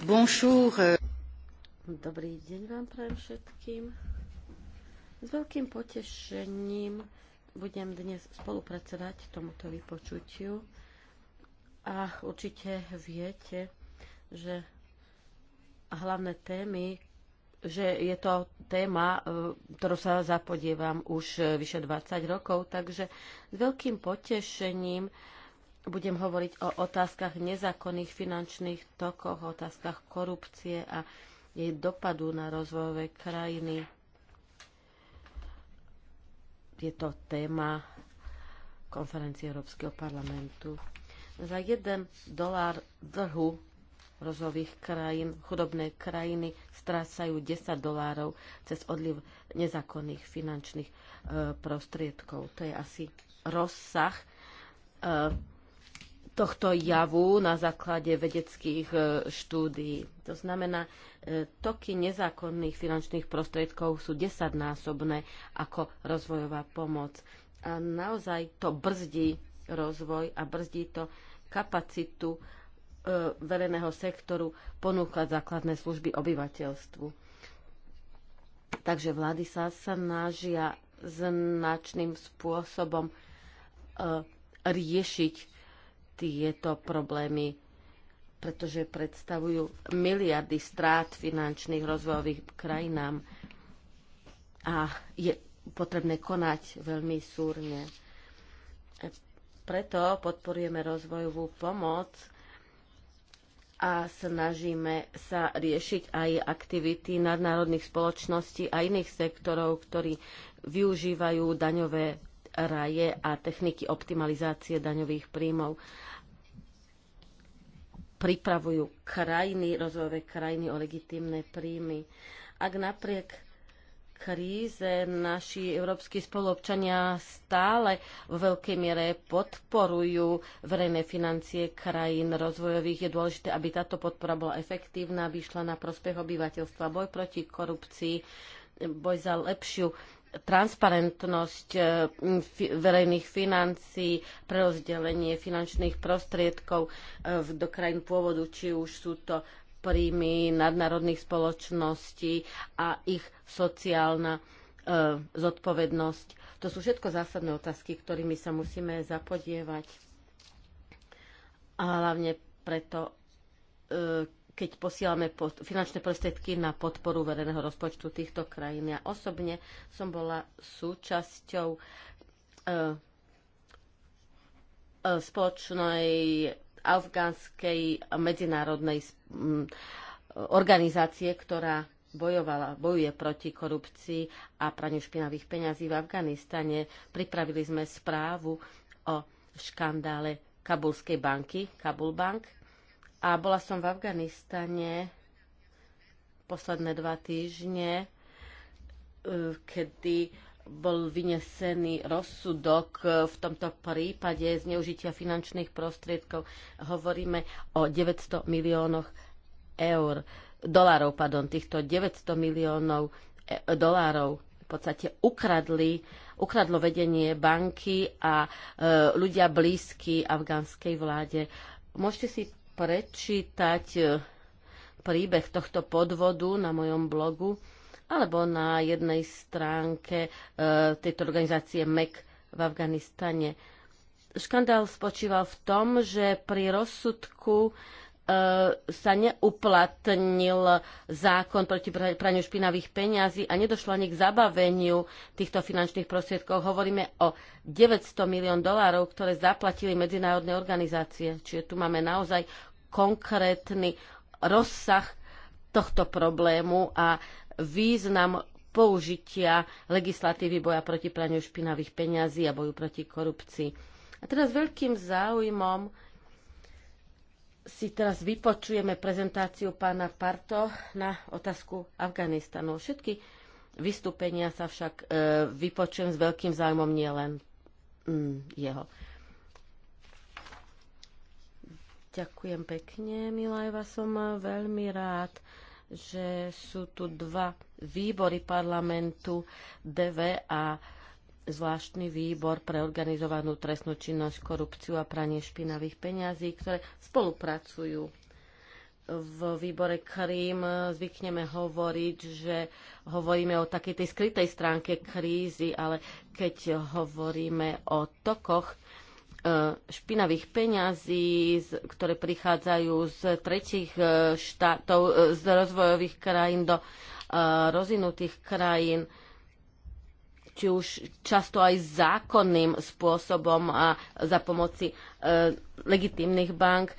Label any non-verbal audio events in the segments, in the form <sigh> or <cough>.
Bonjour. Dobrý deň vám prajem všetkým. S veľkým potešením budem dnes spolupracovať tomuto vypočutiu a určite viete, že hlavné témy, že je to téma, e, ktorú sa zapodievam už e, vyše 20 rokov, takže s veľkým potešením budem hovoriť o otázkach nezákonných finančných tokoch, otázkach korupcie a jej dopadu na rozvojové krajiny. Je to téma konferencie Európskeho parlamentu. Za jeden dolár dlhu rozvojových krajín, chudobné krajiny strácajú 10 dolárov cez odliv nezákonných finančných e, prostriedkov. To je asi rozsah e, tohto javu na základe vedeckých e, štúdií. To znamená, e, toky nezákonných finančných prostriedkov sú desaťnásobné ako rozvojová pomoc. A naozaj to brzdí rozvoj a brzdí to kapacitu e, verejného sektoru ponúkať základné služby obyvateľstvu. Takže vlády sa snažia značným spôsobom riešiť tieto problémy, pretože predstavujú miliardy strát finančných rozvojových krajinám a je potrebné konať veľmi súrne. Preto podporujeme rozvojovú pomoc a snažíme sa riešiť aj aktivity nadnárodných spoločností a iných sektorov, ktorí využívajú daňové raje a techniky optimalizácie daňových príjmov pripravujú krajiny, rozvojové krajiny o legitímne príjmy. Ak napriek kríze naši európsky spoluobčania stále v veľkej miere podporujú verejné financie krajín rozvojových. Je dôležité, aby táto podpora bola efektívna, aby išla na prospech obyvateľstva, boj proti korupcii, boj za lepšiu transparentnosť eh, verejných financií, prerozdelenie finančných prostriedkov eh, do krajín pôvodu, či už sú to príjmy nadnárodných spoločností a ich sociálna eh, zodpovednosť. To sú všetko zásadné otázky, ktorými sa musíme zapodievať. A hlavne preto, keď posielame finančné prostriedky na podporu verejného rozpočtu týchto krajín. Ja osobne som bola súčasťou e, e, spoločnej afgánskej medzinárodnej organizácie, ktorá bojovala, bojuje proti korupcii a praniu špinavých peňazí v Afganistane. Pripravili sme správu o škandále Kabulskej banky, Kabul Bank, a bola som v Afganistane posledné dva týždne, e, kedy bol vynesený rozsudok e, v tomto prípade zneužitia finančných prostriedkov. Hovoríme o 900 miliónoch eur, dolárov, pardon, týchto 900 miliónov e, dolárov v podstate ukradli, ukradlo vedenie banky a e, ľudia blízky afgánskej vláde. Môžete si prečítať e, príbeh tohto podvodu na mojom blogu alebo na jednej stránke e, tejto organizácie MEC v Afganistane. Škandál spočíval v tom, že pri rozsudku e, sa neuplatnil zákon proti praniu špinavých peňazí a nedošlo ani k zabaveniu týchto finančných prostriedkov. Hovoríme o 900 milión dolárov, ktoré zaplatili medzinárodné organizácie. Čiže tu máme naozaj konkrétny rozsah tohto problému a význam použitia legislatívy boja proti praniu špinavých peňazí a boju proti korupcii. A teraz veľkým záujmom si teraz vypočujeme prezentáciu pána Parto na otázku Afganistanu. Všetky vystúpenia sa však e, vypočujem s veľkým záujmom nielen mm, jeho. Ďakujem pekne, milá Eva. Som veľmi rád, že sú tu dva výbory parlamentu, DV a zvláštny výbor pre organizovanú trestnú činnosť, korupciu a pranie špinavých peňazí, ktoré spolupracujú. V výbore Krím zvykneme hovoriť, že hovoríme o takej tej skrytej stránke krízy, ale keď hovoríme o tokoch, Eh, špinavých peňazí, ktoré prichádzajú z tretich eh, štátov, eh, z rozvojových krajín do rozvinutých krajín, či už často aj zákonným spôsobom a za pomoci legitímnych bank,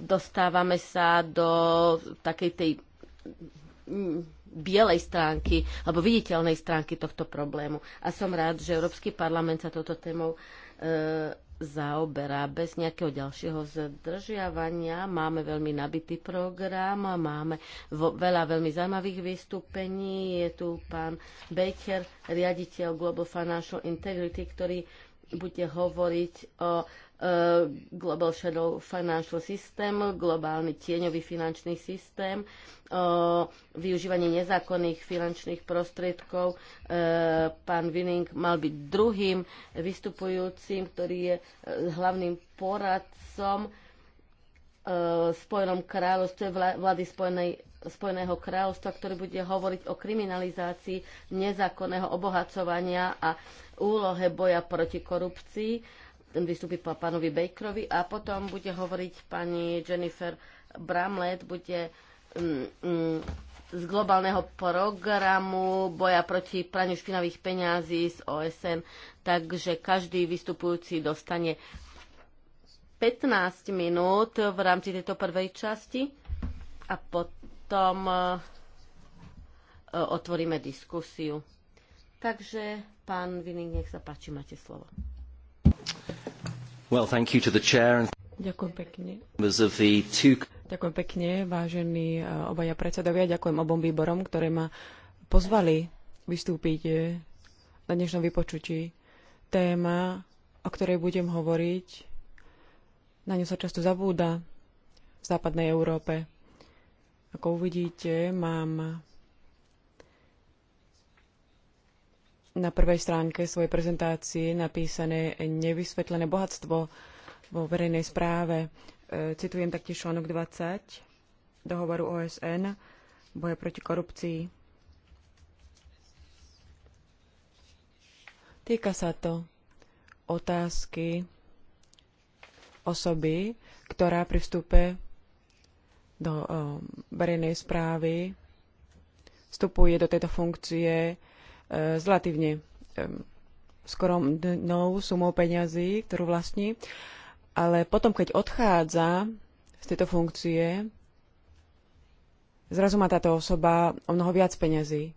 dostávame sa do takej tej bielej stránky alebo viditeľnej stránky tohto problému. A som rád, že Európsky parlament sa touto témou e, zaoberá bez nejakého ďalšieho zdržiavania. Máme veľmi nabitý program, máme vo, veľa veľmi zaujímavých vystúpení. Je tu pán Baker, riaditeľ Global Financial Integrity, ktorý bude hovoriť o Eh, Global Shadow Financial System, globálny tieňový finančný systém, eh, využívanie nezákonných finančných prostriedkov. Eh, pán Winning mal byť druhým vystupujúcim, ktorý je hlavným poradcom v Spojenom kráľovstve vlády Spojenej Spojeného kráľovstva, ktorý bude hovoriť o kriminalizácii nezákonného obohacovania a úlohe boja proti korupcii vystúpi po pánovi Bakerovi a potom bude hovoriť pani Jennifer Bramlett, bude mm, mm, z globálneho programu boja proti praniu špinavých peňazí z OSN, takže každý vystupujúci dostane 15 minút v rámci tejto prvej časti a potom e, e, otvoríme diskusiu. Takže pán Vining, nech sa páči, máte slovo. Well, thank you to the chair and Ďakujem pekne. Ďakujem pekne, vážení e, obaja predsedovia. Ďakujem obom výborom, ktoré ma pozvali vystúpiť e, na dnešnom vypočutí. Téma, o ktorej budem hovoriť, na ňu sa často zabúda v západnej Európe. Ako uvidíte, mám na prvej stránke svojej prezentácie napísané nevysvetlené bohatstvo vo verejnej správe. E, citujem taktiež článok 20 dohovoru OSN boje proti korupcii. Týka sa to otázky osoby, ktorá pri vstupe do e, verejnej správy vstupuje do tejto funkcie s relatívne skromnou sumou peňazí, ktorú vlastní. Ale potom, keď odchádza z tejto funkcie, zrazu má táto osoba o mnoho viac peňazí.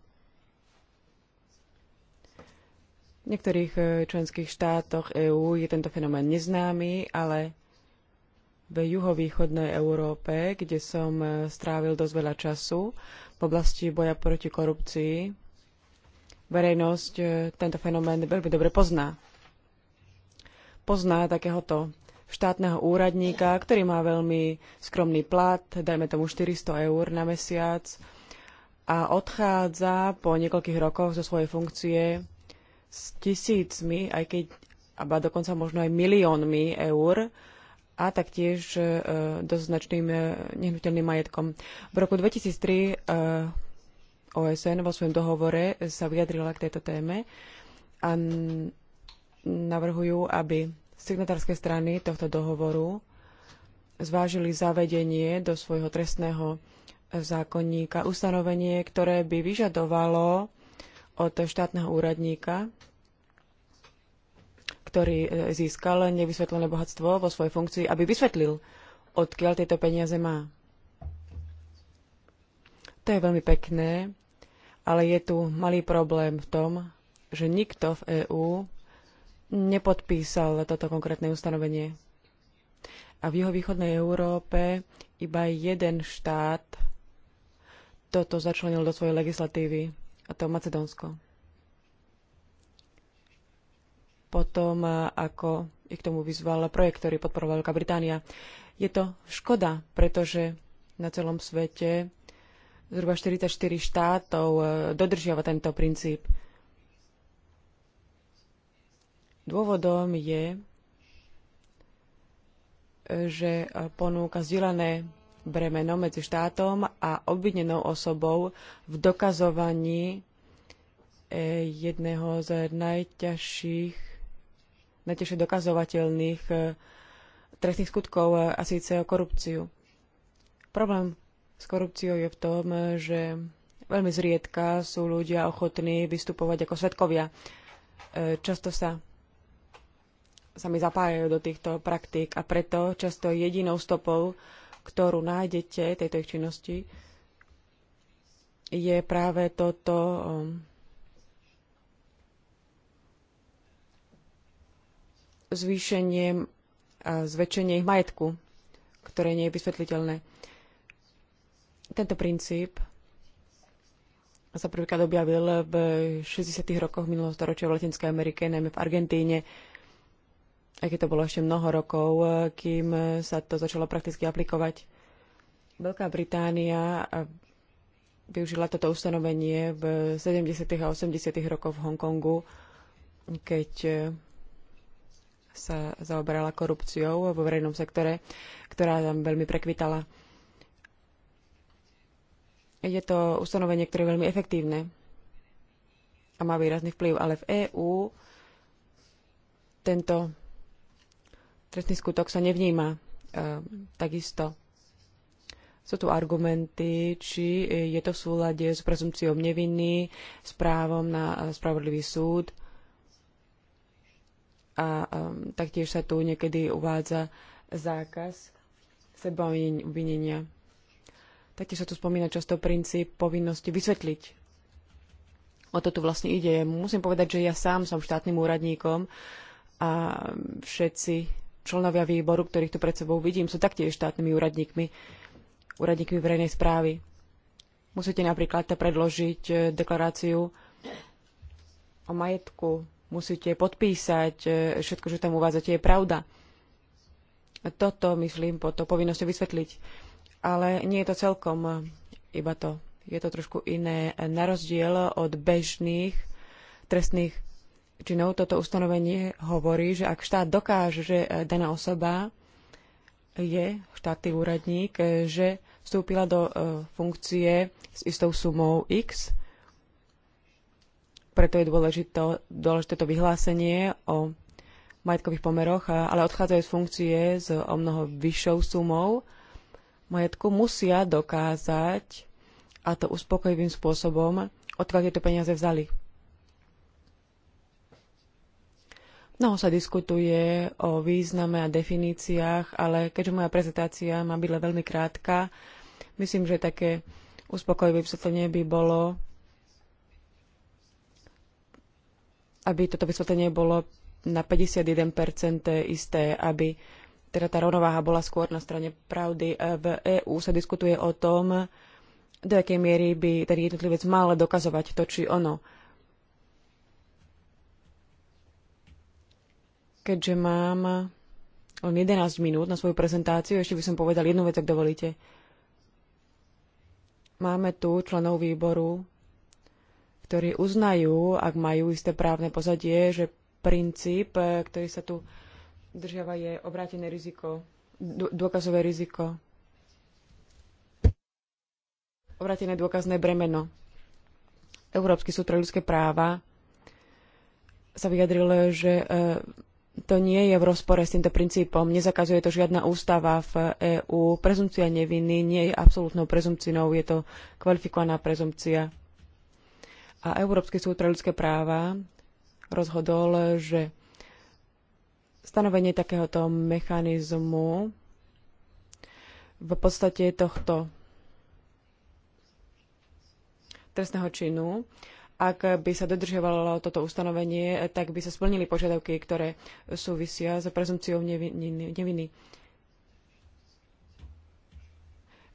V niektorých e, členských štátoch EÚ je tento fenomén neznámy, ale v juhovýchodnej Európe, kde som e, strávil dosť veľa času v oblasti boja proti korupcii, verejnosť e, tento fenomén veľmi dobre pozná. Pozná takéhoto štátneho úradníka, ktorý má veľmi skromný plat, dajme tomu 400 eur na mesiac a odchádza po niekoľkých rokoch zo svojej funkcie s tisícmi, aj keď aba dokonca možno aj miliónmi eur a taktiež e, e dosť značným e, nehnuteľným majetkom. V roku 2003 e, OSN vo svojom dohovore sa vyjadrila k tejto téme a navrhujú, aby signatárske strany tohto dohovoru zvážili zavedenie do svojho trestného zákonníka ustanovenie, ktoré by vyžadovalo od štátneho úradníka, ktorý e, získal nevysvetlené bohatstvo vo svojej funkcii, aby vysvetlil, odkiaľ tieto peniaze má. To je veľmi pekné, ale je tu malý problém v tom, že nikto v EÚ nepodpísal toto konkrétne ustanovenie. A v juhovýchodnej Európe iba jeden štát toto začlenil do svojej legislatívy, a to Macedónsko. Potom, ako ich k tomu vyzval projekt, ktorý podporovala Veľká Británia. Je to škoda, pretože na celom svete Zhruba 44 štátov e, dodržiava tento princíp. Dôvodom je, že ponúka zdieľané bremeno medzi štátom a obvinenou osobou v dokazovaní e, jedného z najťažších, najťažšie dokazovateľných e, trestných skutkov a síce o korupciu. Problém s korupciou je v tom, že veľmi zriedka sú ľudia ochotní vystupovať ako svetkovia. E, často sa mi zapájajú do týchto praktík a preto často jedinou stopou, ktorú nájdete tejto ich činnosti, je práve toto um, zvýšenie a zväčšenie ich majetku, ktoré nie je vysvetliteľné. Tento princíp sa prvýkrát objavil v 60. rokoch minulého storočia v Latinskej Amerike, najmä v Argentíne, aj keď to bolo ešte mnoho rokov, kým sa to začalo prakticky aplikovať. Veľká Británia využila toto ustanovenie v 70. a 80. rokoch v Hongkongu, keď sa zaoberala korupciou vo verejnom sektore, ktorá tam veľmi prekvitala. Je to ustanovenie, ktoré je veľmi efektívne a má výrazný vplyv, ale v EÚ tento trestný skutok sa nevníma e, takisto. Sú tu argumenty, či je to v súlade s prezumciou neviny, s právom na e, spravodlivý súd. A um, taktiež sa tu niekedy uvádza zákaz seba obvinenia. Taktiež sa tu spomína často princíp povinnosti vysvetliť. O to tu vlastne ide. Musím povedať, že ja sám som štátnym úradníkom a všetci členovia výboru, ktorých tu pred sebou vidím, sú taktiež štátnymi úradníkmi, úradníkmi verejnej správy. Musíte napríklad predložiť e, deklaráciu o majetku, musíte podpísať, e, všetko, čo tam uvádzate, je pravda. Toto, myslím, po to povinnosťou vysvetliť ale nie je to celkom e, iba to. Je to trošku iné. Na rozdiel od bežných trestných činov toto ustanovenie hovorí, že ak štát dokáže, že e, daná osoba je štátny úradník, e, že vstúpila do funkcie s istou sumou X, preto je dôležité, dôležité to vyhlásenie o majetkových pomeroch, ale odchádzajú z funkcie s o mnoho vyššou sumou majetku musia dokázať, a to uspokojivým spôsobom, odkiaľ tieto peniaze vzali. Mnoho sa diskutuje o význame a definíciách, ale keďže moja prezentácia má byť veľmi krátka, myslím, že také uspokojivé vysvetlenie by bolo, aby toto vysvetlenie bolo na 51% isté, aby teda tá rovnováha bola skôr na strane pravdy. E, v EÚ sa diskutuje o tom, do akej miery by ten jednotlivec mal dokazovať to či ono. Keďže mám len 11 minút na svoju prezentáciu, ešte by som povedal jednu vec, ak dovolíte. Máme tu členov výboru, ktorí uznajú, ak majú isté právne pozadie, že princíp, e, ktorý sa tu držiava je obrátené riziko, dôkazové riziko, obrátené dôkazné bremeno. Európsky súd pre ľudské práva sa vyjadril, že e, to nie je v rozpore s týmto princípom. Nezakazuje to žiadna ústava v EÚ. Prezumcia neviny nie je absolútnou prezumcinou, je to kvalifikovaná prezumcia. A Európsky súd pre ľudské práva rozhodol, že stanovenie takéhoto mechanizmu v podstate tohto trestného činu, ak by sa dodržovalo toto ustanovenie, tak by sa splnili požiadavky, ktoré súvisia s prezumciou neviny.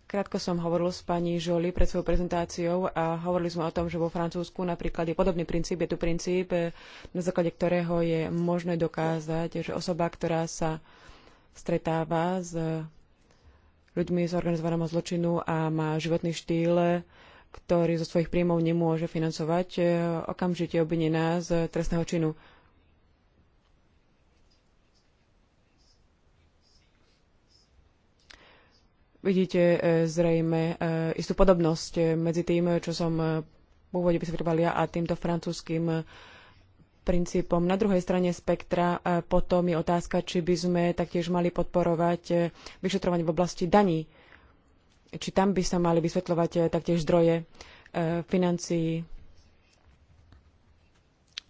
Krátko som hovoril s pani Žoli pred svojou prezentáciou a hovorili sme o tom, že vo Francúzsku napríklad je podobný princíp, je tu princíp, eh, na základe ktorého je možné dokázať, že osoba, ktorá sa stretáva s ľuďmi z organizovaného zločinu a má životný štýl, ktorý zo svojich príjmov nemôže financovať, eh, okamžite obvinená z trestného činu. Vidíte e, zrejme e, istú podobnosť e, medzi tým, čo som pôvodne vysvetľoval ja a týmto francúzským princípom. Na druhej strane spektra potom je otázka, či by sme taktiež mali podporovať vyšetrovanie v oblasti daní. Či tam by sa mali vysvetľovať taktiež zdroje financií.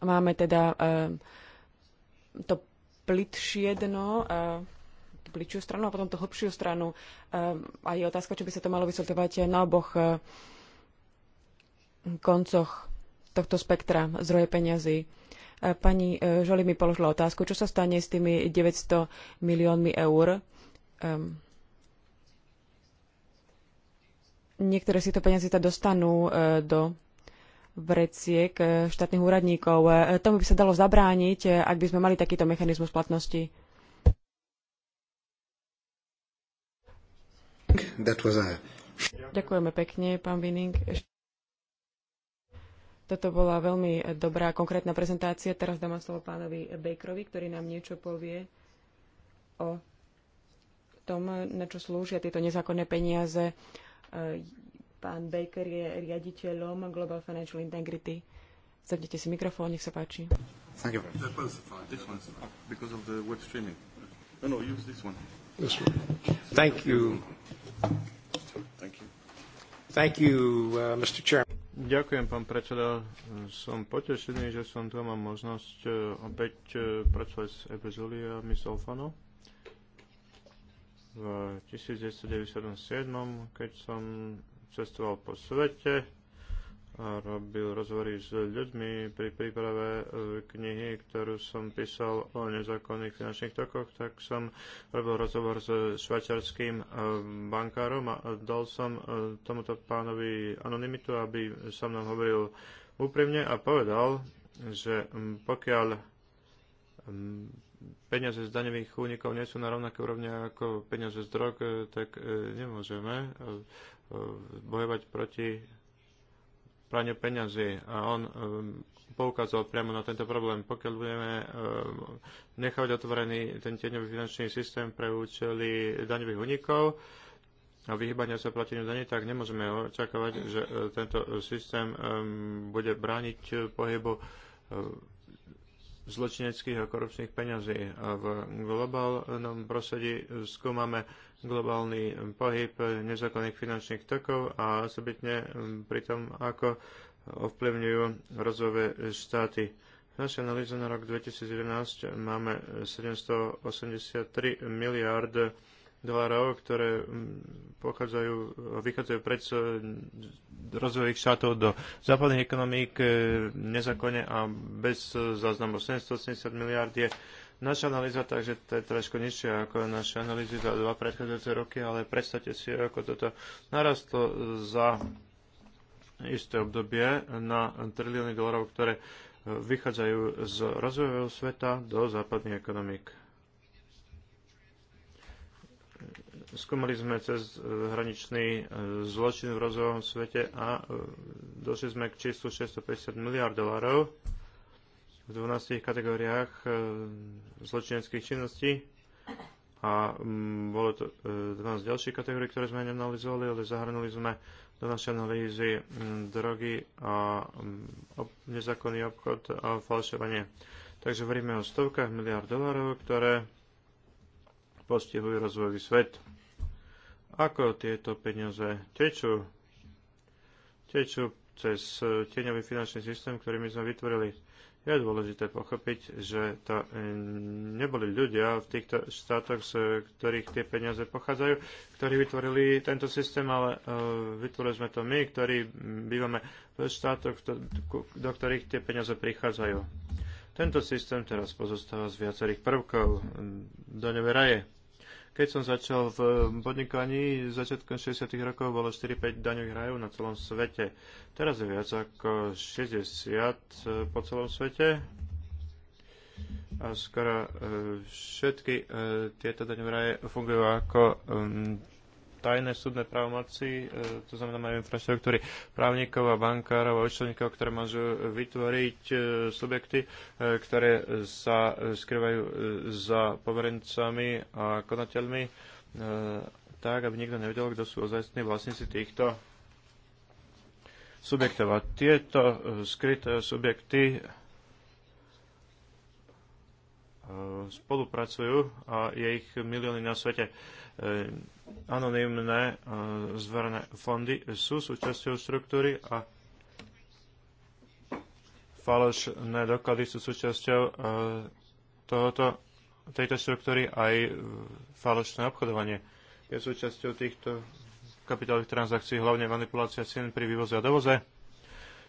Máme teda to plitšie dno, pličiu stranu a potom tú hlbšiu stranu. Ehm, a je otázka, či by sa to malo vysvetľovať na oboch ehm, koncoch tohto spektra zdroje peňazí. E, pani e, Žoli mi položila otázku, čo sa stane s tými 900 miliónmi eur. Ehm, niektoré si to peniaze teda dostanú e, do vreciek štátnych úradníkov. Tomu by sa dalo zabrániť, ak by sme mali takýto mechanizmus platnosti. Ďakujeme pekne, pán Winning. Toto bola veľmi dobrá, konkrétna prezentácia. Teraz dám slovo pánovi Bakerovi, ktorý nám niečo povie o tom, na čo slúžia tieto nezákonné peniaze. E, pán Baker je riaditeľom Global Financial Integrity. Zapnite si mikrofón, nech sa páči. Thank you no, no, Thank you. Thank you, uh, Mr. Chairman. Ďakujem, pán predseda. Som potešený, že som tu mám možnosť uh, opäť uh, pracovať s Ebezuli a Miss V 1997, keď som cestoval po svete, robil rozhovory s ľuďmi pri príprave e, knihy, ktorú som písal o nezákonných finančných tokoch, tak som robil rozhovor s švajčarským e, bankárom a dal som e, tomuto pánovi anonymitu, aby sa mnou hovoril úprimne a povedal, že pokiaľ peniaze z daňových únikov nie sú na rovnaké úrovne ako peniaze z drog, tak nemôžeme bojovať proti pranie peňazí. A on um, poukázal priamo na tento problém. Pokiaľ budeme um, nechať otvorený ten tieňový finančný systém pre účely daňových unikov, a vyhybania sa plateniu daní, tak nemôžeme očakávať, že uh, tento systém um, bude brániť pohybu uh, zločineckých a korupčných peňazí. A v globálnom prostredí skúmame globálny pohyb nezákonných finančných tokov a osobitne pri tom, ako ovplyvňujú rozvojové štáty. V našej analýze na rok 2011 máme 783 miliard dolárov, ktoré pochádzajú, vychádzajú pred rozvojových štátov do západných ekonomík e, nezákonne a bez e, záznamu 780 miliard je naša analýza, takže to je trošku nižšie ako naše analýzy za dva predchádzajúce roky, ale predstavte si, ako toto narastlo za isté obdobie na trilióny dolarov, ktoré vychádzajú z rozvojového sveta do západných ekonomík. Skúmali sme cez hraničný e, zločin v rozvojovom svete a e, došli sme k číslu 650 miliard dolarov v 12 kategóriách e, zločineckých činností a mm, bolo to 12 e, ďalších kategórií, ktoré sme neanalizovali, ale zahrnuli sme do našej analýzy mm, drogy a mm, nezákonný obchod a falšovanie. Takže hovoríme o stovkách miliard dolárov, ktoré postihujú rozvojový svet. Ako tieto peniaze tečú? Tečú cez e, tieňový finančný systém, ktorý my sme vytvorili. Je dôležité pochopiť, že to e, neboli ľudia v týchto štátoch, z ktorých tie peniaze pochádzajú, ktorí vytvorili tento systém, ale e, vytvorili sme to my, ktorí bývame v štátoch, do ktorých tie peniaze prichádzajú. Tento systém teraz pozostáva z viacerých prvkov. Do neveraje. Keď som začal v mm, podnikaní, začiatkom 60. rokov bolo 4-5 daňových rajov na celom svete. Teraz je viac ako 60 e, po celom svete. A skoro e, všetky e, tieto daňové raje fungujú ako mm, tajné súdne právomoci, e, to znamená majú infraštruktúry právnikov a bankárov a účtovníkov, ktoré môžu vytvoriť e, subjekty, e, ktoré sa skrývajú za poverencami a konateľmi, tak, aby nikto nevedel, kto sú ozajstní vlastníci týchto subjektov. A tieto skryté subjekty spolupracujú a je ich milióny na svete. E, anonimné e, zverné fondy sú súčasťou štruktúry a falošné doklady sú súčasťou e, tohoto, tejto štruktúry aj falošné obchodovanie. Je súčasťou týchto kapitálových transakcií hlavne manipulácia cien pri vývoze a dovoze.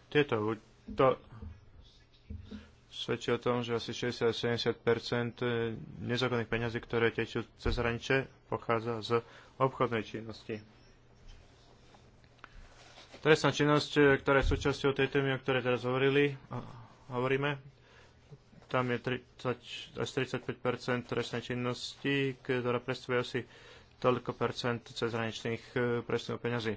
Tieto to svedčí o tom, že asi 60-70 e, nezákonných peňazí, ktoré tečú cez hranice, pochádza z obchodnej činnosti. Trestná činnosť, e, ktorá je súčasťou tej témy, o ktorej teraz hovorili, hovoríme, tam je 30, až 35 trestnej činnosti, ktorá predstavuje asi toľko percent cezhraničných presných e, peňazí.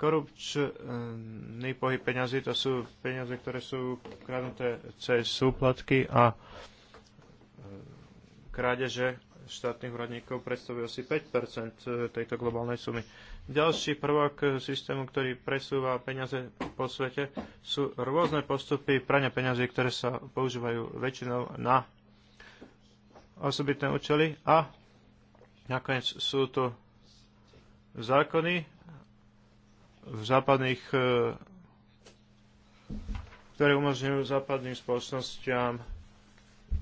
Korupčný pohyb peňazí to sú peniaze, ktoré sú kradnuté cez súplatky a e, krádeže štátnych úradníkov predstavujú asi 5 e, tejto globálnej sumy. Ďalší prvok systému, ktorý presúva peniaze po svete, sú rôzne postupy prania peňazí, ktoré sa používajú väčšinou na osobitné účely a nakoniec sú to zákony, v západných e, ktoré umožňujú západným spoločnosťam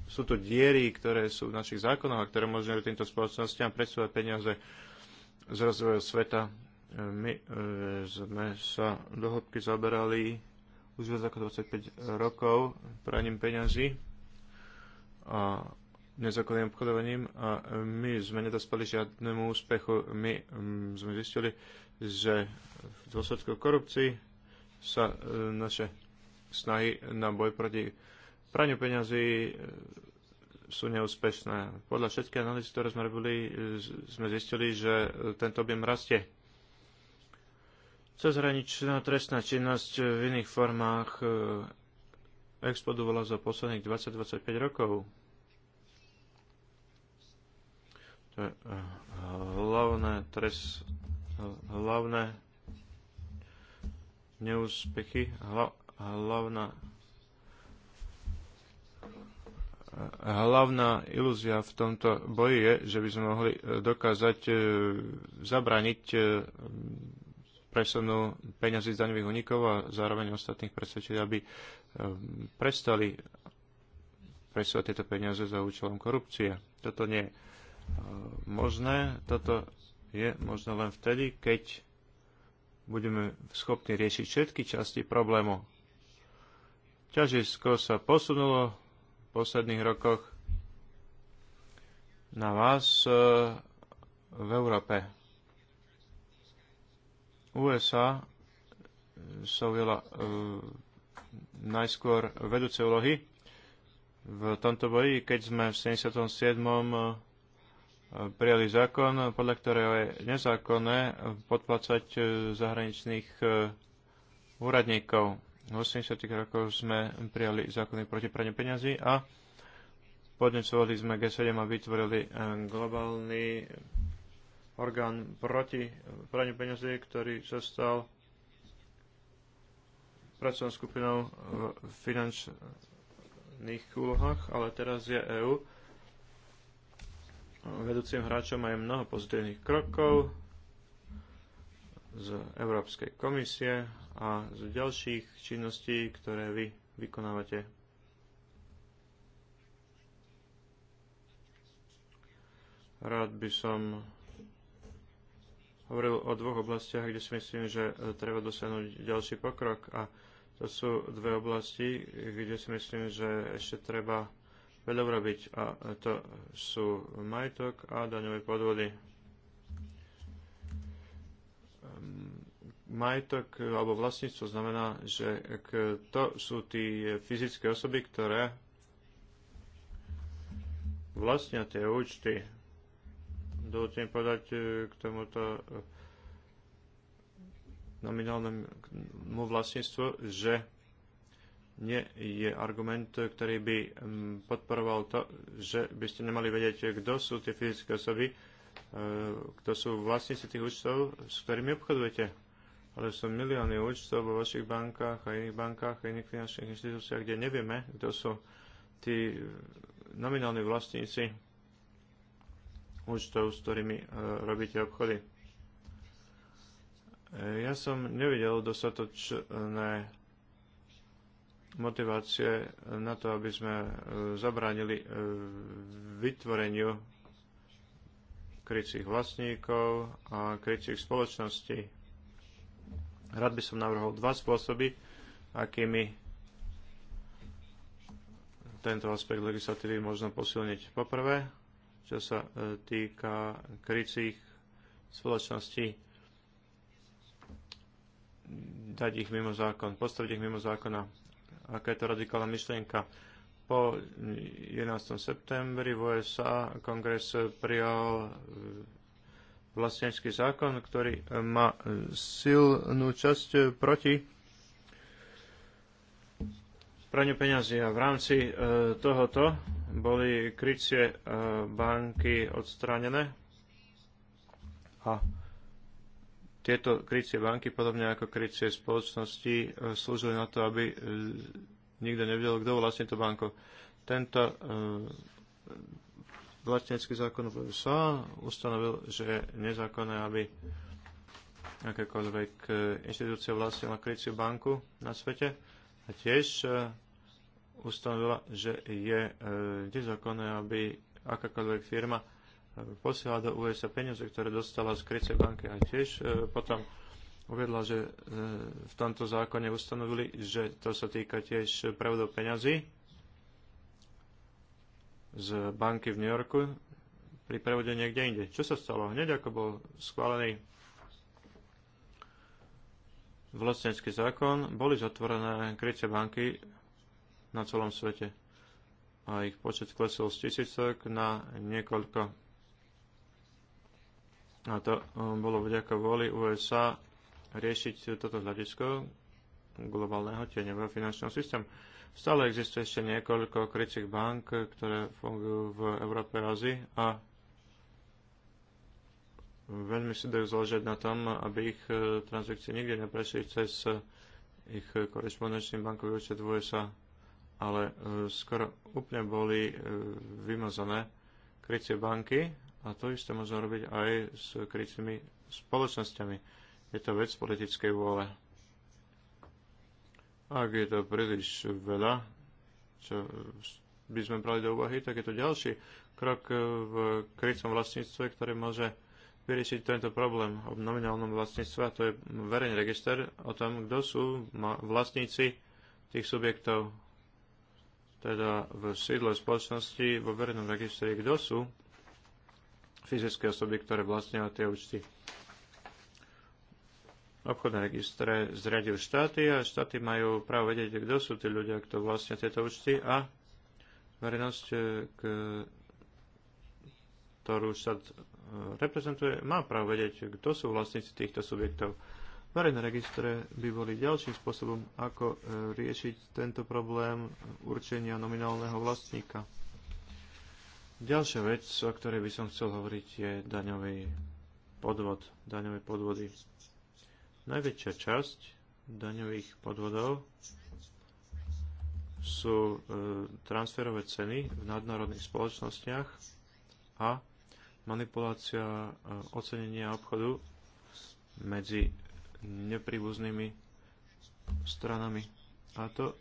sú to diery, ktoré sú v našich zákonoch a ktoré umožňujú týmto spoločnosťam predstavovať peniaze z rozvoja sveta. E, my e, sme sa do hĺbky zaberali už viac ako 25 rokov praním peňazí a nezákonným obchodovaním a my sme nedospeli žiadnemu úspechu. My sme zistili, že v dôsledku korupcii sa e, naše snahy na boj proti praniu peňazí e, sú neúspešné. Podľa všetkých analýz, ktoré sme robili, e, sme zistili, že tento objem rastie. Cezhraničná trestná činnosť v iných formách explodovala za posledných 20-25 rokov. To je hlavné trest, hlavné neúspechy, hla, hlavná hlavná ilúzia v tomto boji je, že by sme mohli e, dokázať e, zabraniť e, presunu peňazí z daňových unikov a zároveň ostatných presvedčiť, aby prestali presúvať tieto peniaze za účelom korupcie. Toto nie je možné. Toto je možno len vtedy, keď budeme schopní riešiť všetky časti problému. Ťažisko sa posunulo v posledných rokoch na vás e, v Európe. USA sa ujela e, najskôr vedúce úlohy v tomto boji, keď sme v 77 prijali zákon, podľa ktorého je nezákonné podplacať e, zahraničných e, úradníkov. V 80. rokoch sme prijali zákony proti praniu peňazí a podnecovali sme G7 a vytvorili e, globálny orgán proti praniu peňazí, ktorý sa stal pracovnou skupinou v finančných úlohách, ale teraz je EÚ vedúcim hráčom aj mnoho pozitívnych krokov z Európskej komisie a z ďalších činností, ktoré vy vykonávate. Rád by som hovoril o dvoch oblastiach, kde si myslím, že treba dosiahnuť ďalší pokrok a to sú dve oblasti, kde si myslím, že ešte treba veľa A to sú majetok a daňové podvody. Ehm, majetok alebo vlastníctvo znamená, že to sú tie fyzické osoby, ktoré vlastnia tie účty. Dovolte mi povedať e, k tomuto e, nominálnemu vlastníctvu, že nie je argument, ktorý by mm, podporoval to, že by ste nemali vedieť, kto sú tie fyzické osoby, e, kto sú vlastníci tých účtov, s ktorými obchodujete. Ale sú milióny účtov vo vašich bankách a iných bankách a iných finančných inštitúciách, kde nevieme, kto sú tí nominálni vlastníci účtov, s ktorými e, robíte obchody. E, ja som nevidel dostatočné motivácie na to, aby sme e, zabránili e, vytvoreniu krycích vlastníkov a krycích spoločností. Rád by som navrhol dva spôsoby, akými tento aspekt legislatívy možno posilniť. Poprvé, čo sa e, týka krycích spoločností, dať ich mimo zákon, postaviť ich mimo zákona aká je to radikálna myšlienka. Po 11. septembri v USA kongres prijal eh, vlastnícky zákon, ktorý eh, má eh, silnú časť proti praniu peňazí. A v rámci tohoto boli krycie banky odstránené a tieto krycie banky, podobne ako krycie spoločnosti, e, slúžili na to, aby e, nikto nevedel, kto vlastne tú banku. Tento e, vlastnecký zákon v USA ustanovil, že je nezákonné, aby akákoľvek inštitúcia vlastnila kryciu banku na svete a tiež ustanovila, že je nezákonné, aby akákoľvek firma posiela do USA peniaze, ktoré dostala z krycej banky a tiež e, potom uvedla, že e, v tomto zákone ustanovili, že to sa týka tiež pravdou peňazí z banky v New Yorku pri prevode niekde inde. Čo sa stalo? Hneď ako bol schválený vlastnecký zákon, boli zatvorené krycie banky na celom svete a ich počet klesol z tisícok na niekoľko a to e, bolo vďaka vôli USA riešiť toto hľadisko globálneho tieňového finančného systému. Stále existuje ešte niekoľko krycích bank, ktoré fungujú v Európe a Ázii a veľmi si dajú zložiť na tom, aby ich e, transakcie nikdy neprešli cez e, ich korešpondenčný bankový účet v USA, ale skoro úplne boli vymazané krycie banky a to isté môžeme robiť aj s krytými spoločnosťami. Je to vec politickej vôle. Ak je to príliš veľa, čo by sme brali do úvahy, tak je to ďalší krok v krycom vlastníctve, ktorý môže vyriešiť tento problém o nominálnom vlastníctve, a to je verejný register o tom, kto sú vlastníci tých subjektov, teda v sídle spoločnosti, vo verejnom registri, kto sú fyzické osoby, ktoré vlastnia tie účty. Obchodné registre zriadil štáty a štáty majú právo vedieť, kto sú tí ľudia, kto vlastnia tieto účty a verejnosť, e, ktorú štát e, reprezentuje, má právo vedieť, kto sú vlastníci týchto subjektov. Verejné registre by boli ďalším spôsobom, ako e, riešiť tento problém určenia nominálneho vlastníka. Ďalšia vec, o ktorej by som chcel hovoriť, je daňový podvod, daňové podvody. Najväčšia časť daňových podvodov sú e, transferové ceny v nadnárodných spoločnostiach a manipulácia e, ocenenia obchodu medzi nepríbuznými stranami a to e,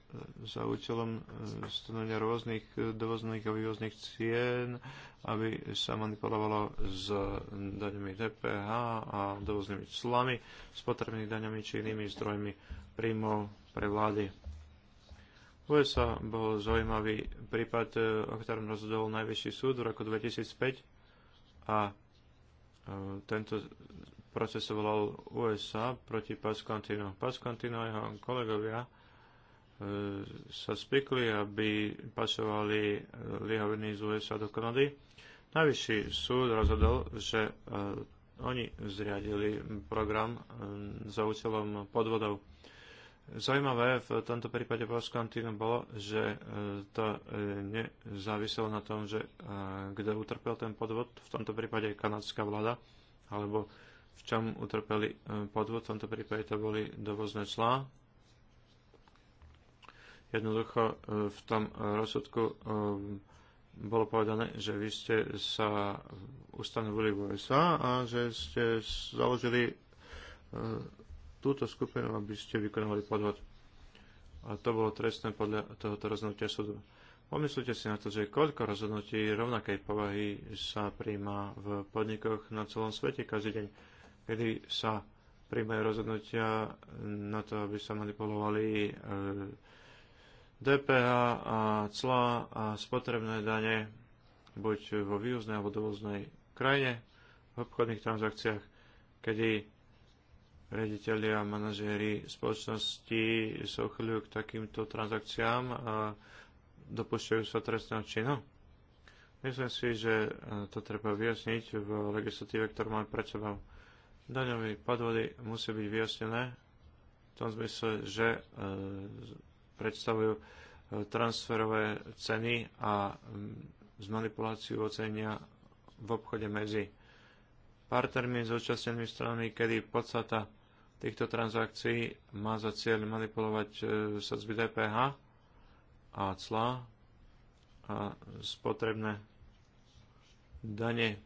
za účelom e, stanovenia rôznych e, dovozných a vývozných cien, aby sa manipulovalo s daňami DPH a dovoznými clami, potrebnými daňami či inými zdrojmi príjmov pre vlády. V USA bol zaujímavý prípad, o ktorom rozhodol Najvyšší súd v roku 2005 a tento proces volal USA proti Pascantino. Pascantino a jeho kolegovia E, sa spikli, aby pašovali liehoviny z USA do Kanady. Najvyšší súd rozhodol, že e, oni zriadili program e, za účelom podvodov. Zajímavé v tomto prípade Baskantín bolo, že to nezáviselo na tom, že kde utrpel ten podvod, v tomto prípade kanadská vláda, alebo v čom utrpeli podvod, v tomto prípade to boli dovozné clá, Jednoducho e, v tom e, rozsudku e, bolo povedané, že vy ste sa ustanovili v USA a že ste založili túto skupinu, aby ste vykonovali podvod. A to bolo trestné podľa tohoto rozhodnutia súdu. Pomyslite si na to, že koľko rozhodnutí rovnakej povahy sa príjma v podnikoch na celom svete každý deň, kedy sa príjmajú rozhodnutia na to, aby sa manipulovali e, DPH a clá a spotrebné dane buď vo výuznej alebo dovoznej krajine v obchodných transakciách, kedy rediteľi a manažéri spoločnosti sa uchyľujú k takýmto transakciám a dopúšťajú sa trestného činu. Myslím si, že e, to treba vyjasniť v legislatíve, ktorú máme pred sebou. Daňové podvody musí byť vyjasnené v tom zmysle, že e, predstavujú e, transferové ceny a z manipuláciu ocenia v obchode medzi partnermi zúčastnenými stranami, kedy podstata týchto transakcií má za cieľ manipulovať e, sadzby DPH a cla a spotrebné dane.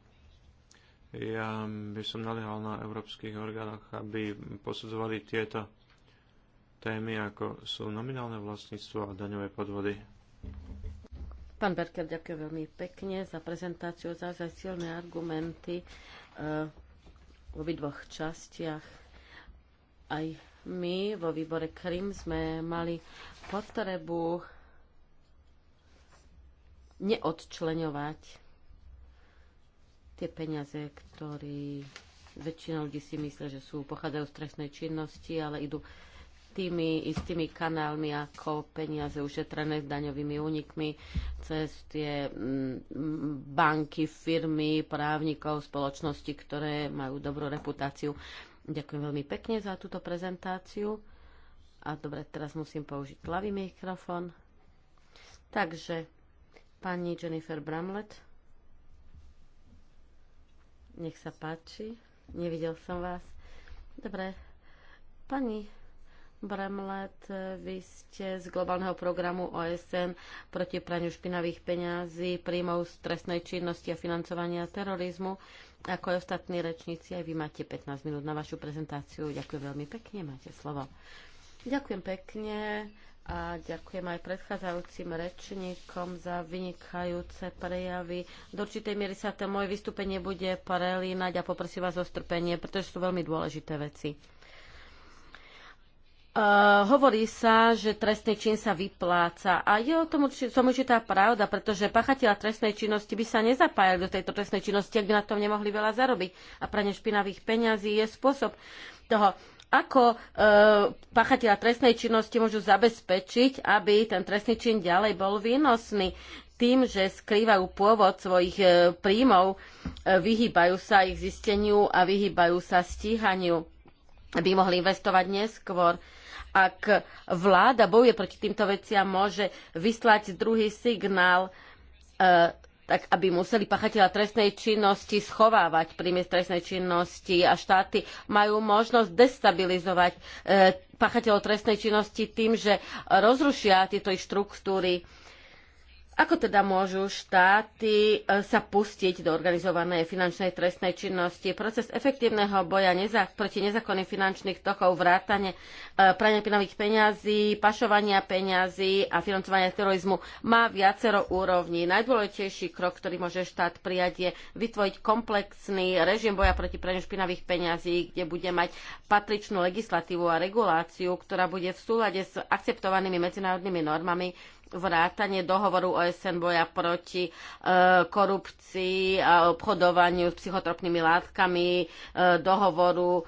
Ja by som nalihal na európskych orgánoch, aby posudzovali tieto témy, ako sú nominálne vlastníctvo a daňové podvody. Pán Berker, ďakujem veľmi pekne za prezentáciu, za aj silné argumenty e, v obidvoch častiach. Aj my vo výbore Krim sme mali potrebu neodčleňovať tie peniaze, ktoré väčšina ľudí si myslí, že sú, pochádzajú z trestnej činnosti, ale idú tými istými kanálmi ako peniaze ušetrené s daňovými únikmi cez tie mm, banky, firmy, právnikov, spoločnosti, ktoré majú dobrú reputáciu. Ďakujem veľmi pekne za túto prezentáciu. A dobre, teraz musím použiť plavý mikrofón. Takže, pani Jennifer Bramlett, nech sa páči. Nevidel som vás. Dobre, pani Bremlet, vy ste z globálneho programu OSN proti praniu špinavých peňazí, príjmov z trestnej činnosti a financovania terorizmu. Ako aj ostatní rečníci, aj vy máte 15 minút na vašu prezentáciu. Ďakujem veľmi pekne, máte slovo. Ďakujem pekne a ďakujem aj predchádzajúcim rečníkom za vynikajúce prejavy. Do určitej miery sa to moje vystúpenie bude prelínať a poprosím vás o strpenie, pretože sú veľmi dôležité veci. Eh, hovorí sa, že trestný čin sa vypláca a je o tom som určitá pravda, pretože pachatelia trestnej činnosti by sa nezapájali do tejto trestnej činnosti, ak by na tom nemohli veľa zarobiť. A pranie špinavých peňazí je spôsob toho, ako e, eh, pachatelia trestnej činnosti môžu zabezpečiť, aby ten trestný čin ďalej bol výnosný tým, že skrývajú pôvod svojich eh, príjmov, vyhýbajú sa ich zisteniu a vyhýbajú sa stíhaniu, aby mohli investovať neskôr ak vláda bojuje proti týmto veciam, môže vyslať druhý signál, e, tak aby museli pachateľa trestnej činnosti schovávať príjmy trestnej činnosti a štáty majú možnosť destabilizovať e, pachateľov trestnej činnosti tým, že rozrušia tieto ich štruktúry ako teda môžu štáty e, sa pustiť do organizovanej finančnej trestnej činnosti? Proces efektívneho boja neza, proti nezákonným finančných tokov, vrátane e, prania pinových peňazí, pašovania peňazí a financovania terorizmu má viacero úrovní. Najdôležitejší krok, ktorý môže štát prijať, je vytvoriť komplexný režim boja proti praniu špinavých peňazí, kde bude mať patričnú legislatívu a reguláciu, ktorá bude v súlade s akceptovanými medzinárodnými normami vrátanie dohovoru OSN boja proti e, korupcii a obchodovaniu s psychotropnými látkami, e, dohovoru e,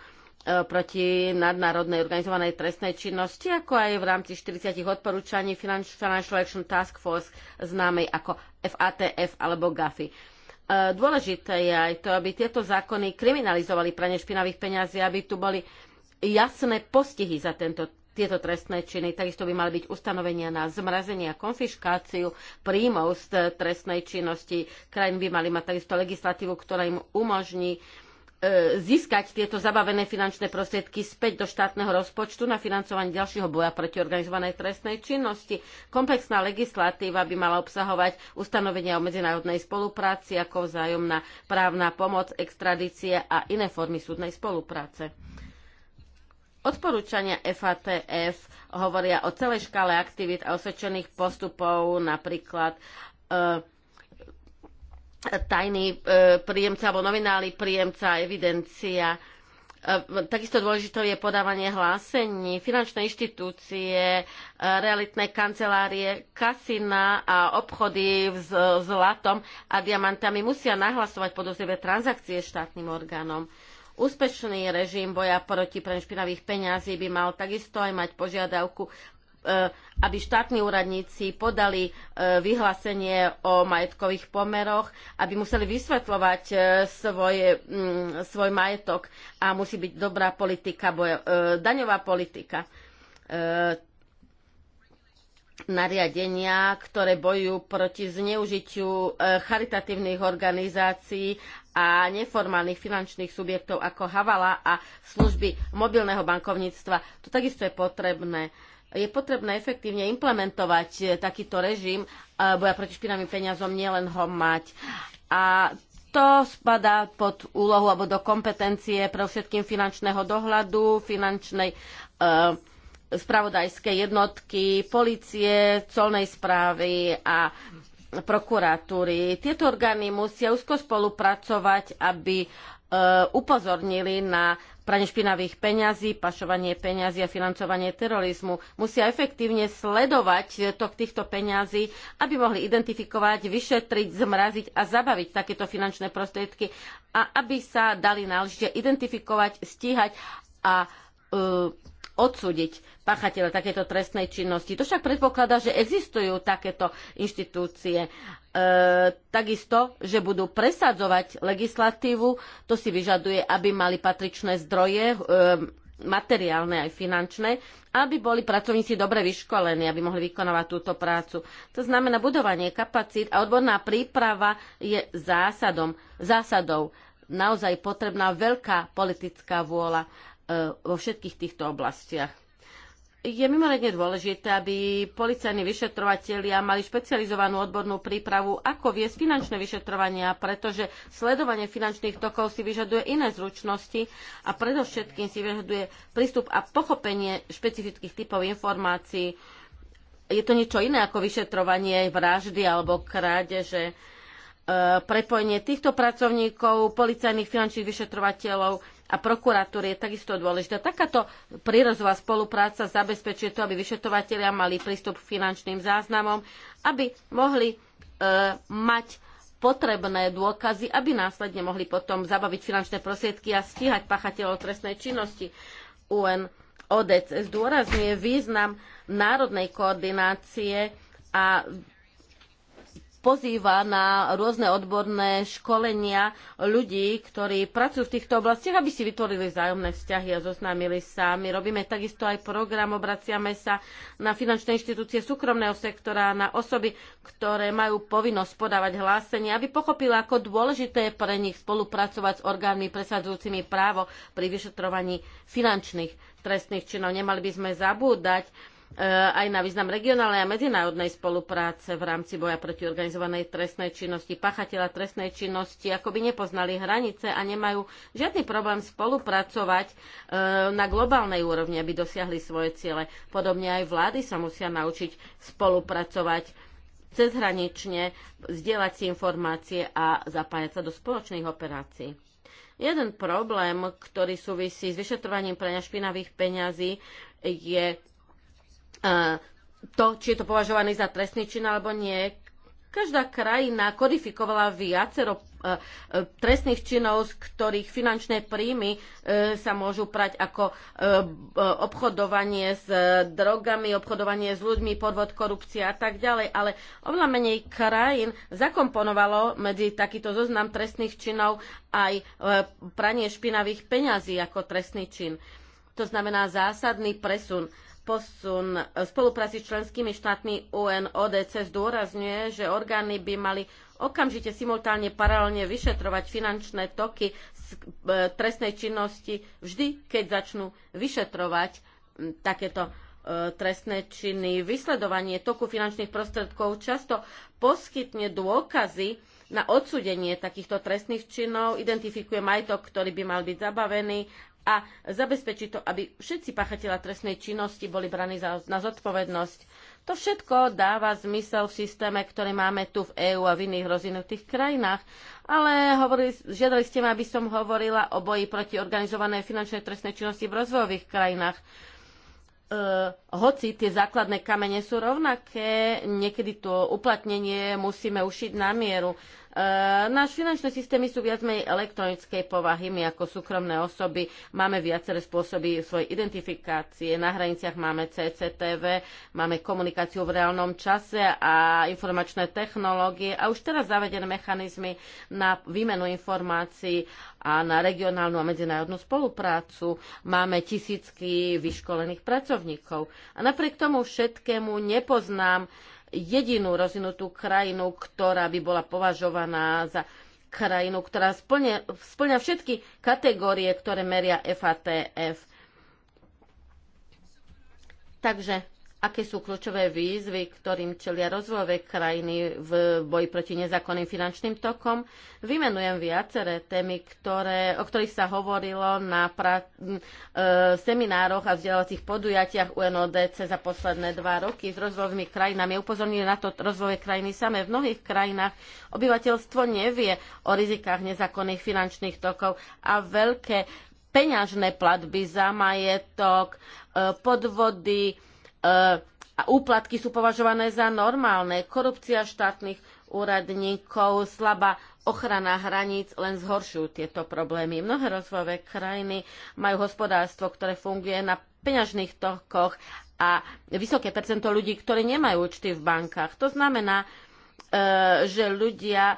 proti nadnárodnej organizovanej trestnej činnosti, ako aj v rámci 40 odporúčaní Financial Action Task Force, známej ako FATF alebo GAFI. E, dôležité je aj to, aby tieto zákony kriminalizovali pranie špinavých peňazí, aby tu boli jasné postihy za tento tieto trestné činy. Takisto by mali byť ustanovenia na zmrazenie a konfiškáciu príjmov z trestnej činnosti. Krajiny by mali mať takisto legislatívu, ktorá im umožní e, získať tieto zabavené finančné prostriedky späť do štátneho rozpočtu na financovanie ďalšieho boja proti organizovanej trestnej činnosti. Komplexná legislatíva by mala obsahovať ustanovenia o medzinárodnej spolupráci ako vzájomná právna pomoc, extradície a iné formy súdnej spolupráce. Odporúčania FATF hovoria o celej škále aktivít a osvedčených postupov, napríklad e, tajný e, príjemca alebo nominálny príjemca, evidencia. E, takisto dôležité je podávanie hlásení, finančné inštitúcie, e, realitné kancelárie, kasina a obchody s zlatom a diamantami musia nahlasovať podozrivé transakcie štátnym orgánom. E, Úspešný režim boja proti praniu špinavých peňazí by mal takisto aj mať požiadavku e, aby štátni úradníci podali e, vyhlásenie o majetkových pomeroch, aby museli vysvetľovať e, svoj, svoj majetok a musí byť dobrá politika, boja, daňová politika nariadenia, ktoré bojujú proti zneužitiu e, charitatívnych organizácií a neformálnych finančných subjektov ako Havala a služby mobilného bankovníctva. To takisto je potrebné. Je potrebné efektívne implementovať e, takýto režim e, boja proti špinavým peniazom, nielen ho mať. A to spadá pod úlohu alebo do kompetencie pre všetkým finančného dohľadu, finančnej uh, spravodajské jednotky, policie, colnej správy a prokuratúry. Tieto orgány musia úzko spolupracovať, aby e, upozornili na pranie špinavých peňazí, pašovanie peňazí a financovanie terorizmu. Musia efektívne sledovať tok týchto peňazí, aby mohli identifikovať, vyšetriť, zmraziť a zabaviť takéto finančné prostriedky a aby sa dali náležite identifikovať, stíhať a e, odsúdiť pachateľa takéto trestnej činnosti. To však predpokladá, že existujú takéto inštitúcie. E, takisto, že budú presadzovať legislatívu, to si vyžaduje, aby mali patričné zdroje, e, materiálne aj finančné, aby boli pracovníci dobre vyškolení, aby mohli vykonávať túto prácu. To znamená, budovanie kapacít a odborná príprava je zásadom, zásadou. Naozaj potrebná veľká politická vôľa E, vo všetkých týchto oblastiach. Je mimoriadne dôležité, aby policajní vyšetrovatelia mali špecializovanú odbornú prípravu, ako viesť finančné vyšetrovania, pretože sledovanie finančných tokov si vyžaduje iné zručnosti a predovšetkým si vyžaduje prístup a pochopenie špecifických typov informácií. Je to niečo iné ako vyšetrovanie vraždy alebo krádeže. E, prepojenie týchto pracovníkov, policajných finančných vyšetrovateľov a prokuratúry je takisto dôležitá. Takáto prírozová spolupráca zabezpečuje to, aby vyšetovateľia mali prístup k finančným záznamom, aby mohli e, mať potrebné dôkazy, aby následne mohli potom zabaviť finančné prostriedky a stíhať pachateľov trestnej činnosti. UN ODC zdôrazňuje význam národnej koordinácie a pozýva na rôzne odborné školenia ľudí, ktorí pracujú v týchto oblastiach, aby si vytvorili vzájomné vzťahy a zoznámili sa. My robíme takisto aj program, obraciame sa na finančné inštitúcie súkromného sektora, na osoby, ktoré majú povinnosť podávať hlásenie, aby pochopila, ako dôležité je pre nich spolupracovať s orgánmi presadzujúcimi právo pri vyšetrovaní finančných trestných činov. Nemali by sme zabúdať, Eh, aj na význam regionálnej a medzinárodnej spolupráce v rámci boja proti organizovanej trestnej činnosti. Pachateľa trestnej činnosti akoby nepoznali hranice a nemajú žiadny problém spolupracovať eh, na globálnej úrovni, aby dosiahli svoje ciele. Podobne aj vlády sa musia naučiť spolupracovať cezhranične, zdieľať si informácie a zapájať sa do spoločných operácií. Jeden problém, ktorý súvisí s vyšetrovaním prania špinavých peňazí, je to, či je to považované za trestný čin alebo nie. Každá krajina kodifikovala viacero e, e, trestných činov, z ktorých finančné príjmy e, sa môžu prať ako obchodovanie s drogami, obchodovanie s ľuďmi, podvod, korupcia a tak ďalej. Ale oveľa menej krajín zakomponovalo medzi takýto zoznam trestných činov aj pranie špinavých peňazí ako trestný čin. To znamená zásadný presun posun spolupráci s členskými štátmi UNODC zdôrazňuje, že orgány by mali okamžite simultálne paralelne vyšetrovať finančné toky z e, trestnej činnosti vždy, keď začnú vyšetrovať takéto e, trestné činy. Vysledovanie toku finančných prostredkov často poskytne dôkazy na odsudenie takýchto trestných činov, identifikuje majetok, ktorý by mal byť zabavený a zabezpečiť to, aby všetci pachatelia trestnej činnosti boli braní za, na zodpovednosť. To všetko dáva zmysel v systéme, ktorý máme tu v EÚ a v iných rozvinutých krajinách. Ale hovorili, žiadali ste ma, aby som hovorila o boji proti organizovanej finančnej trestnej činnosti v rozvojových krajinách. E, hoci tie základné kamene sú rovnaké, niekedy to uplatnenie musíme ušiť na mieru. Ehm, náš finančné systémy sú viac menej elektronickej povahy. My ako súkromné osoby máme viaceré spôsoby svojej identifikácie. Na hraniciach máme CCTV, máme komunikáciu v reálnom čase a informačné technológie a už teraz zavedené mechanizmy na výmenu informácií a na regionálnu a medzinárodnú spoluprácu. Máme tisícky vyškolených pracovníkov. A napriek tomu všetkému nepoznám uh, jedinú rozvinutú krajinu, ktorá by bola považovaná za krajinu, ktorá splňa, splňa všetky kategórie, ktoré meria FATF. Takže aké sú kľúčové výzvy, ktorým čelia rozvojové krajiny v boji proti nezákonným finančným tokom. Vymenujem viaceré témy, ktoré, o ktorých sa hovorilo na pra, e, seminároch a vzdelávacích podujatiach UNODC za posledné dva roky s rozvojovými krajinami. Upozornili na to rozvojové krajiny samé. V mnohých krajinách obyvateľstvo nevie o rizikách nezákonných finančných tokov a veľké peňažné platby za majetok, e, podvody, a úplatky sú považované za normálne. Korupcia štátnych úradníkov, slabá ochrana hraníc len zhoršujú tieto problémy. Mnohé rozvojové krajiny majú hospodárstvo, ktoré funguje na peňažných tokoch a vysoké percento ľudí, ktorí nemajú účty v bankách. To znamená, E, že ľudia e,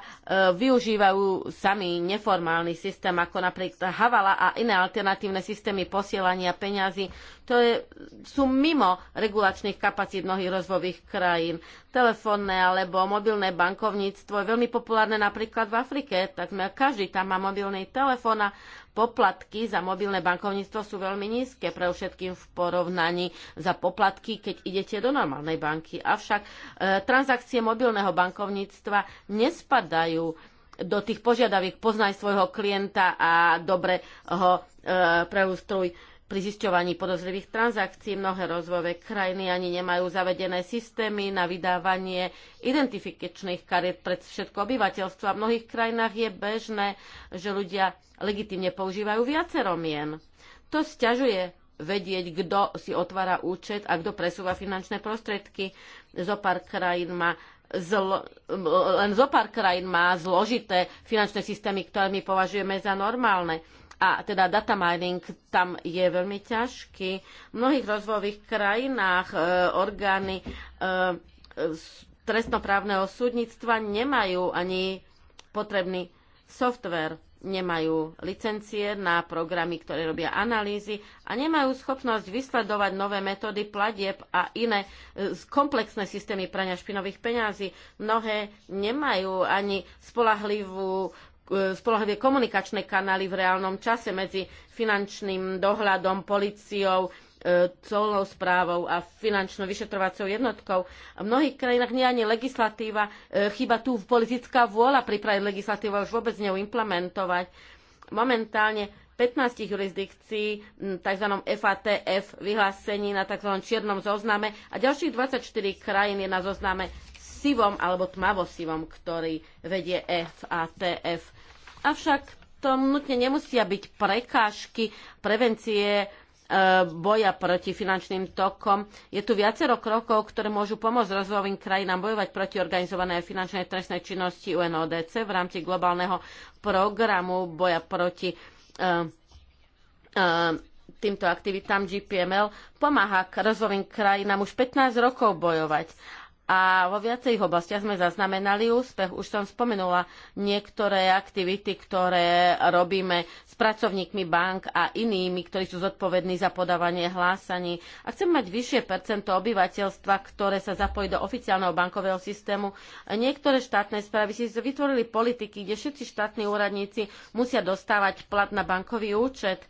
využívajú sami neformálny systém, ako napríklad Havala a iné alternatívne systémy posielania peňazí. To je, sú mimo regulačných kapacít mnohých rozvojových krajín. Telefónne alebo mobilné bankovníctvo je veľmi populárne napríklad v Afrike. tak každý tam má mobilný telefón a poplatky za mobilné bankovníctvo sú veľmi nízke, pre všetkým v porovnaní za poplatky, keď idete do normálnej banky. Avšak e, transakcie mobilného bankovníctva nespadajú do tých požiadaviek poznaj svojho klienta a dobre ho e, preustruj pri zisťovaní podozrivých transakcií mnohé rozvojové krajiny ani nemajú zavedené systémy na vydávanie identifikačných kariet pred všetko obyvateľstvo a v mnohých krajinách je bežné, že ľudia legitimne používajú viacero mien. To sťažuje vedieť, kto si otvára účet a kto presúva finančné prostriedky. pár krajín má Zlo, len zo pár krajín má zložité finančné systémy, ktoré my považujeme za normálne a teda data mining tam je veľmi ťažký. V mnohých rozvojových krajinách e, orgány e, trestnoprávneho súdnictva nemajú ani potrebný software, nemajú licencie na programy, ktoré robia analýzy a nemajú schopnosť vysledovať nové metódy platieb a iné e, komplexné systémy prania špinových peňazí. Mnohé nemajú ani spolahlivú spolahlivé komunikačné kanály v reálnom čase medzi finančným dohľadom, policiou, e, colnou správou a finančnou vyšetrovacou jednotkou. V mnohých krajinách nie ani legislatíva, e, chyba tu politická vôľa pripraviť legislatívu a už vôbec ňou implementovať. Momentálne 15 jurisdikcií tzv. FATF vyhlásení na tzv. čiernom zozname a ďalších 24 krajín je na zozname sivom alebo tmavosivom, ktorý vedie FATF. Avšak to nutne nemusia byť prekážky prevencie e, boja proti finančným tokom. Je tu viacero krokov, ktoré môžu pomôcť rozvojovým krajinám bojovať proti organizovanej finančnej trestnej činnosti UNODC v rámci globálneho programu boja proti uh, uh, týmto aktivitám GPML pomáha k rozvojovým krajinám už 15 rokov bojovať a vo viacerých oblastiach sme zaznamenali úspech. Už som spomenula niektoré aktivity, ktoré robíme s pracovníkmi bank a inými, ktorí sú zodpovední za podávanie hlásaní. A chcem mať vyššie percento obyvateľstva, ktoré sa zapojí do oficiálneho bankového systému. Niektoré štátne správy si vytvorili politiky, kde všetci štátni úradníci musia dostávať plat na bankový účet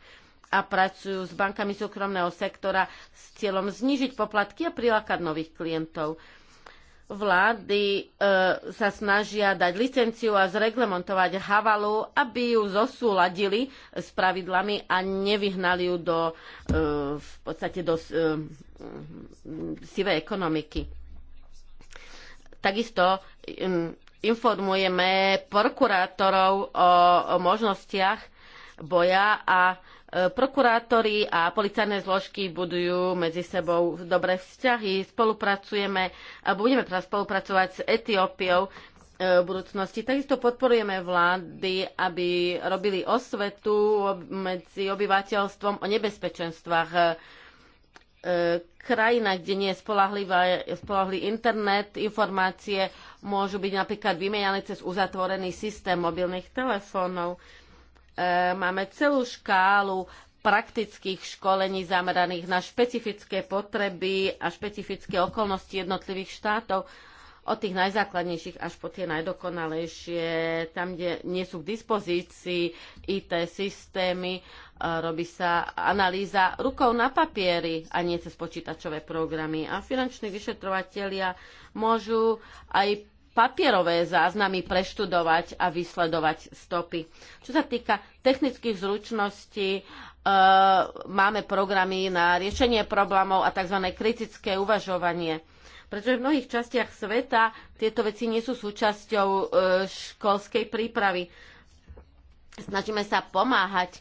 a pracujú s bankami súkromného sektora s cieľom znížiť poplatky a prilákať nových klientov vlády e, sa snažia dať licenciu a zreglementovať Havalu, aby ju zosúladili s pravidlami a nevyhnali ju do, e, v podstate do e, sivej ekonomiky. Takisto informujeme prokurátorov o, o možnostiach boja a E, prokurátori a policajné zložky budujú medzi sebou dobré vzťahy, spolupracujeme a budeme teraz spolupracovať s Etiópiou e, v budúcnosti. Takisto podporujeme vlády, aby robili osvetu medzi obyvateľstvom o nebezpečenstvách e, krajina, kde nie je spolahlý internet, informácie môžu byť napríklad vymenané cez uzatvorený systém mobilných telefónov. E, máme celú škálu praktických školení zameraných na špecifické potreby a špecifické okolnosti jednotlivých štátov, od tých najzákladnejších až po tie najdokonalejšie, tam, kde nie sú k dispozícii IT systémy, e, robí sa analýza rukou na papieri a nie cez počítačové programy. A finanční vyšetrovatelia môžu aj papierové záznamy preštudovať a vysledovať stopy. Čo sa týka technických zručností, e, máme programy na riešenie problémov a tzv. kritické uvažovanie. Pretože v mnohých častiach sveta tieto veci nie sú súčasťou e, školskej prípravy. Snažíme sa pomáhať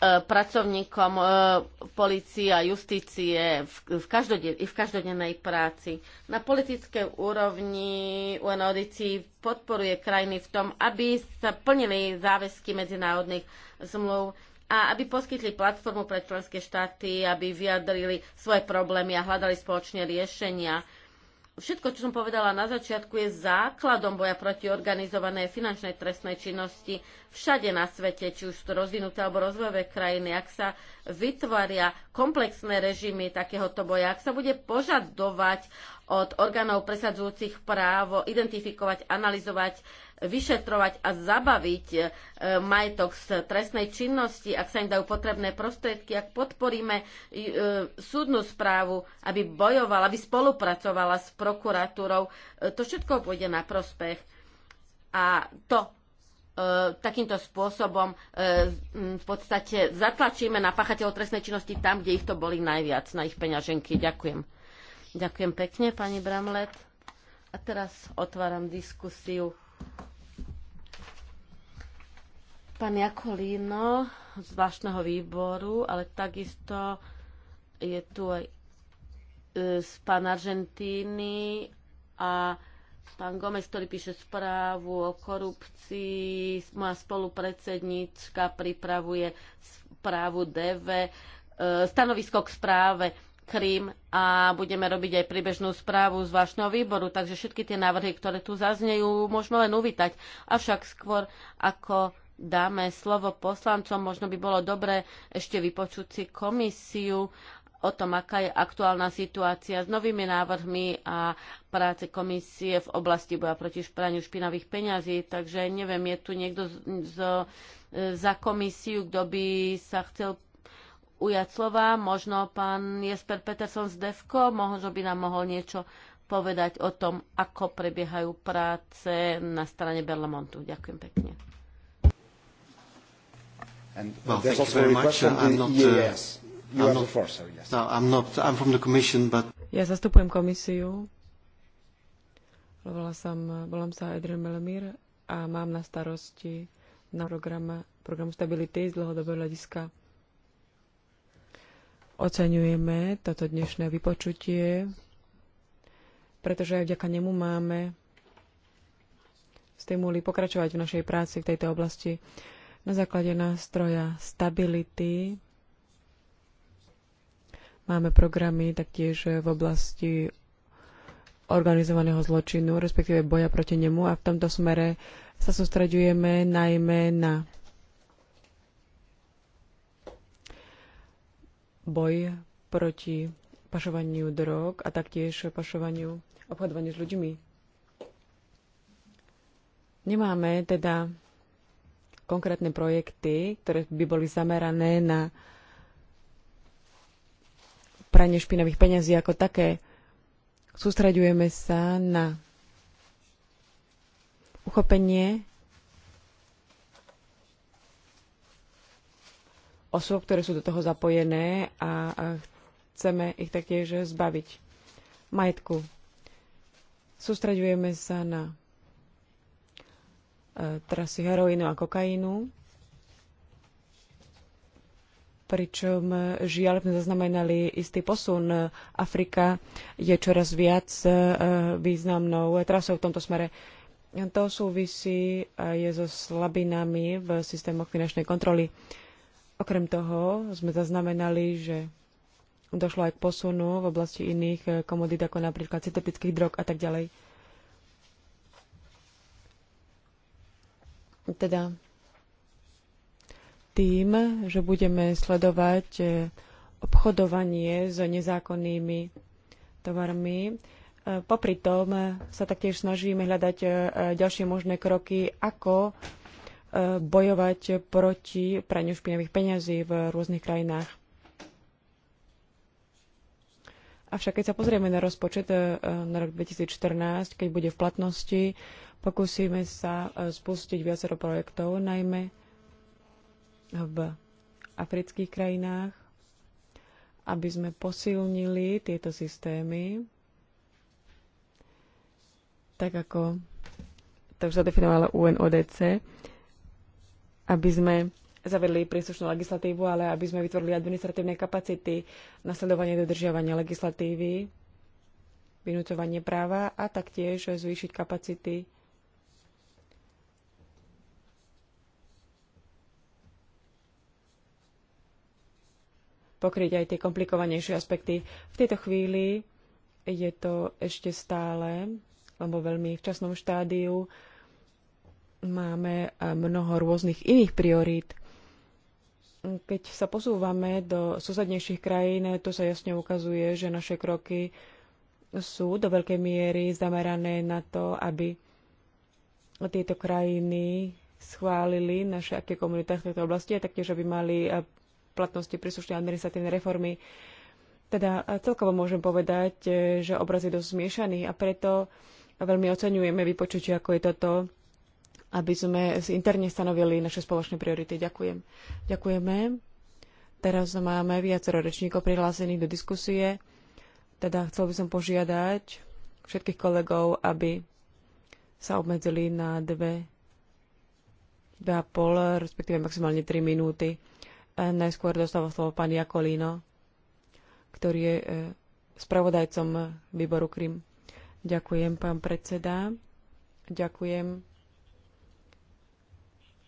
E, pracovníkom e, policie a justície v, každoden- v každodennej práci. Na politickej úrovni UNODC podporuje krajiny v tom, aby sa plnili záväzky medzinárodných zmluv a aby poskytli platformu pre členské štáty, aby vyjadrili svoje problémy a hľadali spoločne riešenia všetko, čo som povedala na začiatku, je základom boja proti organizovanej finančnej trestnej činnosti všade na svete, či už to rozvinuté alebo rozvojové krajiny. Ak sa vytvoria komplexné režimy takéhoto boja, ak sa bude požadovať od orgánov presadzujúcich právo identifikovať, analyzovať vyšetrovať a zabaviť e, majetok z trestnej činnosti, ak sa im dajú potrebné prostriedky, ak podporíme e, súdnu správu, aby bojovala, aby spolupracovala s prokuratúrou. E, to všetko pôjde na prospech. A to takýmto spôsobom v podstate zatlačíme na pachateľov trestnej činnosti tam, kde ich to boli najviac, na ich peňaženky. Ďakujem. Ďakujem pekne, pani Bramlet. A teraz otváram diskusiu pán Jakolíno z zvláštneho výboru, ale takisto je tu aj e, z pán Argentíny a pán Gomez, ktorý píše správu o korupcii. Moja spolupredsednička pripravuje správu DV, e, stanovisko k správe Krím a budeme robiť aj príbežnú správu z vášneho výboru, takže všetky tie návrhy, ktoré tu zaznejú, môžeme len uvítať. Avšak skôr ako dáme slovo poslancom, možno by bolo dobre ešte vypočuť si komisiu o tom, aká je aktuálna situácia s novými návrhmi a práce komisie v oblasti boja proti špraniu špinavých peňazí. Takže neviem, je tu niekto z, z, za komisiu, kto by sa chcel ujať slova. Možno pán Jesper Peterson z DEFCO, možno by nám mohol niečo povedať o tom, ako prebiehajú práce na strane Berlamontu. Ďakujem pekne. And well, thank you very request much. from the I'm yes. Uh, you I'm are not, the first, sorry, yes. No, I'm not. I'm from the commission, but... Ja zastupujem komisiu. Volám sa, volám sa Adrian Melemir a mám na starosti na program, programu stability z dlhodobého hľadiska. Oceňujeme toto dnešné vypočutie, pretože aj vďaka nemu máme stimuli pokračovať v našej práci v tejto oblasti na základe nástroja stability. Máme programy taktiež v oblasti organizovaného zločinu, respektíve boja proti nemu a v tomto smere sa sústreďujeme najmä na boj proti pašovaniu drog a taktiež pašovaniu obchodovaniu s ľuďmi. Nemáme teda konkrétne projekty, ktoré by boli zamerané na pranie špinavých peňazí ako také. Sústraďujeme sa na uchopenie osôb, ktoré sú do toho zapojené a, a chceme ich taktiež zbaviť majetku. Sústraďujeme sa na E, trasy heroínu a kokainu, pričom žiaľ sme zaznamenali istý posun. Afrika je čoraz viac e, významnou trasou v tomto smere. To súvisí je so slabinami v systémoch finančnej kontroly. Okrem toho sme zaznamenali, že došlo aj k posunu v oblasti iných e, komodít, ako napríklad cytopických drog a tak ďalej. Teda tým, že budeme sledovať eh, obchodovanie s nezákonnými tovarmi. Eh, popri tom eh, sa taktiež snažíme hľadať ďalšie možné kroky, ako bojovať proti praniu špinavých peňazí v rôznych krajinách. Avšak keď sa pozrieme na rozpočet na rok 2014, keď bude v platnosti, Pokúsime sa e, spustiť viacero projektov, najmä v afrických krajinách, aby sme posilnili tieto systémy, tak ako to už zadefinovala UNODC, aby sme zavedli príslušnú legislatívu, ale aby sme vytvorili administratívne kapacity, nasledovanie dodržiavania legislatívy, vynúcovanie práva a taktiež zvýšiť kapacity pokryť aj tie komplikovanejšie aspekty. V tejto chvíli je to ešte stále, lebo veľmi včasnom štádiu máme eh, mnoho rôznych iných priorít. Keď sa posúvame do susednejších krajín, tu sa jasne ukazuje, že naše kroky sú do veľkej miery zamerané na to, aby tieto krajiny schválili naše aké komunitách v tejto oblasti a taktiež, aby mali eh, platnosti príslušnej administratívnej reformy. Teda celkovo môžem povedať, e, že obraz je dosť zmiešaný a preto veľmi oceňujeme vypočutie, ako je toto, aby sme interne stanovili naše spoločné priority. Ďakujem. Ďakujeme. Teraz máme viacero rečníkov prihlásených do diskusie. Teda chcel by som požiadať všetkých kolegov, aby sa obmedzili na dve, dve a pol, respektíve maximálne tri minúty Najskôr dostáva slovo pán Jakolíno, ktorý je e, spravodajcom výboru Krym. Ďakujem, pán predseda. Ďakujem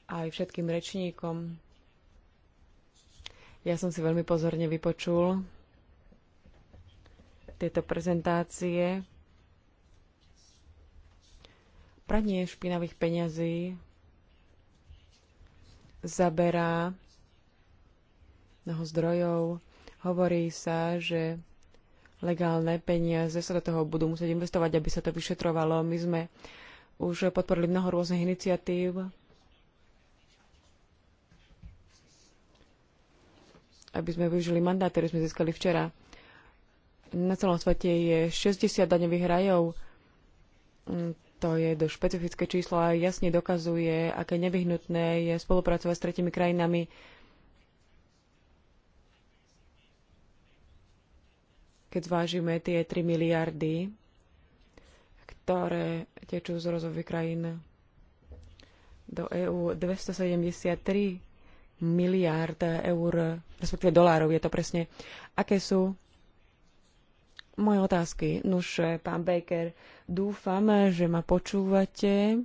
aj všetkým rečníkom. Ja som si veľmi pozorne vypočul tieto prezentácie. Pranie špinavých peňazí zaberá mnoho zdrojov. Hovorí sa, že legálne peniaze sa do toho budú musieť investovať, aby sa to vyšetrovalo. My sme už podporili mnoho rôznych iniciatív, aby sme využili mandát, ktorý sme získali včera. Na celom svete je 60 daňových rajov. Mm, to je do špecifické číslo a jasne dokazuje, aké nevyhnutné je spolupracovať s tretimi krajinami keď zvážime tie 3 miliardy, ktoré tečú z rozvojových krajín do EÚ, 273 miliard eur, respektíve dolárov je to presne. Aké sú moje otázky? Nuž, pán Baker, dúfam, že ma počúvate.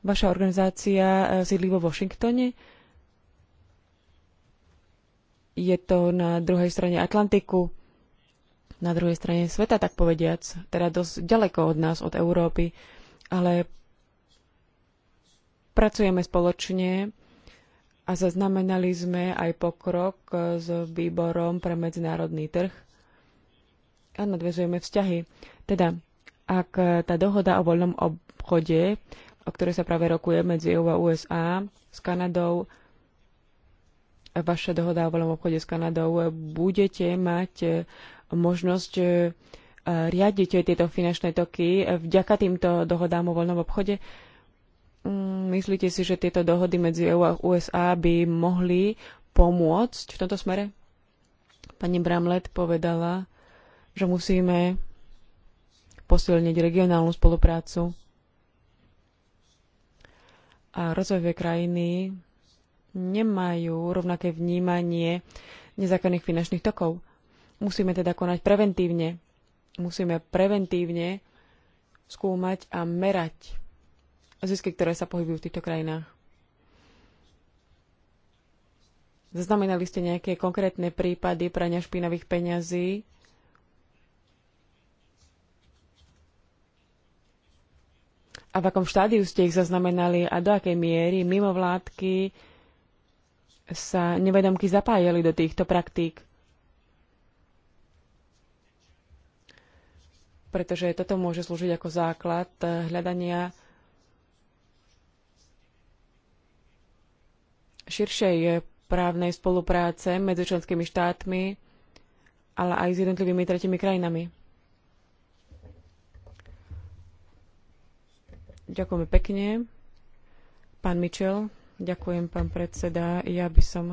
Vaša organizácia eh, sídli vo Washingtone. Je to na druhej strane Atlantiku na druhej strane sveta, tak povediac, teda dosť ďaleko od nás, od Európy, ale pracujeme spoločne a zaznamenali sme aj pokrok s výborom pre medzinárodný trh a nadvezujeme vzťahy. Teda, ak tá dohoda o voľnom obchode, o ktorej sa práve rokuje medzi EU a USA, s Kanadou, vaša dohoda o voľnom obchode s Kanadou, budete mať možnosť e, e, riadiť tieto finančné toky e, vďaka týmto dohodám o voľnom obchode. Mm, myslíte si, že tieto dohody medzi EU a USA by mohli pomôcť v tomto smere? Pani Bramlet povedala, že musíme posilniť regionálnu spoluprácu a rozvojové krajiny nemajú rovnaké vnímanie nezákonných finančných tokov. Musíme teda konať preventívne. Musíme preventívne skúmať a merať zisky, ktoré sa pohybujú v týchto krajinách. Zaznamenali ste nejaké konkrétne prípady prania špinavých peňazí? A v akom štádiu ste ich zaznamenali a do akej miery mimovládky sa nevedomky zapájali do týchto praktík? pretože toto môže slúžiť ako základ eh, hľadania širšej eh, právnej spolupráce medzi členskými štátmi, ale aj s jednotlivými tretimi krajinami. Ďakujeme pekne. Pán Mičel, ďakujem, pán predseda. Ja by som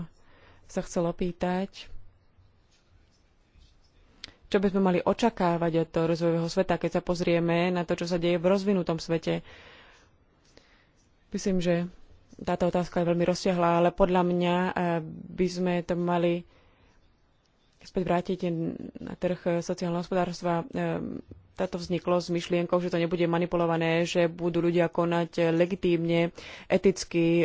sa chcela opýtať, čo by sme mali očakávať od toho rozvojového sveta, keď sa pozrieme na to, čo sa deje v rozvinutom svete. Myslím, že táto otázka je veľmi rozsiahla, ale podľa mňa eh, by sme to mali späť vrátiť na trh sociálneho hospodárstva. Eh, táto vzniklo s myšlienkou, že to nebude manipulované, že budú ľudia konať eh, legitímne, eticky,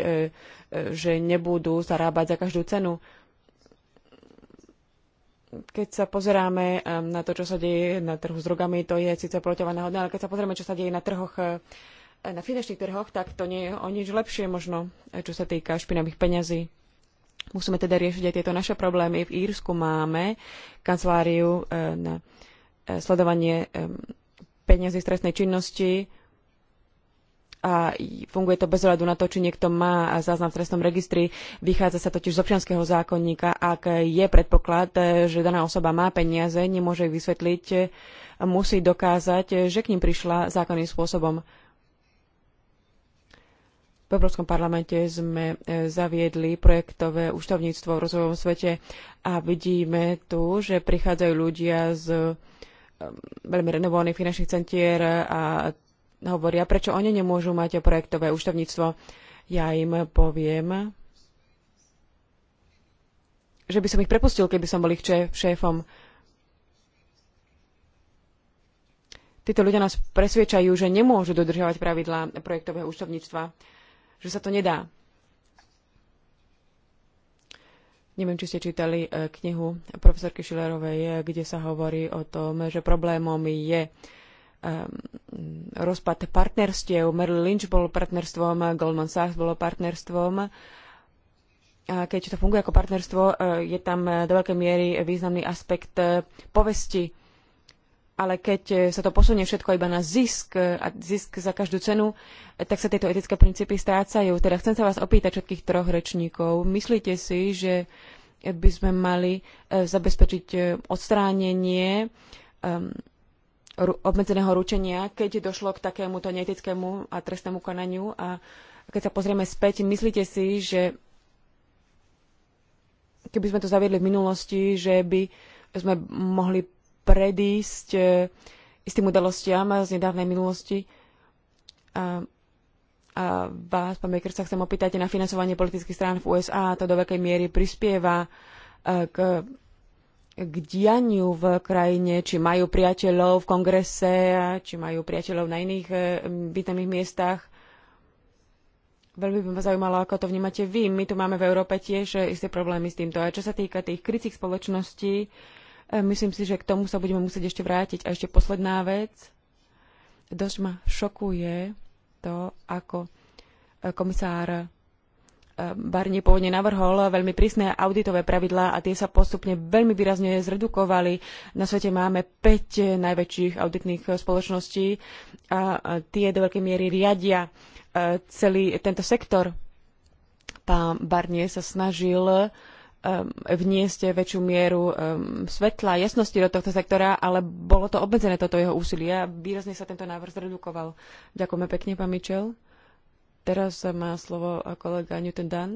že nebudú zarábať za každú cenu keď sa pozeráme ehm, na to, čo sa deje na trhu s drogami, to je síce ploťovaná hodné, ale keď sa pozrieme, čo sa deje na trhoch, eh, na finančných trhoch, tak to nie je o nič lepšie možno, eh, čo sa týka špinavých peňazí. Musíme teda riešiť aj tieto naše problémy. V Írsku máme kanceláriu eh, na sledovanie ehm, peňazí z trestnej činnosti, a funguje to bez ohľadu na to, či niekto má záznam v trestnom registri. Vychádza sa totiž z občianskeho zákonníka. Ak je predpoklad, že daná osoba má peniaze, nemôže ich vysvetliť, musí dokázať, že k ním prišla zákonným spôsobom. V Európskom parlamente sme e, zaviedli projektové účtovníctvo v rozvojovom svete a vidíme tu, že prichádzajú ľudia z e, veľmi renovovaných finančných centier a hovoria, prečo oni nemôžu mať projektové účtovníctvo. Ja im poviem, že by som ich prepustil, keby som bol ich šéfom. Títo ľudia nás presvedčajú, že nemôžu dodržiavať pravidlá projektového účtovníctva, že sa to nedá. Neviem, či ste čítali eh, knihu profesorky Schillerovej, eh, kde sa hovorí o tom, že problémom je Ehm, rozpad partnerstiev. Merrill Lynch bol partnerstvom, Goldman Sachs bolo partnerstvom. A keď to funguje ako partnerstvo, e, je tam do veľkej miery významný aspekt e, povesti. Ale keď e, sa to posunie všetko iba na zisk a zisk za každú cenu, tak sa tieto etické princípy strácajú. Teda chcem sa vás opýtať všetkých troch rečníkov. Myslíte si, že by sme mali zabezpečiť odstránenie ehm, obmedzeného ručenia, keď došlo k takémuto neetickému a trestnému konaniu. A keď sa pozrieme späť, myslíte si, že keby sme to zaviedli v minulosti, že by sme mohli predísť e, istým udalostiam z nedávnej minulosti. A, a vás, pán Baker, sa chcem opýtať na financovanie politických strán v USA. a To do veľkej miery prispieva e, k k dianiu v krajine, či majú priateľov v kongrese, či majú priateľov na iných e, miestach. Veľmi by ma zaujímalo, ako to vnímate vy. My tu máme v Európe tiež eh, isté problémy s týmto. A čo sa týka tých krycích spoločností, eh, myslím si, že k tomu sa budeme musieť ešte vrátiť. A ešte posledná vec. Dosť ma šokuje to, ako komisár Barnier pôvodne navrhol veľmi prísne auditové pravidlá a tie sa postupne veľmi výrazne zredukovali. Na svete máme 5 najväčších auditných spoločností a tie do veľkej miery riadia e, celý tento sektor. Pán Barnier sa snažil e, vniesť väčšiu mieru e, svetla, jasnosti do tohto sektora, ale bolo to obmedzené toto jeho úsilie a výrazne sa tento návrh zredukoval. Ďakujeme pekne, pán Mitchell. Teraz má slovo kolega Newton Dan.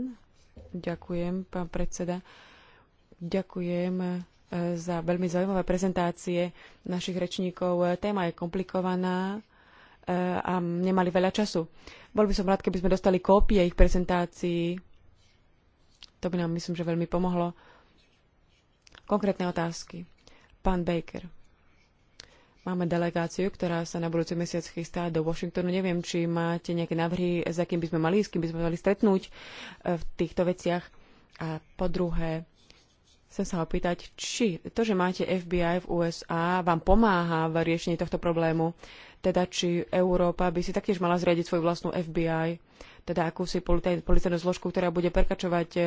Ďakujem, pán predseda. Ďakujem eh, za veľmi zaujímavé prezentácie našich rečníkov. Téma je komplikovaná eh, a nemali veľa času. Bol by som rád, keby sme dostali kópie ich prezentácií. To by nám, myslím, že veľmi pomohlo. Konkrétne otázky. Pán Baker. Máme delegáciu, ktorá sa na budúci mesiac chystá do Washingtonu. Neviem, či máte nejaké návrhy, za kým by sme mali, s kým by sme mali stretnúť eh, v týchto veciach. A po druhé, Chcem sa opýtať, či to, že máte FBI v USA, vám pomáha v riešení tohto problému, teda či Európa by si taktiež mala zriadiť svoju vlastnú FBI, teda akúsi policajnú zložku, ktorá bude prekačovať e,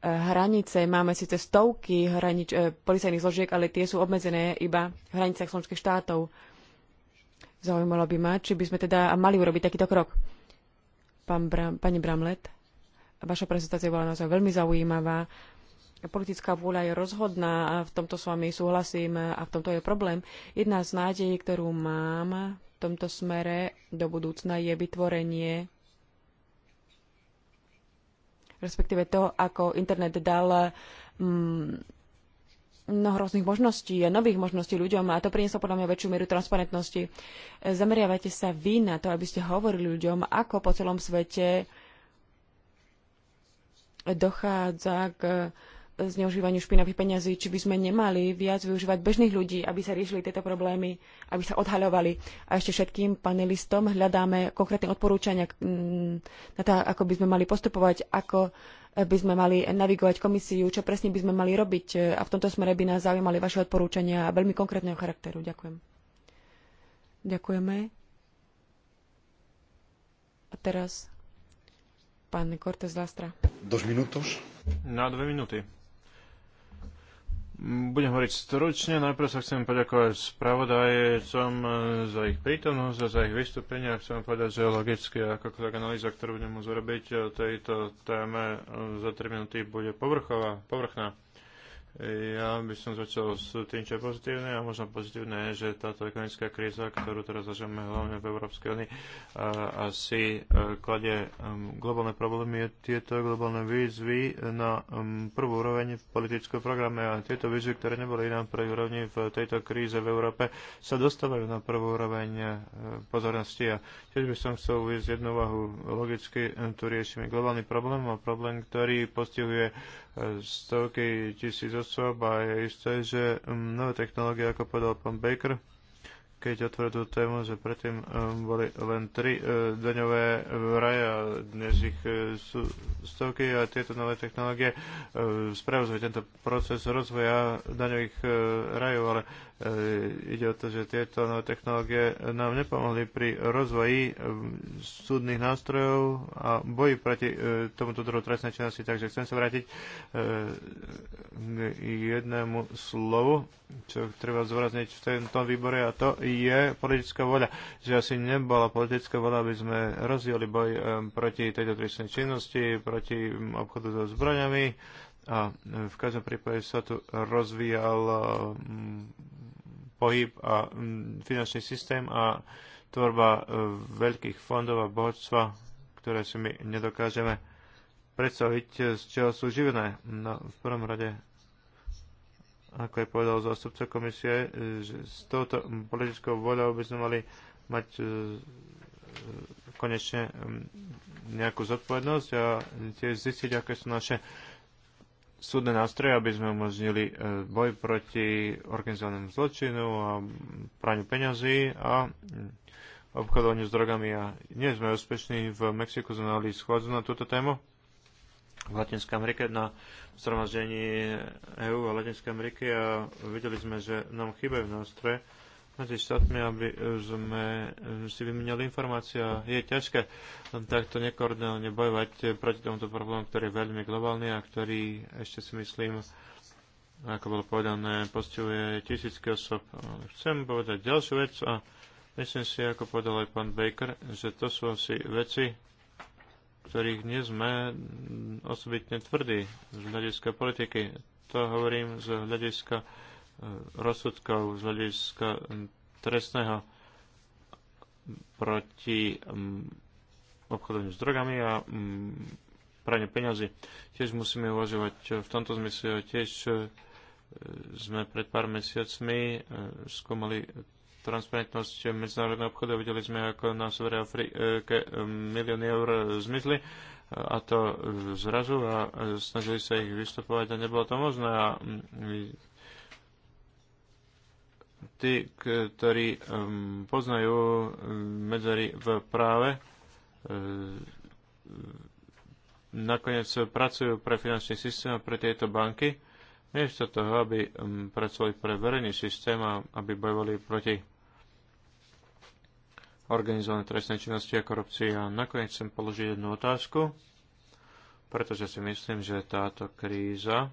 hranice. Máme síce stovky hranič, e, policajných zložiek, ale tie sú obmedzené iba v hranicách slovenských štátov. Zaujímalo by ma, či by sme teda mali urobiť takýto krok. Pán Bram, pani Bramlet, vaša prezentácia bola naozaj veľmi zaujímavá politická vôľa je rozhodná a v tomto s vami súhlasím a v tomto je problém. Jedna z nádejí, ktorú mám v tomto smere do budúcna je vytvorenie respektíve to, ako internet dal mm, mnoho rôznych možností a nových možností ľuďom a to prinieslo podľa mňa väčšiu mieru transparentnosti. Zameriavajte sa vy na to, aby ste hovorili ľuďom, ako po celom svete dochádza k zneužívaniu špinavých peňazí, či by sme nemali viac využívať bežných ľudí, aby sa riešili tieto problémy, aby sa odhaľovali. A ešte všetkým panelistom hľadáme konkrétne odporúčania mm, na to, ako by sme mali postupovať, ako by sme mali navigovať komisiu, čo presne by sme mali robiť. A v tomto smere by nás zaujímali vaše odporúčania veľmi konkrétneho charakteru. Ďakujem. Ďakujeme. A teraz pán Cortez Lastra. Dos minutos. Na dve minúty. Budem hovoriť stručne. Najprv sa chcem poďakovať spravodajcom e, za ich prítomnosť a za ich vystúpenia. Chcem povedať, že logicky akákoľvek analýza, ktorú budem môcť urobiť o e, tejto téme e, za 3 minúty, bude povrchová, povrchná. Ja by som začal s tým, čo je pozitívne a možno pozitívne je, že táto ekonomická kríza, ktorú teraz zažijeme hlavne v Európskej únii, asi e, kladie globálne problémy, tieto globálne výzvy na prvú úroveň v politickom programe a tieto výzvy, ktoré neboli na prvej úrovni v tejto kríze v Európe, sa dostávajú na prvú úroveň e, pozornosti a tiež by som chcel uvieť jednu vahu. Logicky e, tu riešime globálny problém a problém, ktorý postihuje stovky tisíc osôb a je isté, že mm, nové technológie, ako povedal pán Baker, keď otvoril tú tému, že predtým mm, boli len tri e, daňové vraje a dnes ich e, sú stovky a tieto nové technológie e, spravujú tento proces rozvoja daňových rajov, ale E, ide o to, že tieto nové technológie nám nepomohli pri rozvoji e, súdnych nástrojov a boji proti e, tomuto druhu trestnej činnosti. Takže chcem sa vrátiť k jednému slovu, čo treba zvorazniť v tom výbore a to je politická voľa. Že asi nebola politická voľa, aby sme rozdielili boj proti tejto trestnej činnosti, proti obchodu so zbraňami. a v každom prípade sa tu rozvíjal pohyb a finančný systém a tvorba e, veľkých fondov a bohatstva, ktoré si my nedokážeme predstaviť, e, z čoho sú živené. No, v prvom rade, ako je povedal zástupca komisie, e, že s touto politickou voľou by sme mali mať konečne nejakú zodpovednosť a tiež zistiť, aké sú naše súdne nástroje, aby sme umožnili e, boj proti organizovanému zločinu a praniu peňazí a mm, obchodovaniu s drogami a nie sme úspešní. V Mexiku sme mali schôdzu na túto tému v Latinskej Amerike na zhromaždení EÚ a Latinskej Ameriky a videli sme, že nám chýbajú nástroje, medzi štátmi, aby e, sme e, si vymenili informácie a je ťažké takto nekoordinálne bojovať e, proti tomuto problému, ktorý je veľmi globálny a ktorý ešte si myslím, ako bolo povedané, postihuje tisícky osob. Chcem povedať ďalšiu vec a myslím si, ako povedal aj pán Baker, že to sú asi veci, ktorých nie sme osobitne tvrdí z hľadiska politiky. To hovorím z hľadiska rozsudkov z hľadiska hm, trestného proti hm, obchodovaniu s drogami a hm, praniu peňazí. Tiež musíme uvažovať v tomto zmysle. Tiež e, sme pred pár mesiacmi e, skúmali transparentnosť medzinárodného obchodu. Videli sme, ako na severe Afrike e, milióny eur zmizli a to zrazu a snažili sa ich vystupovať a nebolo to možné a tí, ktorí um, poznajú um, medzery v práve, um, nakoniec pracujú pre finančný systém a pre tieto banky, miesto toho, aby um, pracovali pre verejný systém a aby bojovali proti organizované trestnej činnosti a korupcii. A nakoniec chcem položiť jednu otázku, pretože si myslím, že táto kríza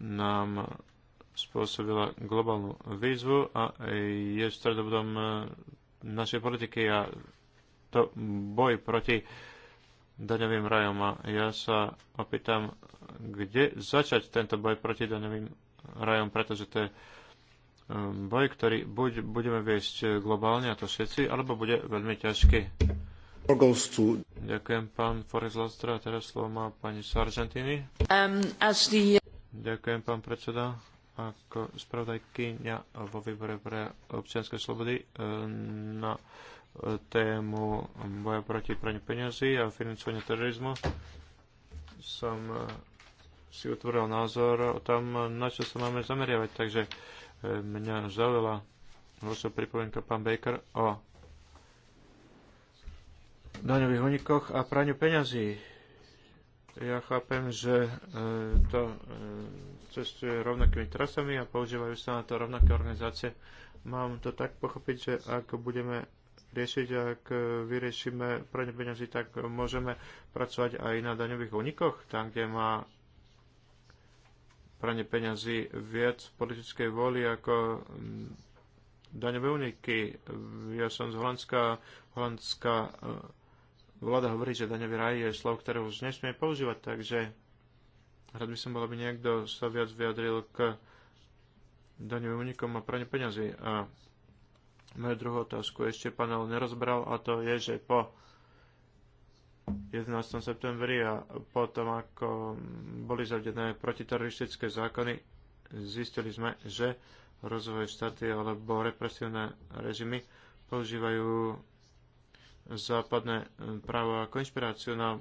nám spôsobila globálnu výzvu a je stredobodom e, našej politiky a to boj proti daňovým rajom. A ja sa opýtam, kde začať tento boj proti daňovým rajom, pretože to je e, boj, ktorý buď budeme viesť globálne, a to všetci, alebo bude veľmi ťažký. Ďakujem, pán Forest Lastra. Teraz slovo má pani Sargentini. Um, the... Ďakujem, pán predseda ako spravodajkyňa vo výbore pre občianske slobody e, na e, tému boja proti praniu peňazí a financovania terorizmu som e, si utvoril názor o tom, na čo sa máme zameriavať. Takže mňa zaujala vaša pripomienka, pán Baker, o daňových unikoch a praniu peňazí. Ja chápem, že to cestuje rovnakými trasami a používajú sa na to rovnaké organizácie. Mám to tak pochopiť, že ak budeme riešiť, ak vyriešime pranie peňazí, tak môžeme pracovať aj na daňových unikoch, tam, kde má pranie peňazí viac politickej vôly ako daňové uniky. Ja som z Holandska, Holandska eh, vláda hovorí, že daňový raj je slov, ktoré už nesmie používať, takže Rád by som bol, aby niekto sa viac vyjadril k daňovým únikom a praniu peňazí. A moju druhú otázku ešte panel nerozbral a to je, že po 11. septembri a potom ako boli zavedené protiteroristické zákony, zistili sme, že rozvoje štáty alebo represívne režimy používajú západné právo ako inšpiráciu na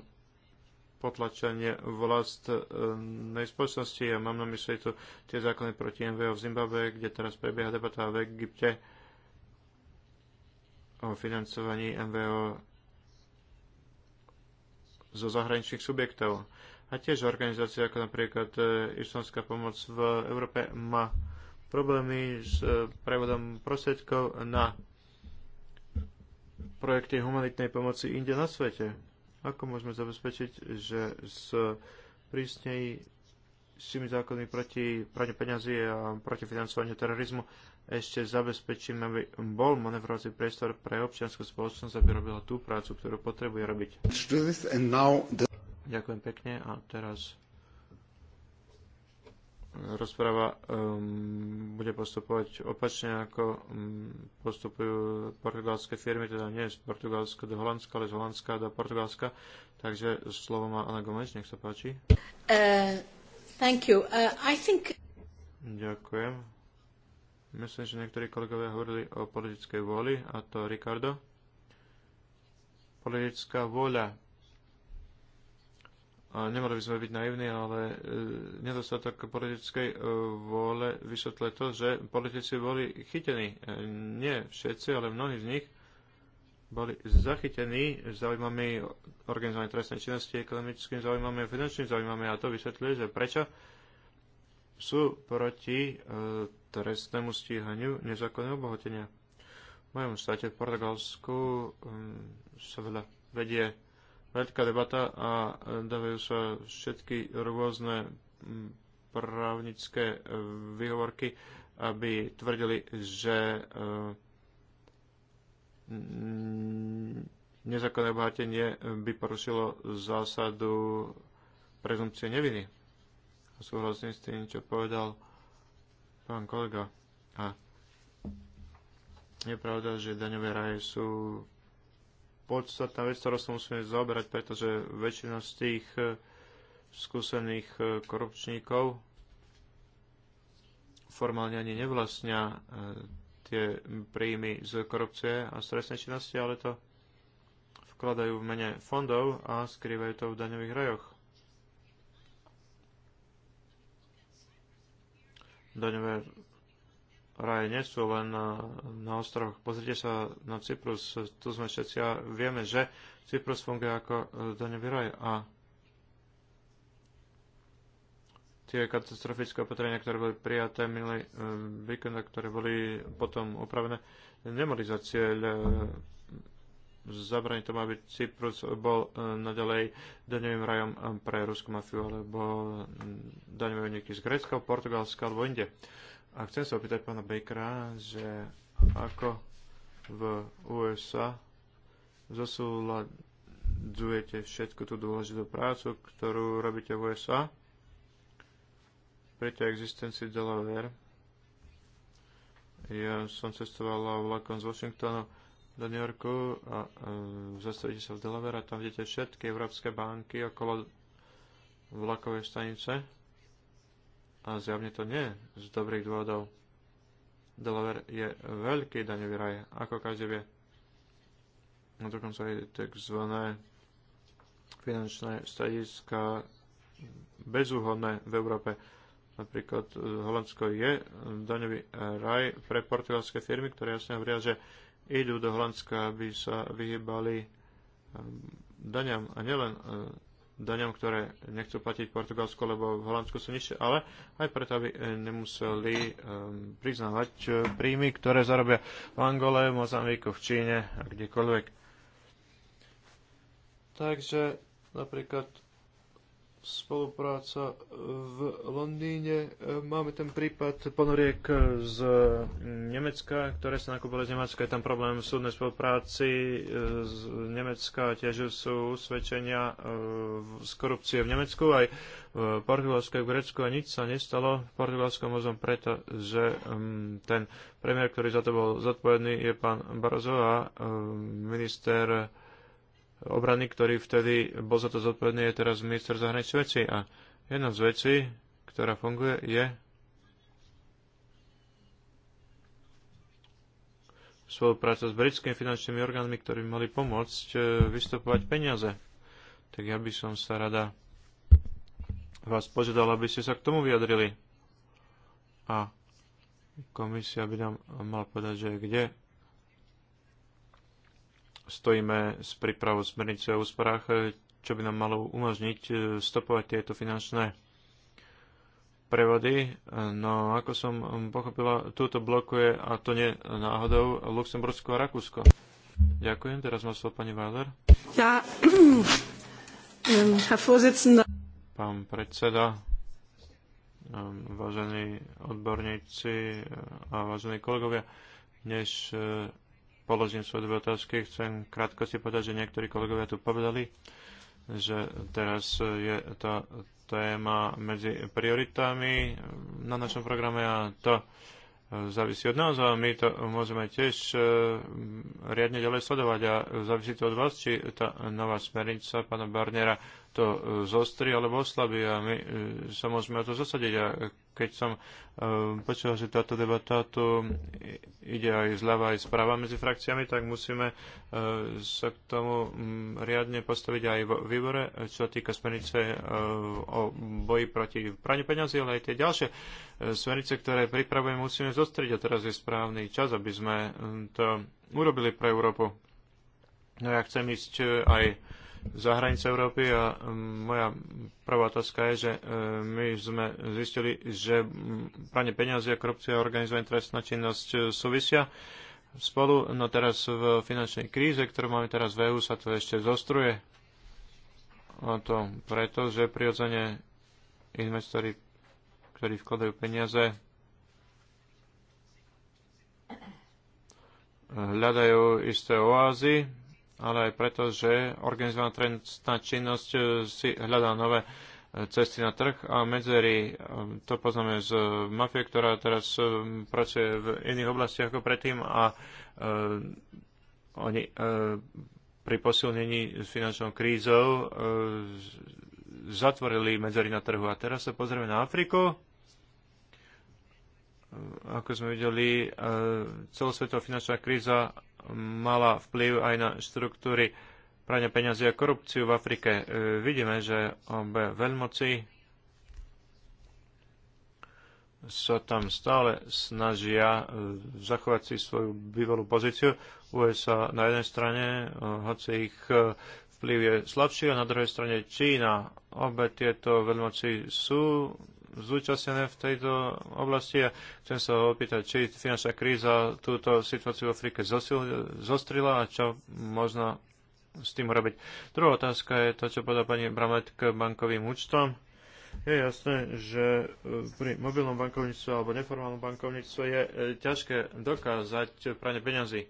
potlačenie vlastnej spoločnosti. Ja mám na mysli tu tie zákony proti MVO v Zimbabwe, kde teraz prebieha debata v Egypte o financovaní MVO zo zahraničných subjektov. A tiež organizácie ako napríklad e, Islamská pomoc v Európe má problémy s e, prevodom prostriedkov na projekty humanitnej pomoci inde na svete. Ako môžeme zabezpečiť, že s prísnej s tými zákonmi proti praniu peňazí a proti financovaniu terorizmu ešte zabezpečíme, aby bol manevrovací priestor pre občianskú spoločnosť, aby robila tú prácu, ktorú potrebuje robiť. Ďakujem pekne a teraz rozpráva um, bude postupovať opačne, ako um, postupujú portugalské firmy, teda nie z Portugalska do Holandska, ale z Holandska do Portugalska. Takže slovo má Ana Gomes, nech sa páči. Uh, thank you. Uh, I think... Ďakujem. Myslím, že niektorí kolegovia hovorili o politickej vôli, a to Ricardo. Politická vôľa a nemali by sme byť naivní, ale e, nedostatok politickej e, vôle vysvetľuje to, že politici boli chytení. E, nie všetci, ale mnohí z nich boli zachytení zaujímami organizovanej trestnej činnosti, ekonomickými zaujímami a finančnými zaujímami a to vysvetľuje, že prečo sú proti e, trestnému stíhaniu nezákonného obohotenia. V mojom štáte v Portugalsku e, sa veľa vedie veľká debata a e, dávajú sa všetky rôzne právnické e, výhovorky, aby tvrdili, že e, nezákonné obohatenie by porušilo zásadu prezumpcie neviny. A súhlasím s tým, čo povedal pán kolega. A je pravda, že daňové raje sú podstatná vec, ktorú sa musíme zaoberať, pretože väčšina z tých e, skúsených e, korupčníkov formálne ani nevlastnia e, tie príjmy z korupcie a stresnej činnosti, ale to vkladajú v mene fondov a skrývajú to v daňových rajoch. Daňové raje nie sú len na, na ostrovoch. Pozrite sa na Cyprus, tu sme všetci a vieme, že Cyprus funguje ako e, daňový raj a tie katastrofické opatrenia, ktoré boli prijaté minulý e, víkend a ktoré boli potom opravené, nemali za cieľ e, zabraniť tomu, aby Cyprus bol naďalej daňovým rajom pre ruskú mafiu alebo daňové uniky z Grécka, Portugalska alebo inde. A chcem sa opýtať pána Bakera, že ako v USA zosúľadzujete všetku tú dôležitú prácu, ktorú robíte v USA pri tej existencii Delaware. Ja som cestoval vlakom z Washingtonu do New Yorku a e, zastavíte sa v Delaware a tam vidíte všetky európske banky okolo vlakovej stanice a zjavne to nie z dobrých dôvodov. Delaware je veľký daňový raj, ako každý vie. No dokonca aj tzv. finančné stadiska bezúhodné v Európe. Napríklad e, Holandsko je daňový raj pre portugalské firmy, ktoré jasne hovoria, že idú do Holandska, aby sa vyhýbali e, daňam a nielen e, daňom, ktoré nechcú platiť Portugalsko, lebo v Holandsku sú nižšie, ale aj preto, aby eh, nemuseli eh, priznávať eh, príjmy, ktoré zarobia v Angole, v Mozambiku, v Číne a kdekoľvek. Takže napríklad spolupráca v Londýne. E, máme ten prípad ponoriek z Nemecka, ktoré sa nakúpili z Nemecka. Je tam problém v súdnej spolupráci e, z Nemecka. Tiež sú usvedčenia e, z korupcie v Nemecku aj v Portugalsku aj v Grécku a nič sa nestalo v Portugalskom mozom preto, že ten premiér, ktorý za to bol zodpovedný, je pán Barzo a minister obrany, ktorý vtedy bol za to zodpovedný, je teraz minister zahraničných vecí. A jedna z vecí, ktorá funguje, je spolupráca s britskými finančnými orgánmi, ktorí mali pomôcť e, vystupovať peniaze. Tak ja by som sa rada vás požiadal, aby ste sa k tomu vyjadrili. A komisia by nám mala povedať, že kde stojíme s prípravou smernice o úsporách, e, čo by nám malo umožniť e, stopovať tieto finančné prevody. E, no ako som pochopila, túto blokuje, a to nie náhodou, Luxembursko a Rakúsko. Ďakujem, teraz má slovo pani Váder. Ja, <clears throat> Pán predseda, vážení odborníci a vážení kolegovia, než položím svoje dve otázky. Chcem krátko si povedať, že niektorí kolegovia tu povedali, že teraz je tá téma medzi prioritami na našom programe a to závisí od nás a my to môžeme tiež e, riadne ďalej sledovať a závisí to od vás, či tá nová smernica pána Barnera to e, zostri alebo oslabí a my e, sa môžeme o to zasadiť. A keď som e, počul, že táto debata tu ide aj zľava, aj zprava medzi frakciami, tak musíme sa k tomu mm, riadne postaviť aj v výbore, čo sa týka smernice o boji proti praniu peňazí, ale aj tie ďalšie smernice, ktoré pripravujeme, musíme zostriť a teraz je správny čas, aby sme mm, to urobili pre Európu. No ja chcem ísť aj za hranice Európy a mm, moja prvá otázka je, že e, my sme zistili, že mm, pranie peniazy a korupcia a organizovaná trestná činnosť e, súvisia spolu, no teraz v finančnej kríze, ktorú máme teraz v EU, sa to ešte zostruje. A to preto, že prirodzene investori, ktorí vkladajú peniaze, hľadajú isté oázy, ale aj preto, že organizovaná trestná činnosť e, si hľadá nové e, cesty na trh a medzery, e, to poznáme z mafie, ktorá teraz pracuje v iných oblastiach ako predtým a uh, oni uh, pri posilnení s finančnou krízou uh, zatvorili medzery na trhu. A teraz sa pozrieme na Afriku. Ako sme videli, uh, celosvetová finančná kríza mala vplyv aj na štruktúry prania peňazí a korupciu v Afrike. E, vidíme, že obe veľmoci sa tam stále snažia e, zachovať si svoju bývalú pozíciu. USA na jednej strane, e, hoci ich vplyv je slabší, a na druhej strane Čína. Obe tieto veľmoci sú zúčastnené v tejto oblasti a chcem sa opýtať, či finančná kríza túto situáciu v Afrike zostrila a čo možno s tým robiť. Druhá otázka je to, čo podá pani Bramet k bankovým účtom. Je jasné, že pri mobilnom bankovníctve alebo neformálnom bankovníctve je e, ťažké dokázať pranie peňazí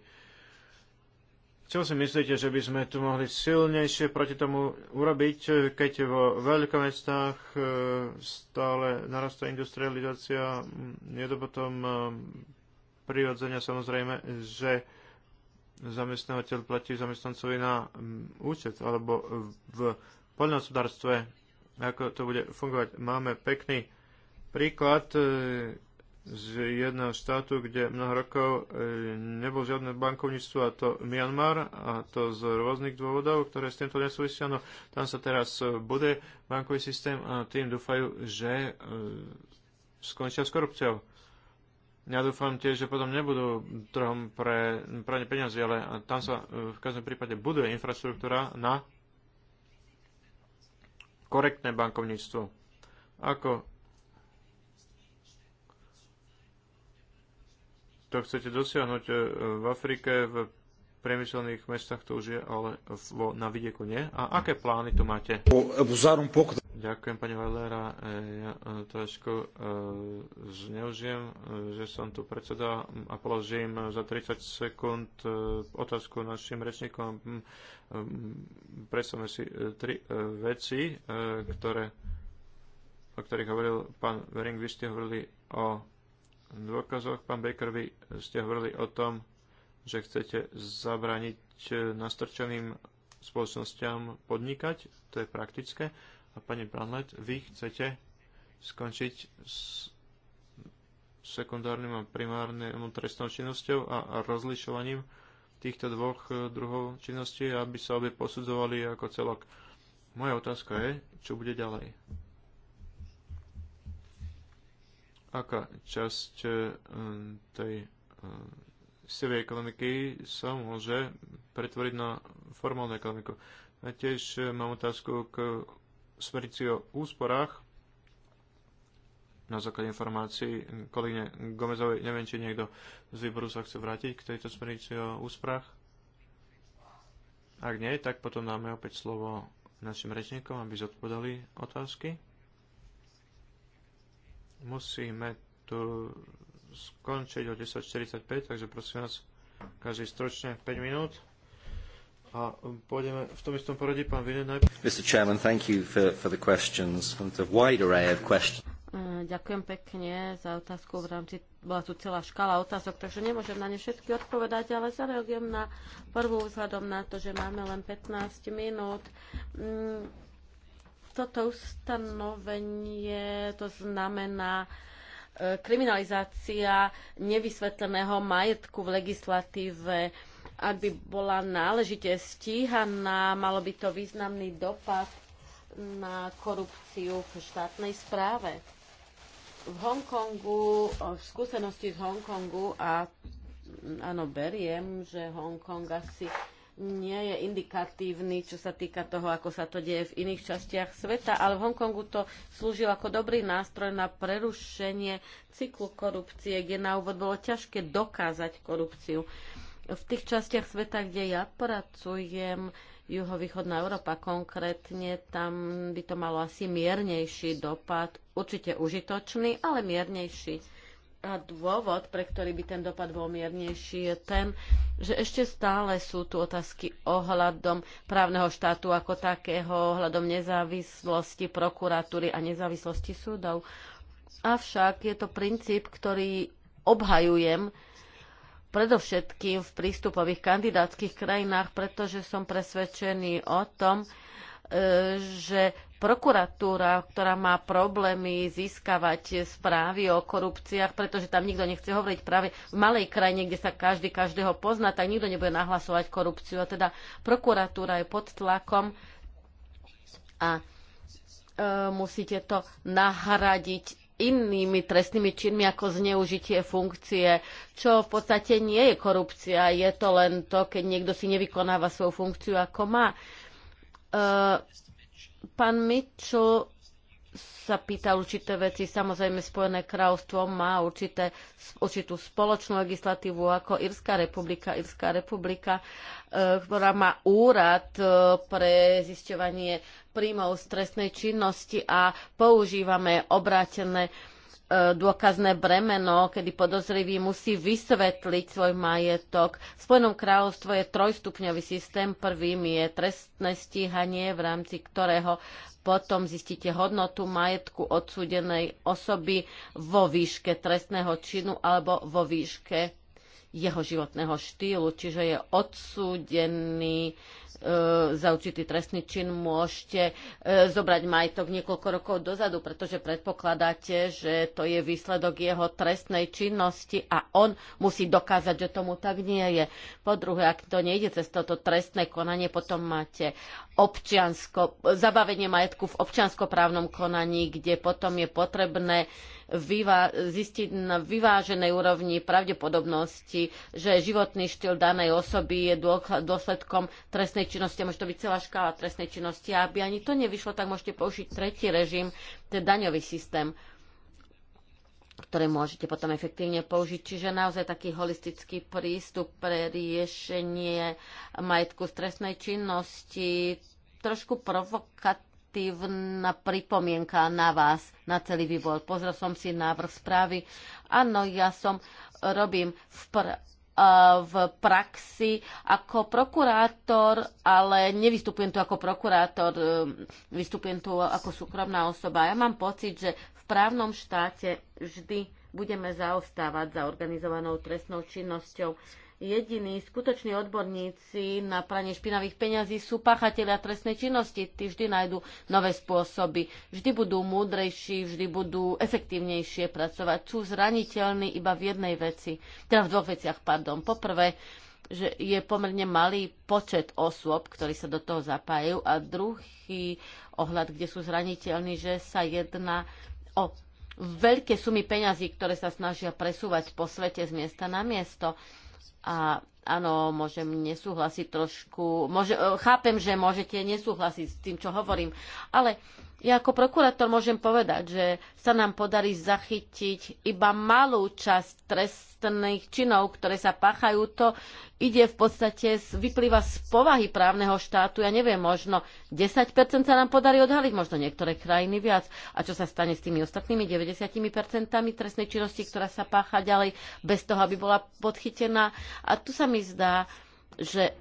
čo si myslíte, že by sme tu mohli silnejšie proti tomu urobiť, keď vo veľkomestách e, stále narastá industrializácia? Je to potom e, prirodzenia samozrejme, že zamestnávateľ platí zamestnancovi na účet alebo v poľnohospodárstve, ako to bude fungovať. Máme pekný príklad, e, z jedného štátu, kde mnoho rokov e, nebol žiadne bankovníctvo, a to Myanmar, a to z rôznych dôvodov, ktoré s týmto nesúvisia. No, tam sa teraz e, bude bankový systém a tým dúfajú, že e, skončia s korupciou. Ja dúfam tiež, že potom nebudú trhom pre pranie peniazy, ale tam sa v každom prípade buduje infraštruktúra na korektné bankovníctvo. Ako to chcete dosiahnuť e, v Afrike, v priemyselných mestách to už je, ale vo, na vidieku nie. A aké plány tu máte? Ďakujem, pani Valera. E, ja e, trošku zneužijem, že som tu predseda a položím za 30 sekúnd otázku našim rečníkom. Mm, mm, predstavme si tri veci, ktoré, o ktorých hovoril pán Vering. Vy ste hovorili o dôkazoch. Pán Baker, vy ste hovorili o tom, že chcete zabrániť e, nastrčeným spoločnosťam podnikať, to je praktické. A pani Branlet, vy chcete skončiť s sekundárnym a primárnym trestnou činnosťou a rozlišovaním týchto dvoch e, druhov činností, aby sa obe posudzovali ako celok. Moja otázka je, čo bude ďalej aká časť eh, tej eh, sivej ekonomiky sa môže pretvoriť na formálnu ekonomiku. A tiež eh, mám otázku k smerici o úsporách na základe informácií kolegyne Gomezovej. Neviem, či niekto z výboru sa chce vrátiť k tejto smerici o úsporách. Ak nie, tak potom dáme opäť slovo našim rečníkom, aby zodpovedali otázky. Musíme tu skončiť o 10.45, takže prosím vás, každý stročne 5 minút. A pôjdeme v tom istom poradí, pán Vinen najprv. Mr. Chairman, thank you for, for the questions and the wide array of questions. Mm, ďakujem pekne za otázku. V rámci bola tu celá škala otázok, takže nemôžem na ne všetky odpovedať, ale zareagujem na prvú vzhľadom na to, že máme len 15 minút. Mm toto ustanovenie to znamená e, kriminalizácia nevysvetleného majetku v legislatíve ak by bola náležite stíhaná, malo by to významný dopad na korupciu v štátnej správe. V Hongkongu, v skúsenosti z Hongkongu a áno, beriem, že Hongkong asi nie je indikatívny, čo sa týka toho, ako sa to deje v iných častiach sveta, ale v Hongkongu to slúžil ako dobrý nástroj na prerušenie cyklu korupcie, kde na úvod bolo ťažké dokázať korupciu. V tých častiach sveta, kde ja pracujem, juhovýchodná Európa konkrétne, tam by to malo asi miernejší dopad, určite užitočný, ale miernejší a dôvod, pre ktorý by ten dopad bol miernejší, je ten, že ešte stále sú tu otázky ohľadom právneho štátu ako takého, ohľadom nezávislosti prokuratúry a nezávislosti súdov. Avšak je to princíp, ktorý obhajujem predovšetkým v prístupových kandidátskych krajinách, pretože som presvedčený o tom, že prokuratúra, ktorá má problémy získavať správy o korupciách, pretože tam nikto nechce hovoriť práve v malej krajine, kde sa každý každého pozná, tak nikto nebude nahlasovať korupciu. A teda prokuratúra je pod tlakom a e, musíte to nahradiť inými trestnými činmi ako zneužitie funkcie, čo v podstate nie je korupcia, je to len to, keď niekto si nevykonáva svoju funkciu ako má. E, Eh, pán Mitchell sa pýta určité veci. Samozrejme, Spojené kráľovstvo má určité, určitú spoločnú legislatívu ako Irská republika. Irská republika, eh, ktorá má úrad eh, pre zisťovanie príjmov z trestnej činnosti a používame obrátené uh, dôkazné bremeno, kedy podozrivý musí vysvetliť svoj majetok. V Spojenom kráľovstve je trojstupňový systém. Prvým je trestné stíhanie, v rámci ktorého potom zistíte hodnotu majetku odsúdenej osoby vo výške trestného činu alebo vo výške jeho životného štýlu, čiže je odsúdený e, za určitý trestný čin, môžete e, zobrať majetok niekoľko rokov dozadu, pretože predpokladáte, že to je výsledok jeho trestnej činnosti a on musí dokázať, že tomu tak nie je. Po druhé, ak to nejde cez toto trestné konanie, potom máte občiansko, zabavenie majetku v občianskoprávnom konaní, kde potom je potrebné vyvá- zistiť na vyváženej úrovni pravdepodobnosti, že životný štýl danej osoby je dôsledkom trestnej činnosti. Môže to byť celá škála trestnej činnosti. A aby ani to nevyšlo, tak môžete použiť tretí režim, ten daňový systém ktoré môžete potom efektívne použiť. Čiže naozaj taký holistický prístup pre riešenie majetku stresnej činnosti, trošku provokat pozitívna pripomienka na vás, na celý výbor. Pozrel som si návrh správy. Áno, ja som robím v, pr- v praxi ako prokurátor, ale nevystupujem tu ako prokurátor, e, vystupujem tu ako súkromná osoba. Ja mám pocit, že v právnom štáte vždy budeme zaostávať za organizovanou trestnou činnosťou jediní skutoční odborníci na pranie špinavých peňazí sú páchatelia trestnej činnosti. Tí vždy nájdú nové spôsoby, vždy budú múdrejší, vždy budú efektívnejšie pracovať. Sú zraniteľní iba v jednej veci, teda v dvoch veciach, pardon. Poprvé, že je pomerne malý počet osôb, ktorí sa do toho zapájajú a druhý ohľad, kde sú zraniteľní, že sa jedná o veľké sumy peňazí, ktoré sa snažia presúvať po svete z miesta na miesto. A áno, môžem nesúhlasiť trošku. Môže, e, chápem, že môžete nesúhlasiť s tým, čo hovorím, ale ja ako prokurátor môžem povedať, že sa nám podarí zachytiť iba malú časť trestných činov, ktoré sa páchajú. To ide v podstate, vyplýva z povahy právneho štátu. Ja neviem, možno 10% sa nám podarí odhaliť, možno niektoré krajiny viac. A čo sa stane s tými ostatnými 90% trestnej činnosti, ktorá sa pácha ďalej, bez toho, aby bola podchytená. A tu sa mi zdá, že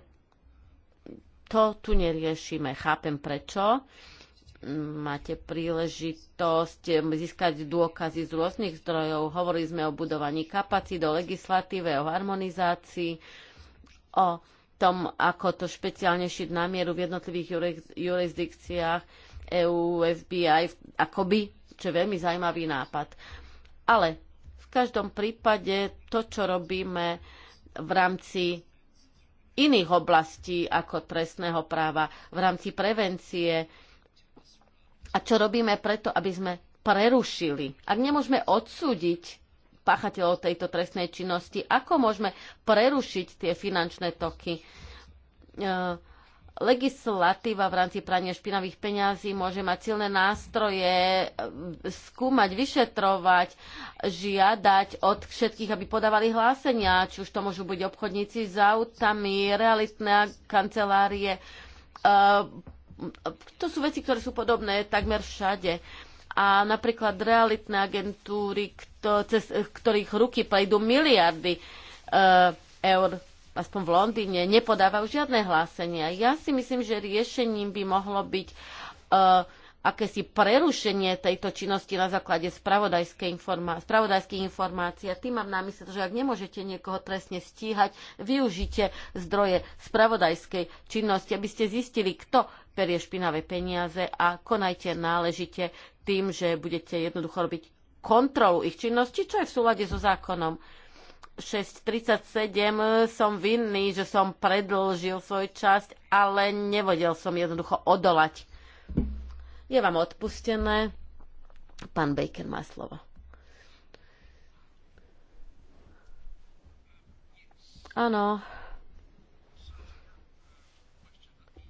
to tu neriešime. Chápem prečo máte príležitosť eh, získať dôkazy z rôznych zdrojov. Hovorili sme o budovaní kapacít, o legislatíve, o harmonizácii, o tom, ako to špeciálne šiť na mieru v jednotlivých jurisdikciách EU, FBI, akoby, čo je veľmi zaujímavý nápad. Ale v každom prípade to, čo robíme v rámci iných oblastí ako trestného práva, v rámci prevencie, a čo robíme preto, aby sme prerušili. Ak nemôžeme odsúdiť páchateľov tejto trestnej činnosti, ako môžeme prerušiť tie finančné toky? E, legislatíva v rámci prania špinavých peňazí môže mať silné nástroje e, skúmať, vyšetrovať, žiadať od všetkých, aby podávali hlásenia, či už to môžu byť obchodníci s autami, realitné kancelárie, e, to sú veci, ktoré sú podobné takmer všade. A napríklad realitné agentúry, kto, cez ktorých ruky prejdú miliardy e, eur, aspoň v Londýne, nepodávajú žiadne hlásenia. Ja si myslím, že riešením by mohlo byť e, akési prerušenie tejto činnosti na základe spravodajských informá- informácií. A tým mám na mysle, že ak nemôžete niekoho trestne stíhať, využite zdroje spravodajskej činnosti, aby ste zistili, kto perie špinavé peniaze a konajte náležite tým, že budete jednoducho robiť kontrolu ich činnosti, čo je v súlade so zákonom. 6.37 som vinný, že som predlžil svoj časť, ale nevedel som jednoducho odolať. Je vám odpustené. Pán Baker má slovo. Áno.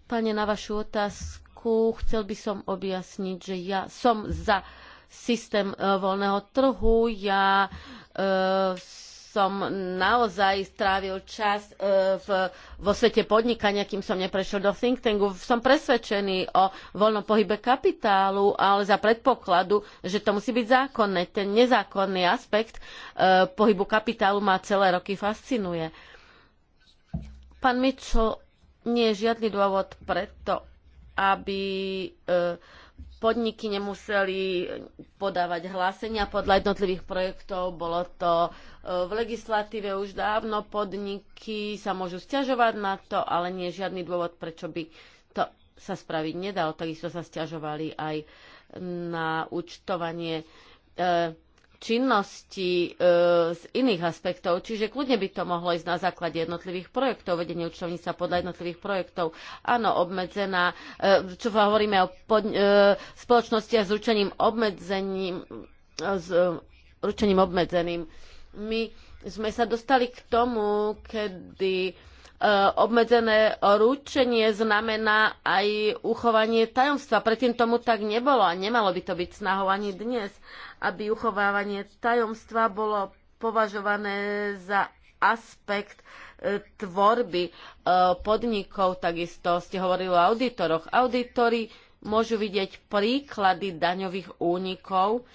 Pane, na vašu otázku chcel by som objasniť, že ja som za systém e, voľného trhu. Ja e, som naozaj strávil čas e, v, vo svete podnikania, kým som neprešiel do think tanku. Som presvedčený o voľnom pohybe kapitálu, ale za predpokladu, že to musí byť zákonné. Ten nezákonný aspekt e, pohybu kapitálu ma celé roky fascinuje. Pán Mitchell, nie je žiadny dôvod preto, aby e, podniky nemuseli podávať hlásenia podľa jednotlivých projektov. Bolo to e, v legislatíve už dávno. Podniky sa môžu stiažovať na to, ale nie je žiadny dôvod, prečo by to sa spraviť nedalo. Takisto sa stiažovali aj na účtovanie e, činnosti e, z iných aspektov, čiže kľudne by to mohlo ísť na základe jednotlivých projektov, vedenie účtovníctva podľa jednotlivých projektov. Áno, obmedzená, e, čo hovoríme o pod, e, spoločnostiach s ručením obmedzením, e, s e, ručením obmedzeným. My sme sa dostali k tomu, kedy Eh, obmedzené ručenie znamená aj uchovanie tajomstva. Predtým tomu tak nebolo a nemalo by to byť snahou ani dnes, aby uchovávanie tajomstva bolo považované za aspekt eh, tvorby eh, podnikov. Takisto ste hovorili o auditoroch. Auditory môžu vidieť príklady daňových únikov,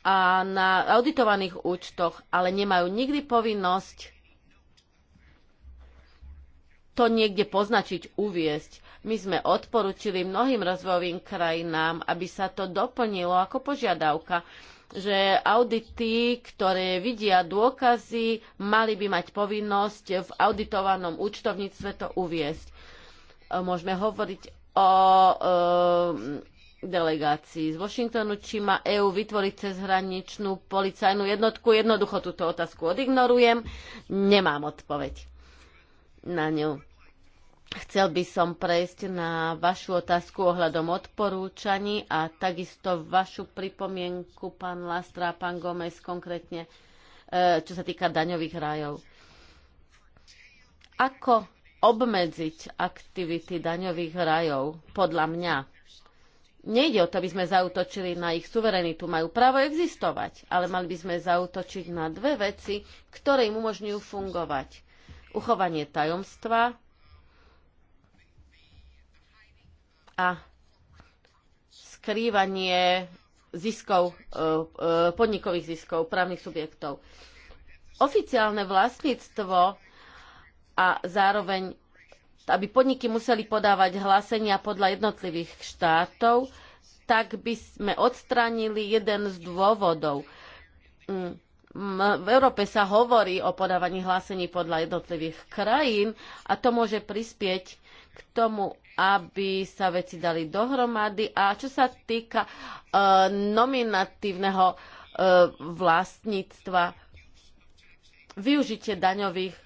a na auditovaných účtoch, ale nemajú nikdy povinnosť to niekde poznačiť, uviesť. My sme odporučili mnohým rozvojovým krajinám, aby sa to doplnilo ako požiadavka, že audity, ktoré vidia dôkazy, mali by mať povinnosť v auditovanom účtovníctve to uviesť. E, môžeme hovoriť o e, delegácii z Washingtonu, či má EÚ vytvoriť cezhraničnú policajnú jednotku. Jednoducho túto otázku odignorujem. Nemám odpoveď na ňu. Chcel by som prejsť na vašu otázku ohľadom odporúčaní a takisto vašu pripomienku, pán Lastra a pán Gomez, konkrétne, e, čo sa týka daňových rájov. Ako obmedziť aktivity daňových rajov, podľa mňa. Nejde o to, aby sme zautočili na ich suverenitu, majú právo existovať, ale mali by sme zautočiť na dve veci, ktoré im umožňujú fungovať uchovanie tajomstva a skrývanie ziskov, e, e, podnikových ziskov právnych subjektov. Oficiálne vlastníctvo a zároveň, aby podniky museli podávať hlásenia podľa jednotlivých štátov, tak by sme odstránili jeden z dôvodov mm, v Európe sa hovorí o podávaní hlásení podľa jednotlivých krajín a to môže prispieť k tomu, aby sa veci dali dohromady. A čo sa týka e, nominatívneho e, vlastníctva, využitie daňových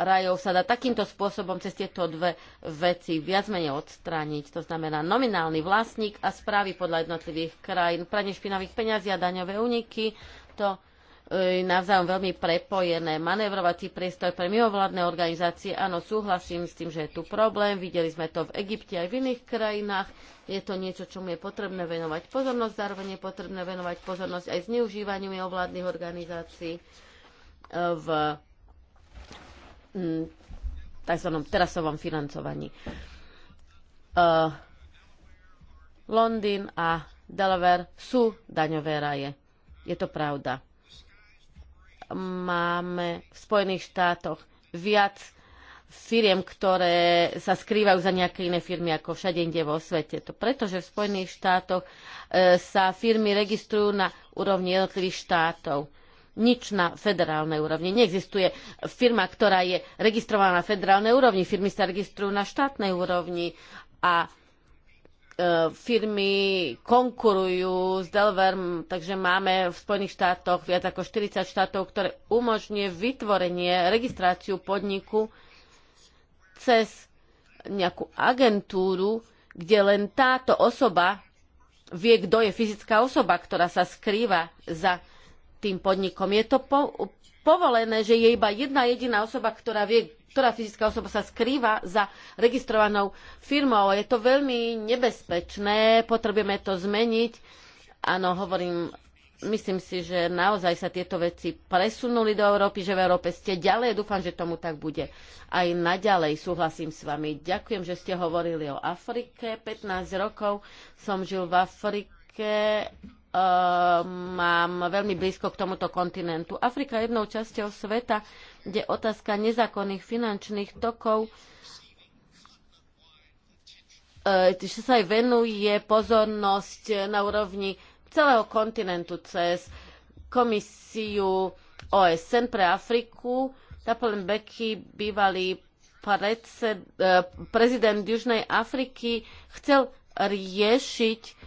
rajov sa dá takýmto spôsobom cez tieto dve veci viac menej odstrániť. To znamená nominálny vlastník a správy podľa jednotlivých krajín, pranie špinavých peňazí a daňové úniky. To E, navzájom veľmi prepojené. Manevrovací priestor pre mimovládne organizácie, áno, súhlasím s tým, že je tu problém. Videli sme to v Egypte aj v iných krajinách. Je to niečo, čomu je potrebné venovať pozornosť, zároveň je potrebné venovať pozornosť aj zneužívaniu mimovládnych organizácií e, v tzv. terasovom financovaní. E, Londýn a Delaware sú daňové raje. Je to pravda máme v Spojených štátoch viac firiem, ktoré sa skrývajú za nejaké iné firmy ako všade inde vo svete. To preto, že v Spojených štátoch e, sa firmy registrujú na úrovni jednotlivých štátov. Nič na federálnej úrovni. Neexistuje firma, ktorá je registrovaná na federálnej úrovni. Firmy sa registrujú na štátnej úrovni a E, firmy konkurujú s Delverm, takže máme v Spojených štátoch viac ako 40 štátov, ktoré umožňuje vytvorenie, registráciu podniku cez nejakú agentúru, kde len táto osoba vie, kto je fyzická osoba, ktorá sa skrýva za tým podnikom. Je to po, povolené, že je iba jedna jediná osoba, ktorá vie, ktorá fyzická osoba sa skrýva za registrovanou firmou. Je to veľmi nebezpečné, potrebujeme to zmeniť. Áno, hovorím, myslím si, že naozaj sa tieto veci presunuli do Európy, že v Európe ste ďalej. Dúfam, že tomu tak bude aj naďalej. Súhlasím s vami. Ďakujem, že ste hovorili o Afrike. 15 rokov som žil v Afrike. Ehm, mám veľmi blízko k tomuto kontinentu. Afrika je jednou časťou sveta, kde otázka nezákonných finančných tokov e, že sa aj venuje pozornosť na úrovni celého kontinentu cez komisiu OSN pre Afriku. Tapolin Becky, bývalý predsed, e, prezident Južnej Afriky, chcel riešiť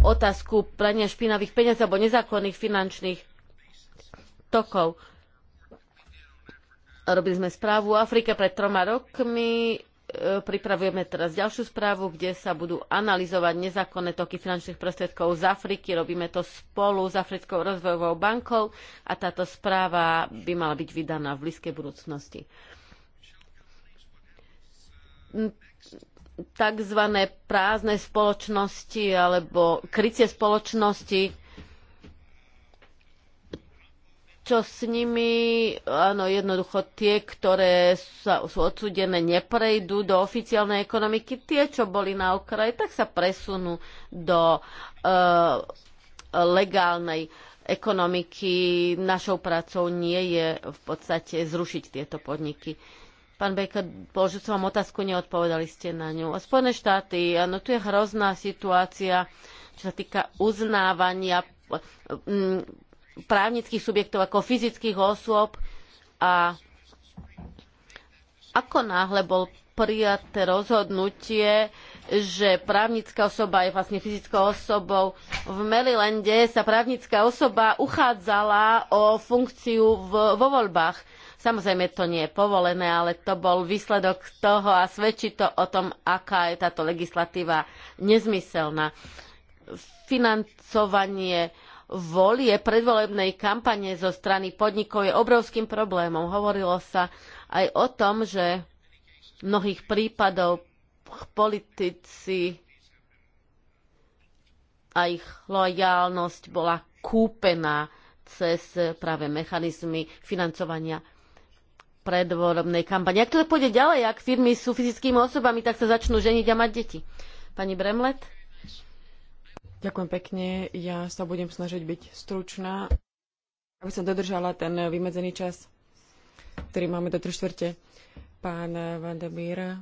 otázku prania špinavých peňazí alebo nezákonných finančných tokov. Robili sme správu o Afrike pred troma rokmi, e, pripravujeme teraz ďalšiu správu, kde sa budú analyzovať nezákonné toky finančných prostriedkov z Afriky. Robíme to spolu s Africkou rozvojovou bankou a táto správa by mala byť vydaná v blízkej budúcnosti tzv. prázdne spoločnosti alebo krycie spoločnosti, čo s nimi, áno, jednoducho tie, ktoré sa, sú odsudené, neprejdú do oficiálnej ekonomiky, tie, čo boli na okraji, tak sa presunú do e, legálnej ekonomiky. Našou prácou nie je v podstate zrušiť tieto podniky. Pán Baker, položil som vám otázku, neodpovedali ste na ňu. A Spojené štáty, áno, tu je hrozná situácia, čo sa týka uznávania mm, právnických subjektov ako fyzických osôb a ako náhle bol prijaté rozhodnutie, že právnická osoba je vlastne fyzickou osobou. V Marylande sa právnická osoba uchádzala o funkciu v, vo voľbách Samozrejme, to nie je povolené, ale to bol výsledok toho a svedčí to o tom, aká je táto legislatíva nezmyselná. Financovanie volie predvolebnej kampane zo strany podnikov je obrovským problémom. Hovorilo sa aj o tom, že v mnohých prípadov politici a ich lojálnosť bola kúpená cez práve mechanizmy financovania predvorobnej kampani. Ak to pôjde ďalej, ak firmy sú fyzickými osobami, tak sa začnú ženiť a mať deti. Pani Bremlet? Ďakujem pekne. Ja sa budem snažiť byť stručná, aby som dodržala ten vymedzený čas, ktorý máme do 3 čtvrte. Pán Vandemír, ehm,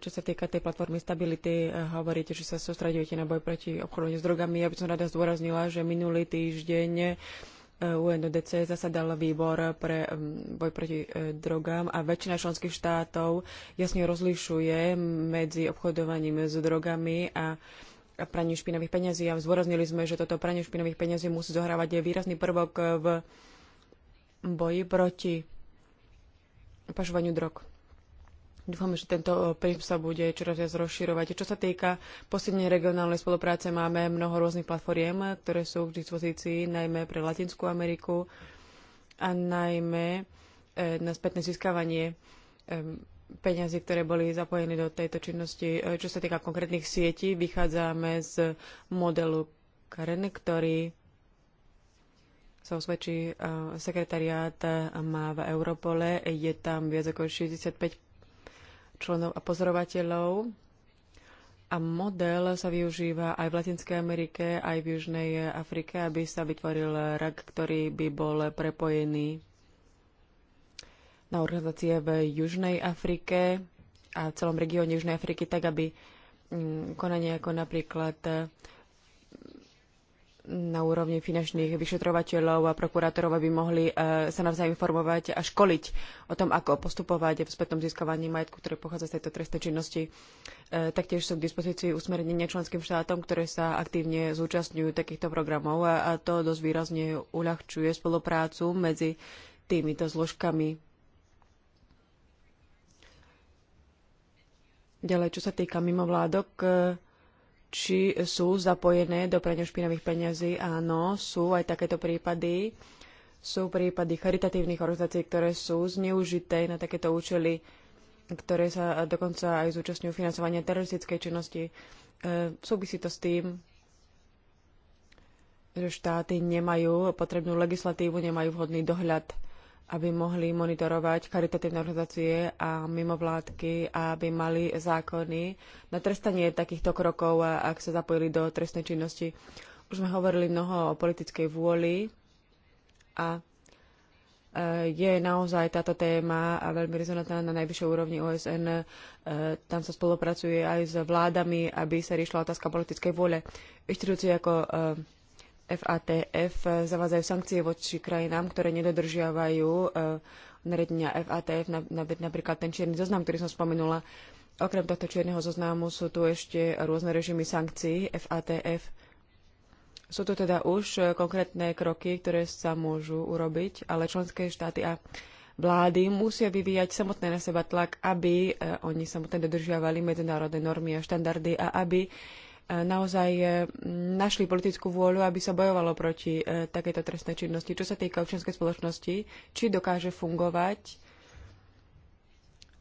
čo sa týka tej platformy stability, eh, hovoríte, že sa sústredujete na boj proti obchodovaniu s drogami. Ja by som rada zdôraznila, že minulý týždeň UNODC zasadal výbor pre um, boj proti e, drogám a väčšina členských štátov jasne rozlišuje medzi obchodovaním s drogami a praním špinavých peňazí a zdôraznili sme, že toto pranie špinavých peňazí musí zohrávať výrazný prvok v boji proti pašovaniu drog. Dúfame, že tento eh, princíp sa bude čoraz viac rozširovať. Čo sa týka posilnenia regionálnej spolupráce, máme mnoho rôznych platformiem, ktoré sú k dispozícii, najmä pre Latinskú Ameriku a najmä eh, na spätné získavanie peňazí, ktoré boli zapojené do tejto činnosti. Eh, čo sa týka konkrétnych sietí, vychádzame z modelu Karen, ktorý sa osvedčí sekretariát má v Europole. Je tam viac ako 65 členov a pozorovateľov. A model sa využíva aj v Latinskej Amerike, aj v Južnej Afrike, aby sa vytvoril rak, ktorý by bol prepojený na organizácie v Južnej Afrike a v celom regióne Južnej Afriky, tak aby mm, konanie ako napríklad na úrovni finančných vyšetrovateľov a prokurátorov, aby mohli e, sa navzájom informovať a školiť o tom, ako postupovať v spätnom získavaní majetku, ktoré pochádza z tejto trestnej činnosti. E, taktiež sú k dispozícii usmernenia členským štátom, ktoré sa aktívne zúčastňujú takýchto programov a to dosť výrazne uľahčuje spoluprácu medzi týmito zložkami. Ďalej, čo sa týka mimovládok, e, či sú zapojené do prania špinavých peňazí. Áno, sú aj takéto prípady. Sú prípady charitatívnych organizácií, ktoré sú zneužité na takéto účely, ktoré sa dokonca aj zúčastňujú financovania teroristickej činnosti. E, súvisí to s tým, že štáty nemajú potrebnú legislatívu, nemajú vhodný dohľad aby mohli monitorovať karitatívne organizácie a mimovládky a aby mali zákony na trestanie takýchto krokov, ak sa zapojili do trestnej činnosti. Už sme hovorili mnoho o politickej vôli a e, je naozaj táto téma veľmi rezonantná na najvyššej úrovni OSN. E, tam sa spolupracuje aj s vládami, aby sa riešila otázka politickej vôle. Inštitúcie ako e, FATF eh, zavádzajú sankcie voči krajinám, ktoré nedodržiavajú eh, nariadenia FATF, napríklad ten čierny zoznam, ktorý som spomenula. Okrem tohto čierneho zoznamu sú tu ešte rôzne režimy sankcií FATF. Sú tu teda už eh, konkrétne kroky, ktoré sa môžu urobiť, ale členské štáty a vlády musia vyvíjať samotné na seba tlak, aby oni samotné dodržiavali medzinárodné normy a štandardy a aby E, naozaj e, našli politickú vôľu, aby sa bojovalo proti e, takéto trestnej činnosti. Čo sa týka občianskej spoločnosti, či dokáže fungovať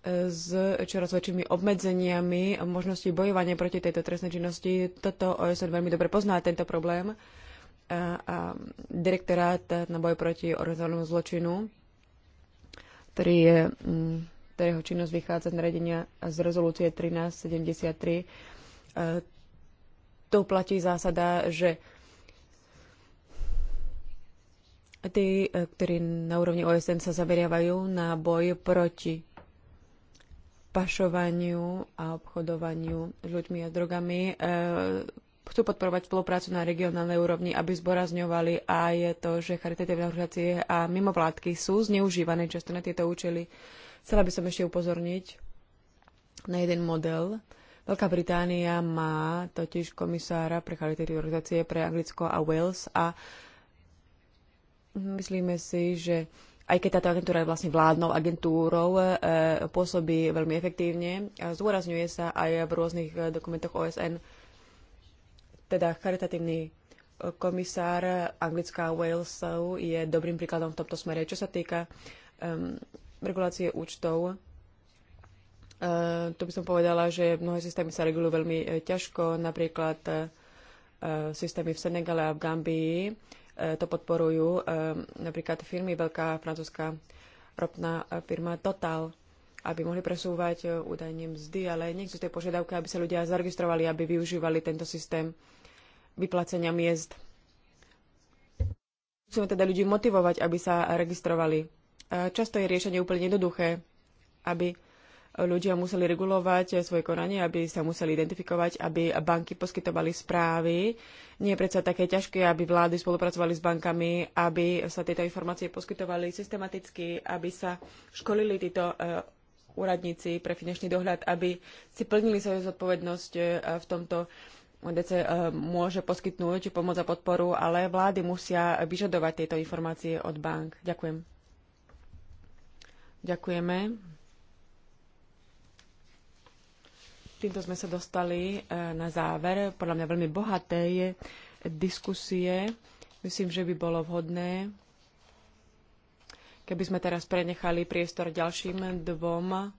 s čoraz väčšími obmedzeniami možnosti bojovania proti tejto trestnej činnosti. Toto OSN veľmi dobre pozná tento problém. A, a direktorát na boj proti organizovanému zločinu, ktorý je, ktorého činnosť vychádza z naredenia z rezolúcie 1373, to platí zásada, že tí, ktorí na úrovni OSN sa zaveriavajú na boj proti pašovaniu a obchodovaniu s ľuďmi a drogami, e, chcú podporovať spoluprácu na regionálnej úrovni, aby zborazňovali aj to, že charitatívne organizácie a mimovládky sú zneužívané často na tieto účely. Chcela by som ešte upozorniť na jeden model, Veľká Británia má totiž komisára pre charitatívne organizácie pre Anglicko a Wales a myslíme si, že aj keď táto agentúra je vlastne vládnou agentúrou, e, pôsobí veľmi efektívne. A zdôrazňuje sa aj v rôznych e, dokumentoch OSN, teda charitatívny e, komisár Anglická Walesov je dobrým príkladom v tomto smere. Čo sa týka um, regulácie účtov, Eh, tu by som povedala, že mnohé systémy sa regulujú veľmi eh, ťažko, napríklad eh, systémy v Senegale a v Gambii to podporujú. Napríklad firmy, veľká francúzska ropná firma Total, aby mohli presúvať údajne mzdy, ale neexistuje požiadavka, aby sa ľudia zaregistrovali, aby využívali tento systém vyplacenia miest. Musíme teda ľudí motivovať, aby sa registrovali. Často je riešenie úplne jednoduché, aby ľudia museli regulovať eh, svoje konanie, aby sa museli identifikovať, aby banky poskytovali správy. Nie je predsa také ťažké, aby vlády spolupracovali s bankami, aby sa tieto informácie poskytovali systematicky, aby sa školili títo eh, úradníci pre finančný dohľad, aby si plnili svoju zodpovednosť eh, v tomto DC môže poskytnúť pomoc a podporu, ale vlády musia vyžadovať tieto informácie od bank. Ďakujem. Ďakujeme. Týmto sme sa dostali e, na záver podľa mňa veľmi bohatej diskusie. Myslím, že by bolo vhodné, keby sme teraz prenechali priestor ďalším dvom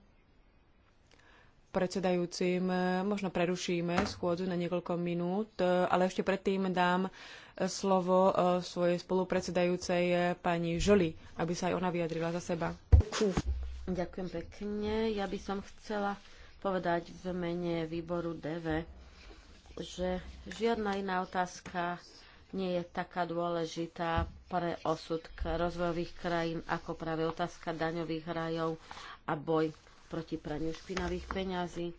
predsedajúcim. Možno prerušíme schôdzu na niekoľko minút, e, ale ešte predtým dám e, slovo svojej spolupredsedajúcej pani Žoli, aby sa aj ona vyjadrila za seba. Ďakujem pekne. Ja by som chcela povedať v mene výboru DV, že žiadna iná otázka nie je taká dôležitá pre osud rozvojových krajín ako práve otázka daňových rajov a boj proti praniu špinavých peňazí.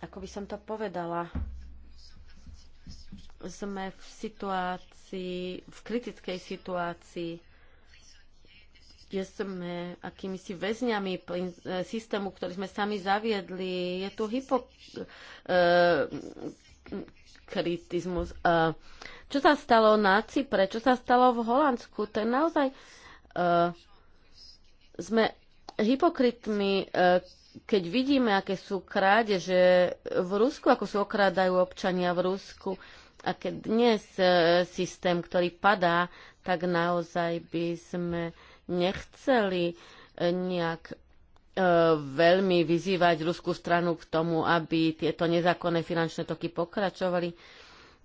Ako by som to povedala, sme v situácii, v kritickej situácii, kde sme akýmisi väzňami e, systému, ktorý sme sami zaviedli. Je tu hypokritizmus. E, e, čo sa stalo na Cypre? Čo sa stalo v Holandsku? To je naozaj... Sme hypokritmi, keď vidíme, aké sú krádeže v Rusku, ako sú okrádajú občania v Rusku. A keď dnes systém, ktorý padá, tak naozaj by sme nechceli eh, nejak eh, veľmi vyzývať ruskú stranu k tomu, aby tieto nezákonné finančné toky pokračovali.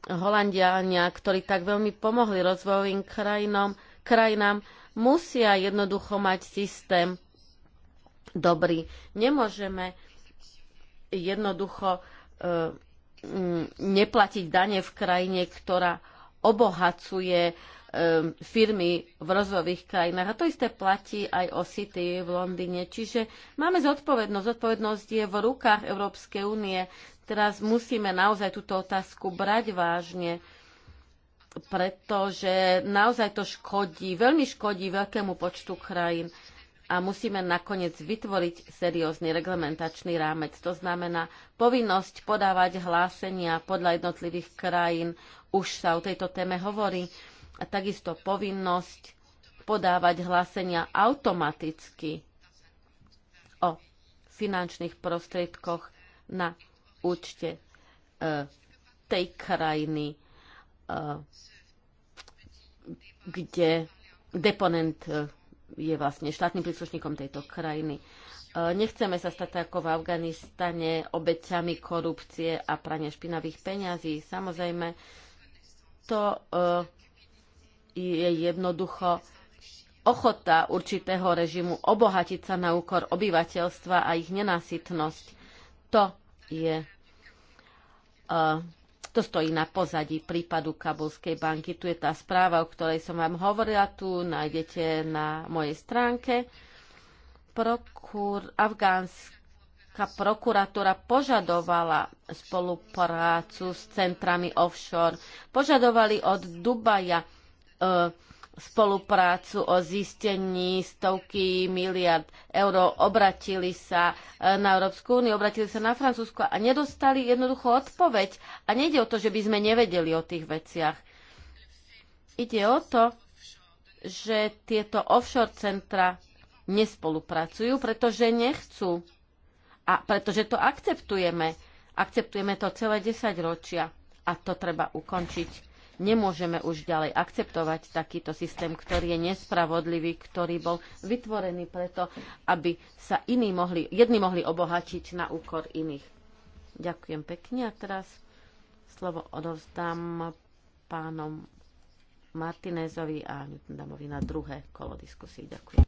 Holandiania, ktorí tak veľmi pomohli rozvojovým krajinom, krajinám, musia jednoducho mať systém dobrý. Nemôžeme jednoducho e, neplatiť dane v krajine, ktorá obohacuje e, firmy v rozvojových krajinách. A to isté platí aj o City v Londýne. Čiže máme zodpovednosť. Zodpovednosť je v rukách Európskej únie. Teraz musíme naozaj túto otázku brať vážne, pretože naozaj to škodí, veľmi škodí veľkému počtu krajín a musíme nakoniec vytvoriť seriózny reglementačný rámec. To znamená, povinnosť podávať hlásenia podľa jednotlivých krajín, už sa o tejto téme hovorí, a takisto povinnosť podávať hlásenia automaticky o finančných prostriedkoch na účte e, tej krajiny, e, kde deponent e, je vlastne štátnym príslušníkom tejto krajiny. E, nechceme sa stať ako v Afganistane obeťami korupcie a prania špinavých peňazí. Samozrejme, to e, je jednoducho ochota určitého režimu obohatiť sa na úkor obyvateľstva a ich nenásytnosť. To je uh, to stojí na pozadí prípadu Kabulskej banky. Tu je tá správa, o ktorej som vám hovorila, tu nájdete na mojej stránke. Prokur, afgánska prokuratúra požadovala spoluprácu s centrami offshore. Požadovali od Dubaja uh, spoluprácu o zistení stovky miliard eur, obratili sa e, na Európsku úniu, obratili sa na Francúzsko a nedostali jednoducho odpoveď. A nejde o to, že by sme nevedeli o tých veciach. Ide o to, že tieto offshore centra nespolupracujú, pretože nechcú. A pretože to akceptujeme. Akceptujeme to celé 10 ročia. A to treba ukončiť Nemôžeme už ďalej akceptovať takýto systém, ktorý je nespravodlivý, ktorý bol vytvorený preto, aby sa iní mohli, jedni mohli obohatiť na úkor iných. Ďakujem pekne a teraz slovo odovzdám pánom Martinezovi a Newtondamovi na druhé kolo diskusie. Ďakujem.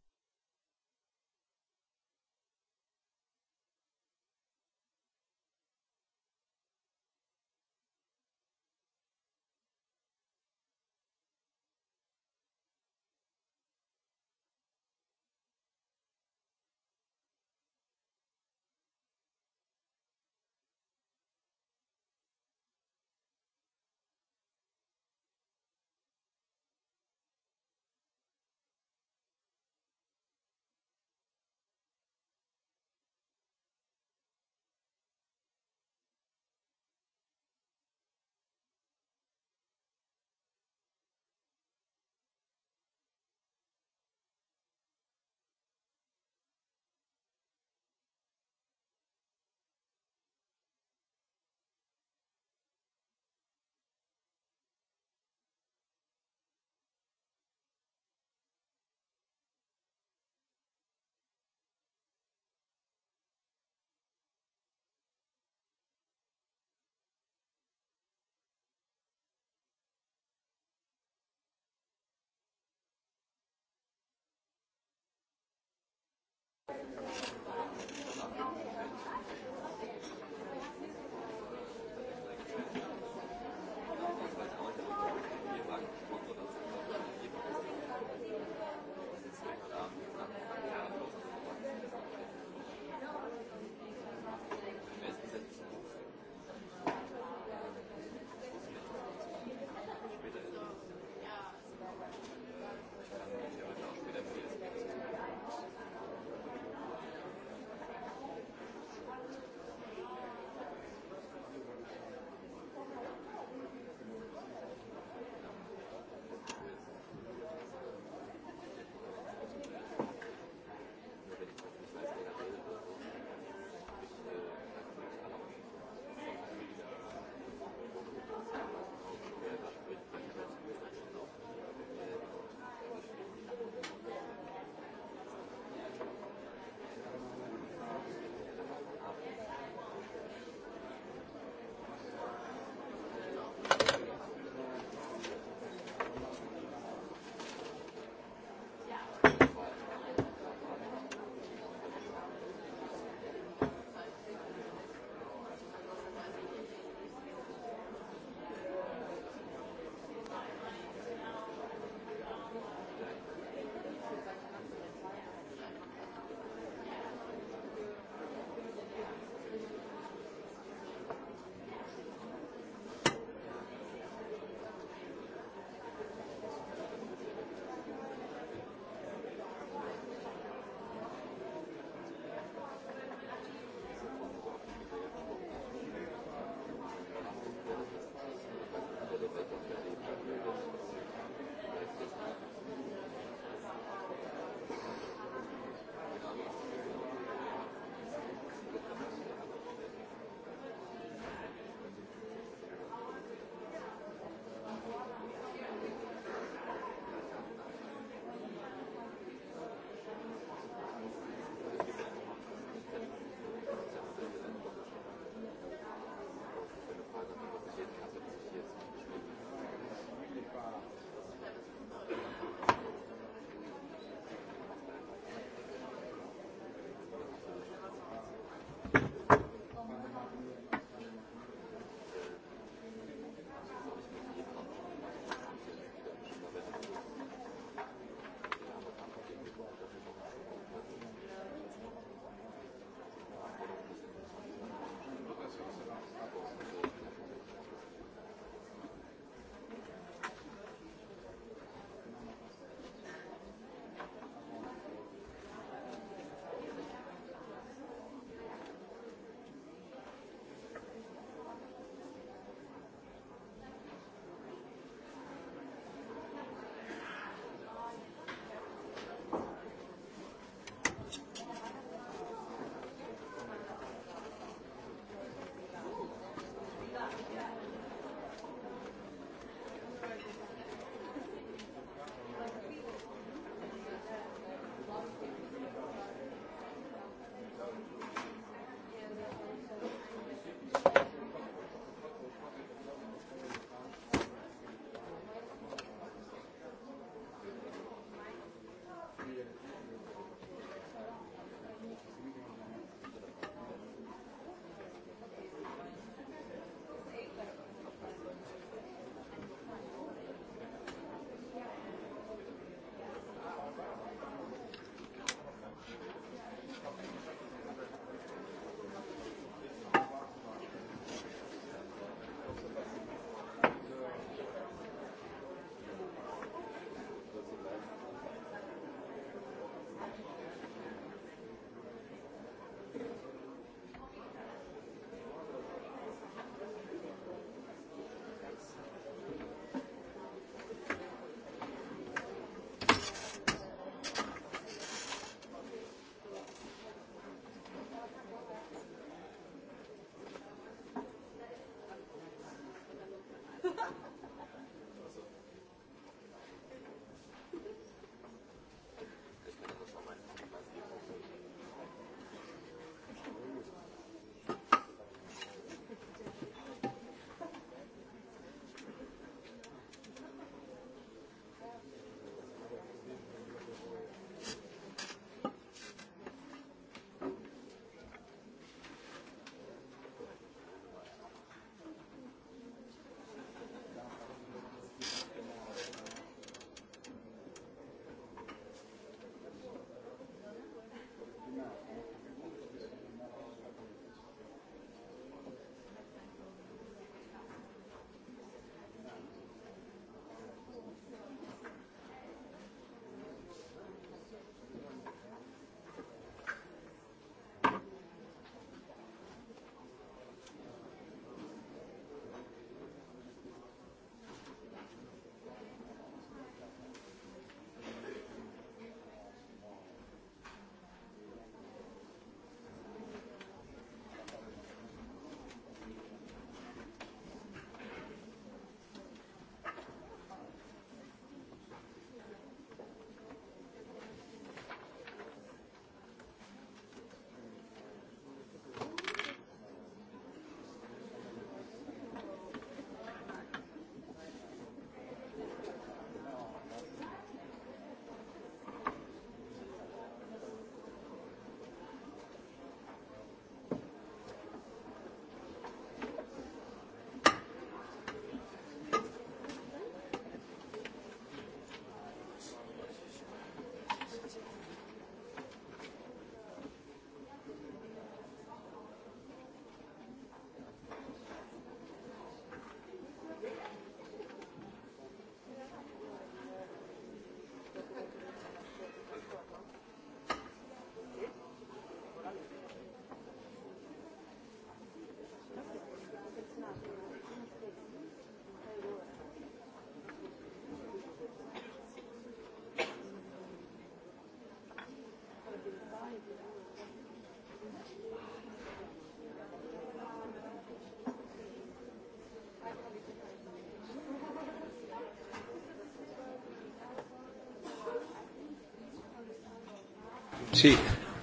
Sí.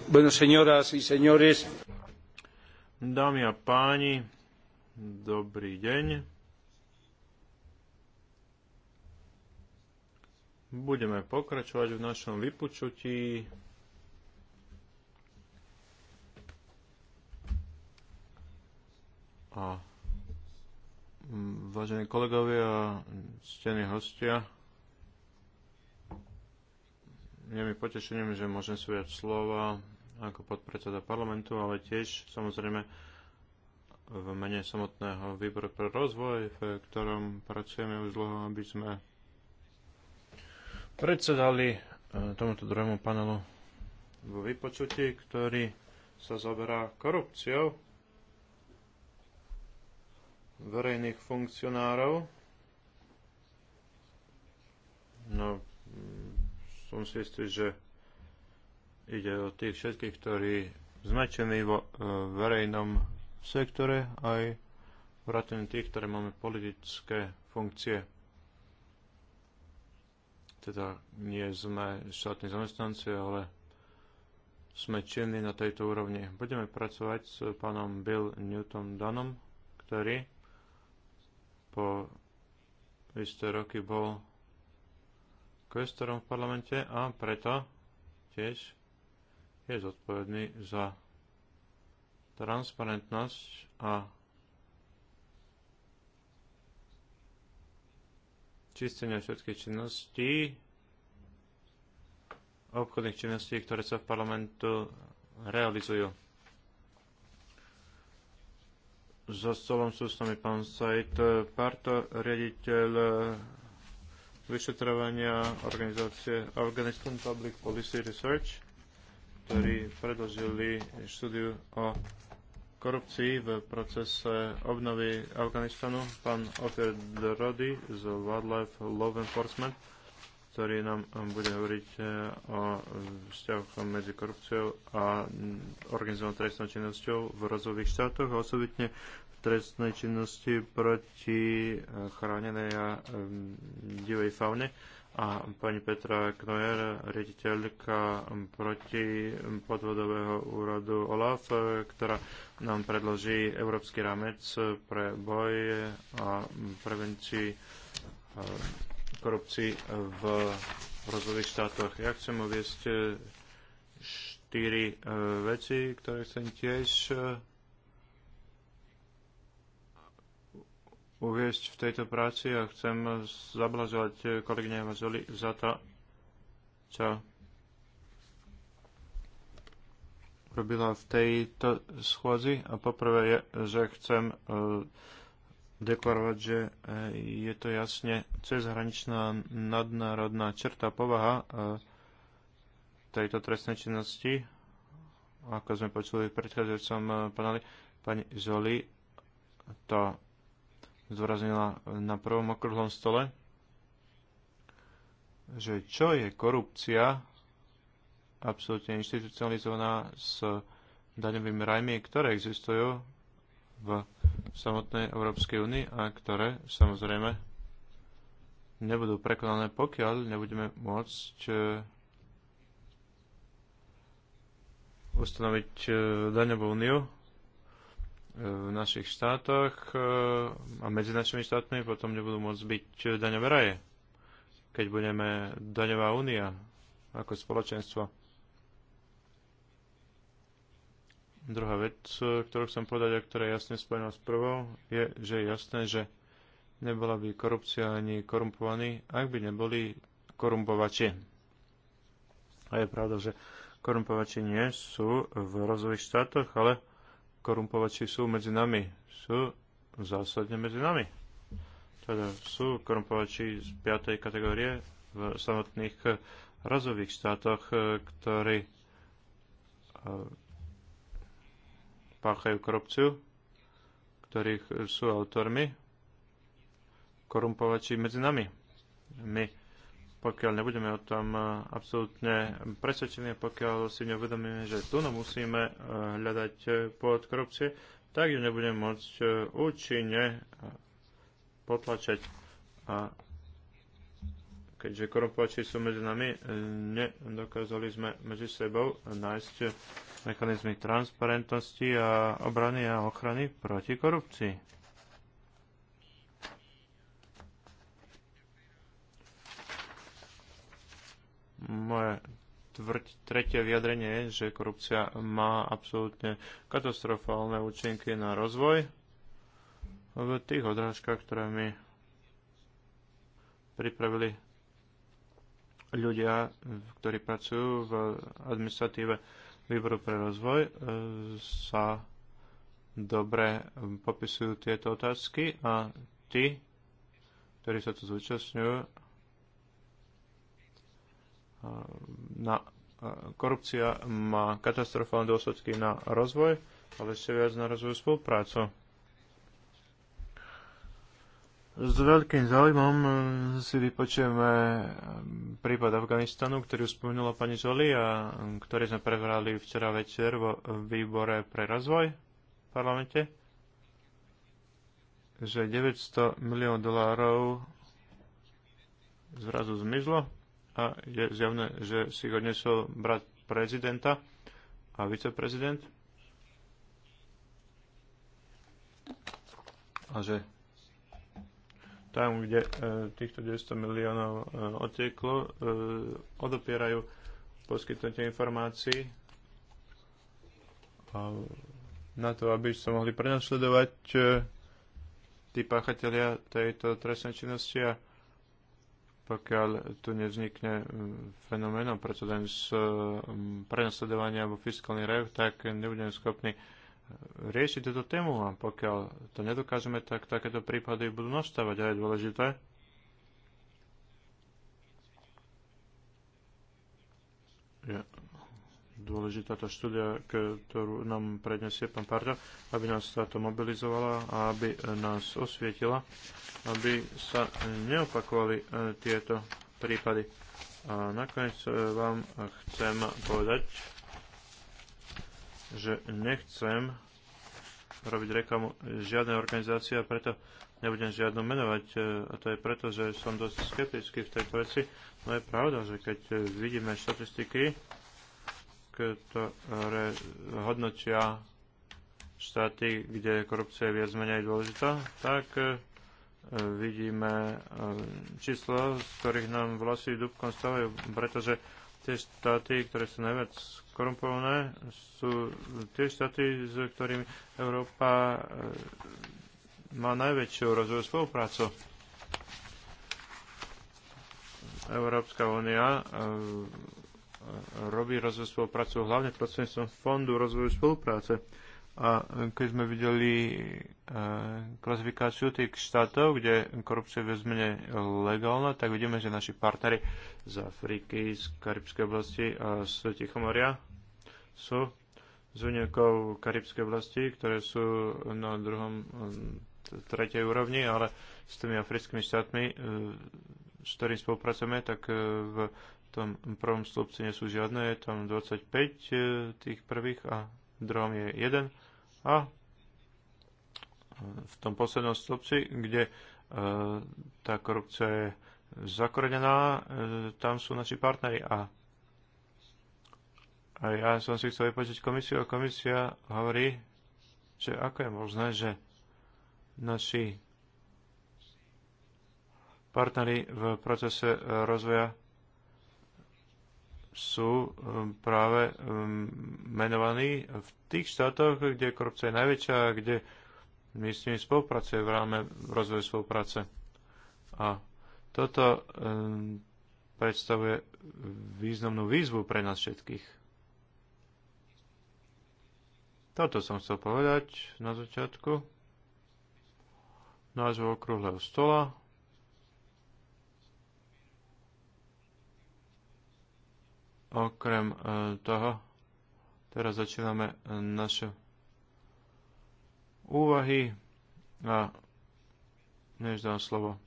Bueno, señoras y señores. Dámy a páni, dobrý deň. Budeme pokračovať v našom vypočutí. kolegovia, stení hostia. Je mi potešením, že môžem svojať slova ako podpredseda parlamentu, ale tiež samozrejme v mene samotného výboru pre rozvoj, v ktorom pracujeme už dlho, aby sme predsedali e, tomuto druhému panelu vo vypočutí, ktorý sa zaberá korupciou verejných funkcionárov. No, som si istý, že ide o tých všetkých, ktorí značení vo e, verejnom sektore, aj vrátane tých, ktoré máme politické funkcie. Teda nie sme štátni zamestnanci, ale sme činní na tejto úrovni. Budeme pracovať s pánom Bill Newton Danom, ktorý po isté roky bol kvestorom v parlamente a preto tiež je zodpovedný za transparentnosť a čistenie všetkých činností, obchodných činností, ktoré sa v parlamentu realizujú. Za stolom sú s nami pán Said Parto, riaditeľ eh, vyšetrovania organizácie Afghanistan Public Policy Research, ktorí predložili štúdiu o korupcii v procese obnovy Afganistanu. Pán Ofer Drody z Wildlife Law Enforcement ktorý nám eh, bude hovoriť eh, o vzťahoch medzi korupciou a mm, organizovanou trestnou činnosťou v rozvojových štátoch, a osobitne v trestnej činnosti proti eh, chránenej a mm, divej faune a pani Petra Knojer, riaditeľka mm, proti podvodového úradu OLAF, ktorá nám predloží Európsky rámec pre boj a prevenciu korupcii v rozvojových štátoch. Ja chcem uviesť eh, štyri eh, veci, ktoré chcem tiež eh, uviesť v tejto práci a chcem zablažovať kolegyne Mazoli za to, čo robila v tejto schôdzi. A poprvé je, že chcem uh, deklarovať, že e, je to jasne cezhraničná nadnárodná čerta povaha e, tejto trestnej činnosti, ako sme počuli v predchádzajúcom e, paneli. Pani Zoli to zdôraznila na prvom okrúhlom stole, že čo je korupcia absolútne inštitucionalizovaná s daňovými rajmi, ktoré existujú v samotnej Európskej únie a ktoré samozrejme nebudú prekonané, pokiaľ nebudeme môcť e, ustanoviť e, daňovú úniu e, v našich štátoch a medzi našimi štátmi potom nebudú môcť byť daňové raje, keď budeme daňová únia ako spoločenstvo. Druhá vec, e, ktorú chcem povedať a ktorá je jasne spojená s prvou, je, že je jasné, že nebola by korupcia ani korumpovaní, ak by neboli korumpovači. A je pravda, že korumpovači nie sú v rozvojových štátoch, ale korumpovači sú medzi nami. Sú zásadne medzi nami. Teda sú korumpovači z 5. kategórie v samotných e, rozvojových štátoch, e, ktorí páchajú korupciu, ktorých sú autormi, korumpovači medzi nami. My, pokiaľ nebudeme o tom e, absolútne presvedčení, pokiaľ si neuvedomíme, že tu no musíme e, hľadať e, pôvod korupcie, tak ju nebudeme môcť účinne potlačať. A keďže korumpovači sú medzi nami, e, nedokázali sme medzi sebou nájsť mechanizmy transparentnosti a obrany a ochrany proti korupcii. Moje tvrť, tretie vyjadrenie je, že korupcia má absolútne katastrofálne účinky na rozvoj v tých odrážkach, ktoré mi pripravili ľudia, ktorí pracujú v administratíve výboru pre rozvoj, e, sa dobre popisujú tieto otázky a tí, ktorí sa tu zúčastňujú, e, na e, korupcia má katastrofálne dôsledky na rozvoj, ale ešte viac na rozvoj spoluprácu. S veľkým záujmom e, si vypočujeme e, prípad Afganistanu, ktorý spomenula pani Žoli a e, ktorý sme prebrali včera večer vo výbore pre rozvoj v parlamente, že 900 milión dolárov zrazu zmizlo a je zjavné, že si ho odnesol brat prezidenta a viceprezident a že tam, kde e, týchto 900 miliónov e, otieklo, e, odopierajú poskytnutie informácií na to, aby sa mohli prenasledovať tí páchatelia tejto trestnej činnosti a pokiaľ tu nevznikne fenomén precedens prenasledovania alebo fiskálny rev, tak nebudeme schopní riešiť túto tému a pokiaľ to nedokážeme, tak takéto prípady budú nastávať a je dôležité, je dôležitá tá štúdia, ktorú nám predniesie pán Parda, aby nás táto mobilizovala a aby nás osvietila, aby sa neopakovali e, tieto prípady. A nakoniec e, vám chcem povedať, že nechcem robiť reklamu žiadnej organizácie a preto nebudem žiadnu menovať. E, a to je preto, že som dosť skeptický v tejto veci. No je pravda, že keď e, vidíme štatistiky, ktoré hodnotia štáty, kde korupcia je viac menej dôležitá, tak e, vidíme číslo, z ktorých nám vlasy dúbkom stavajú, pretože tie štáty, ktoré sú najviac korumpované, sú tie štáty, s ktorými Európa e, má najväčšiu rozvoju spoluprácu. Európska únia e, e, robí rozvoj spoluprácu hlavne prostredníctvom Fondu rozvoju spolupráce. A keď sme videli e, klasifikáciu tých štátov, kde korupcia je menej legálna, tak vidíme, že naši partnery z Afriky, z Karibskej oblasti a z Tichomoria sú z výnimkou Karibskej oblasti, ktoré sú na druhom, e, tretej úrovni, ale s tými africkými štátmi, e, s ktorými spolupracujeme, tak v tom prvom stĺpci nie sú žiadne, je tam 25 tých prvých a v druhom je jeden a v tom poslednom stĺpci, kde e, tá korupcia je zakorenená, e, tam sú naši partneri a a ja som si chcel vypočiť komisiu a komisia hovorí, že ako je možné, že naši partneri v procese rozvoja sú um, práve um, menovaní v tých štátoch, kde korupcia je najväčšia a kde my s nimi spolupracujeme v ráme rozvoju spolupráce. A toto um, predstavuje významnú výzvu pre nás všetkých. Toto som chcel povedať na začiatku nášho okrúhleho stola. Okrem e, toho, teraz začíname e, naše úvahy a než dám slovo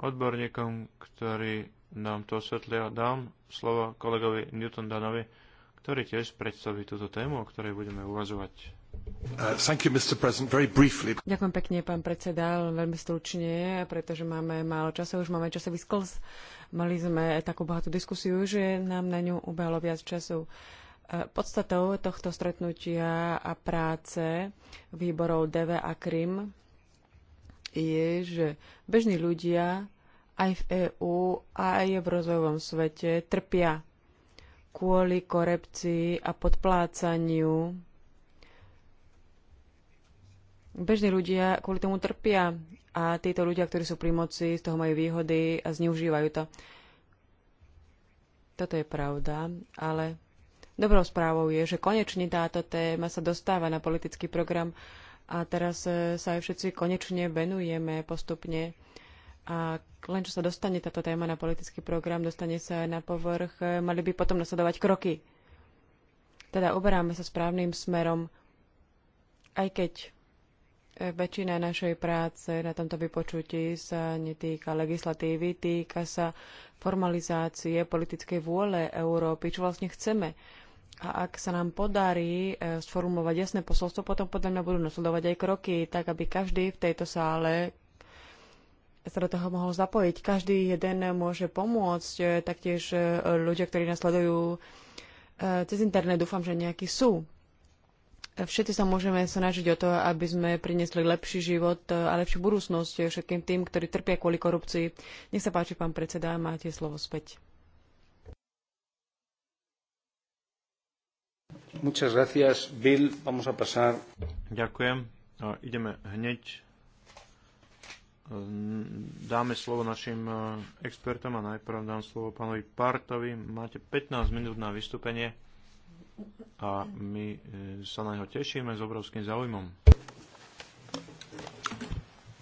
odborníkom, ktorí nám to osvetlia, dám slovo kolegovi Newton Danovi, ktorý tiež predstaví túto tému, o ktorej budeme uvažovať. Uh, Ďakujem pekne, pán predseda, veľmi stručne, pretože máme málo času, už máme časový sklz. Mali sme takú bohatú diskusiu, že nám na ňu ubehlo viac času. Uh, podstatou tohto stretnutia a práce výborov DV a KRIM je, že bežní ľudia aj v EÚ, aj v rozvojovom svete trpia kvôli korupcii a podplácaniu Bežní ľudia kvôli tomu trpia a títo ľudia, ktorí sú pri moci, z toho majú výhody a zneužívajú to. Toto je pravda, ale dobrou správou je, že konečne táto téma sa dostáva na politický program a teraz e, sa aj všetci konečne venujeme postupne. A len čo sa dostane táto téma na politický program, dostane sa na povrch, e, mali by potom nasledovať kroky. Teda uberáme sa správnym smerom, aj keď väčšina našej práce na tomto vypočutí sa netýka legislatívy, týka sa formalizácie politickej vôle Európy, čo vlastne chceme. A ak sa nám podarí e, sformulovať jasné posolstvo, potom podľa mňa budú nasledovať aj kroky, tak aby každý v tejto sále sa do toho mohol zapojiť. Každý jeden môže pomôcť, e, taktiež e, ľudia, ktorí nás sledujú cez internet, dúfam, že nejakí sú Všetci sa môžeme snažiť o to, aby sme priniesli lepší život a lepšiu budúcnosť všetkým tým, ktorí trpia kvôli korupcii. Nech sa páči, pán predseda, máte slovo späť. Gracias, Bill. Vamos a pasar... Ďakujem. No, ideme hneď. Dáme slovo našim eh, expertom a najprv dám slovo pánovi Partovi. Máte 15 minút na vystúpenie a my e, sa na neho tešíme s obrovským záujmom.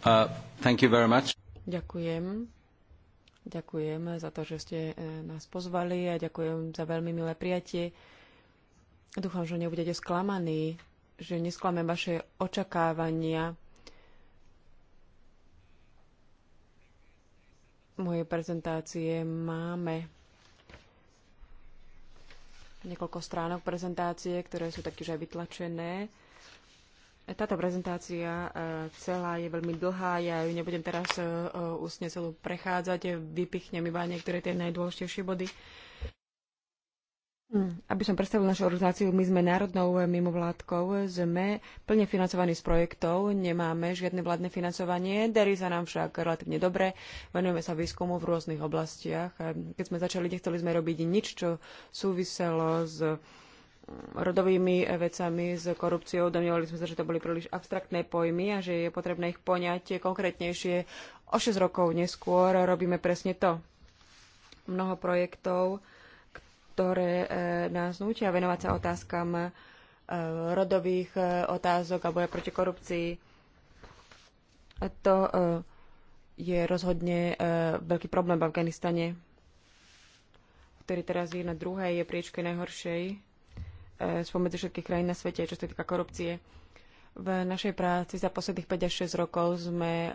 Uh, thank you very much. Ďakujem. Ďakujem za to, že ste e, nás pozvali a ďakujem za veľmi milé prijatie. Dúfam, že nebudete sklamaní, že nesklame vaše očakávania. Moje prezentácie máme niekoľko stránok prezentácie, ktoré sú taktiež aj vytlačené. Táto prezentácia e, celá je veľmi dlhá, ja ju nebudem teraz e, e, ústne celú prechádzať, vypichnem iba niektoré tie najdôležitejšie body. Hm, aby som predstavil našu organizáciu, my sme národnou mimovládkou, sme plne financovaní z projektov, nemáme žiadne vládne financovanie, darí sa nám však relatívne dobre, venujeme sa výskumu v rôznych oblastiach. Keď sme začali, nechceli sme robiť nič, čo súviselo s hm, rodovými vecami, s korupciou. Domnievali sme sa, že to boli príliš abstraktné pojmy a že je potrebné ich poňať konkrétnejšie. O 6 rokov neskôr robíme presne to. Mnoho projektov ktoré e, nás nútia venovať sa otázkam e, rodových e, otázok a boja proti korupcii. A To je rozhodne veľký problém v Afganistane, ktorý teraz je na druhej je priečke najhoršej spomedzi všetkých krajín na svete, čo sa týka korupcie. V našej práci za posledných 5 až 6 rokov sme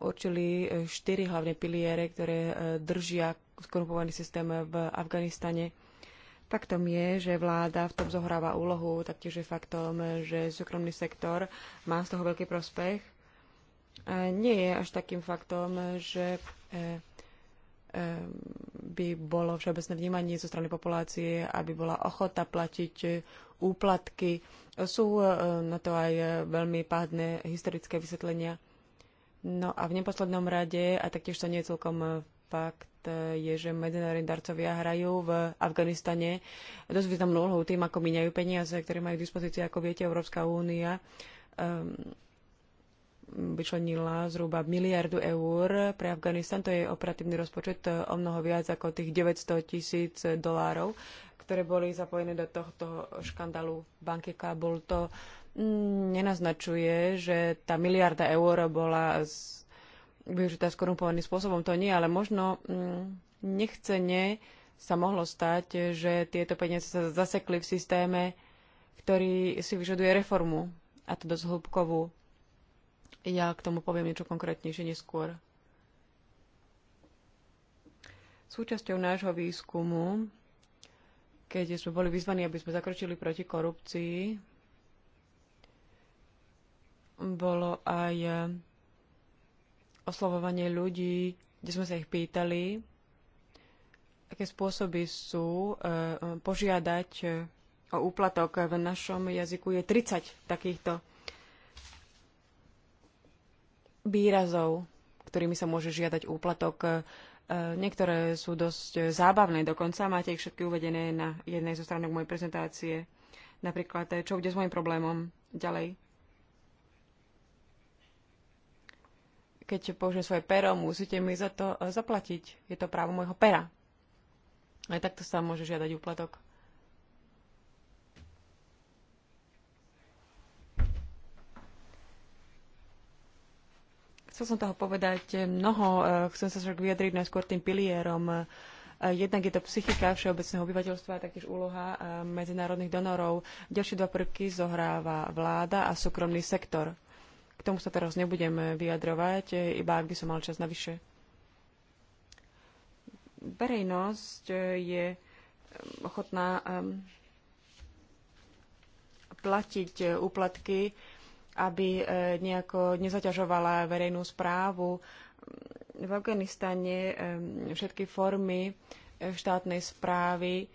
určili štyri hlavné piliere, ktoré držia skorumpovaný systém v Afganistane. Faktom je, že vláda v tom zohráva úlohu, taktiež je faktom, že súkromný sektor má z toho veľký prospech. Nie je až takým faktom, že e, e, by bolo všeobecné vnímanie zo strany populácie, aby bola ochota platiť úplatky. Sú e, na to aj veľmi pádne historické vysvetlenia. No a v neposlednom rade, a taktiež to nie je celkom fakt je, že medzinárodní darcovia hrajú v Afganistane dosť významnú úlohu tým, ako míňajú peniaze, ktoré majú k dispozícii. Ako viete, Európska únia ehm, vyčlenila zhruba miliardu eur pre Afganistan. To je operatívny rozpočet e, o mnoho viac ako tých 900 tisíc dolárov, ktoré boli zapojené do tohto škandálu banky Kabul. To mm, nenaznačuje, že tá miliarda eur bola z využitá skorumpovaným spôsobom. To nie, ale možno mm, nechcene sa mohlo stať, že tieto peniaze sa zasekli v systéme, ktorý si vyžaduje reformu, a to dosť hĺbkovú. Ja k tomu poviem niečo konkrétnejšie neskôr. Súčasťou nášho výskumu, keď sme boli vyzvaní, aby sme zakročili proti korupcii, bolo aj oslovovanie ľudí, kde sme sa ich pýtali, aké spôsoby sú e, požiadať e, o úplatok. V našom jazyku je 30 takýchto výrazov, ktorými sa môže žiadať úplatok. E, niektoré sú dosť zábavné dokonca, máte ich všetky uvedené na jednej zo stránok mojej prezentácie. Napríklad, čo bude s môjim problémom ďalej. Keď použijem svoje pero, musíte mi za to eh, zaplatiť. Je to právo môjho pera. Aj takto sa môže žiadať úplatok. Chcel som toho povedať eh, mnoho, eh, chcem sa však vyjadriť najskôr tým pilierom. Jednak je to psychika všeobecného obyvateľstva, taktiež úloha medzinárodných donorov. Ďalšie dva prvky zohráva vláda a súkromný sektor. K tomu sa teraz nebudem vyjadrovať, iba ak by som mal čas navyše. Verejnosť je um, ochotná um, platiť uh, úplatky, aby uh, nejako nezaťažovala verejnú správu. V Afganistane um, všetky formy uh, štátnej správy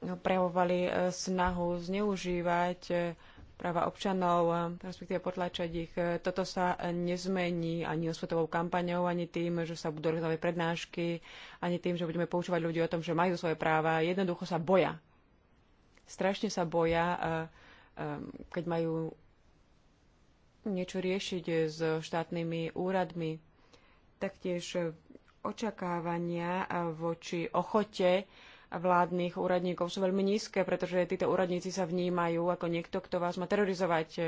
no, prejavovali snahu zneužívať práva občanov, respektíve potlačať ich. Toto sa nezmení ani osvetovou kampaňou, ani tým, že sa budú rozdávať prednášky, ani tým, že budeme poučovať ľudí o tom, že majú svoje práva. Jednoducho sa boja. Strašne sa boja, keď majú niečo riešiť s štátnymi úradmi. Taktiež očakávania voči ochote vládnych úradníkov sú veľmi nízke, pretože títo úradníci sa vnímajú ako niekto, kto vás má terorizovať, e,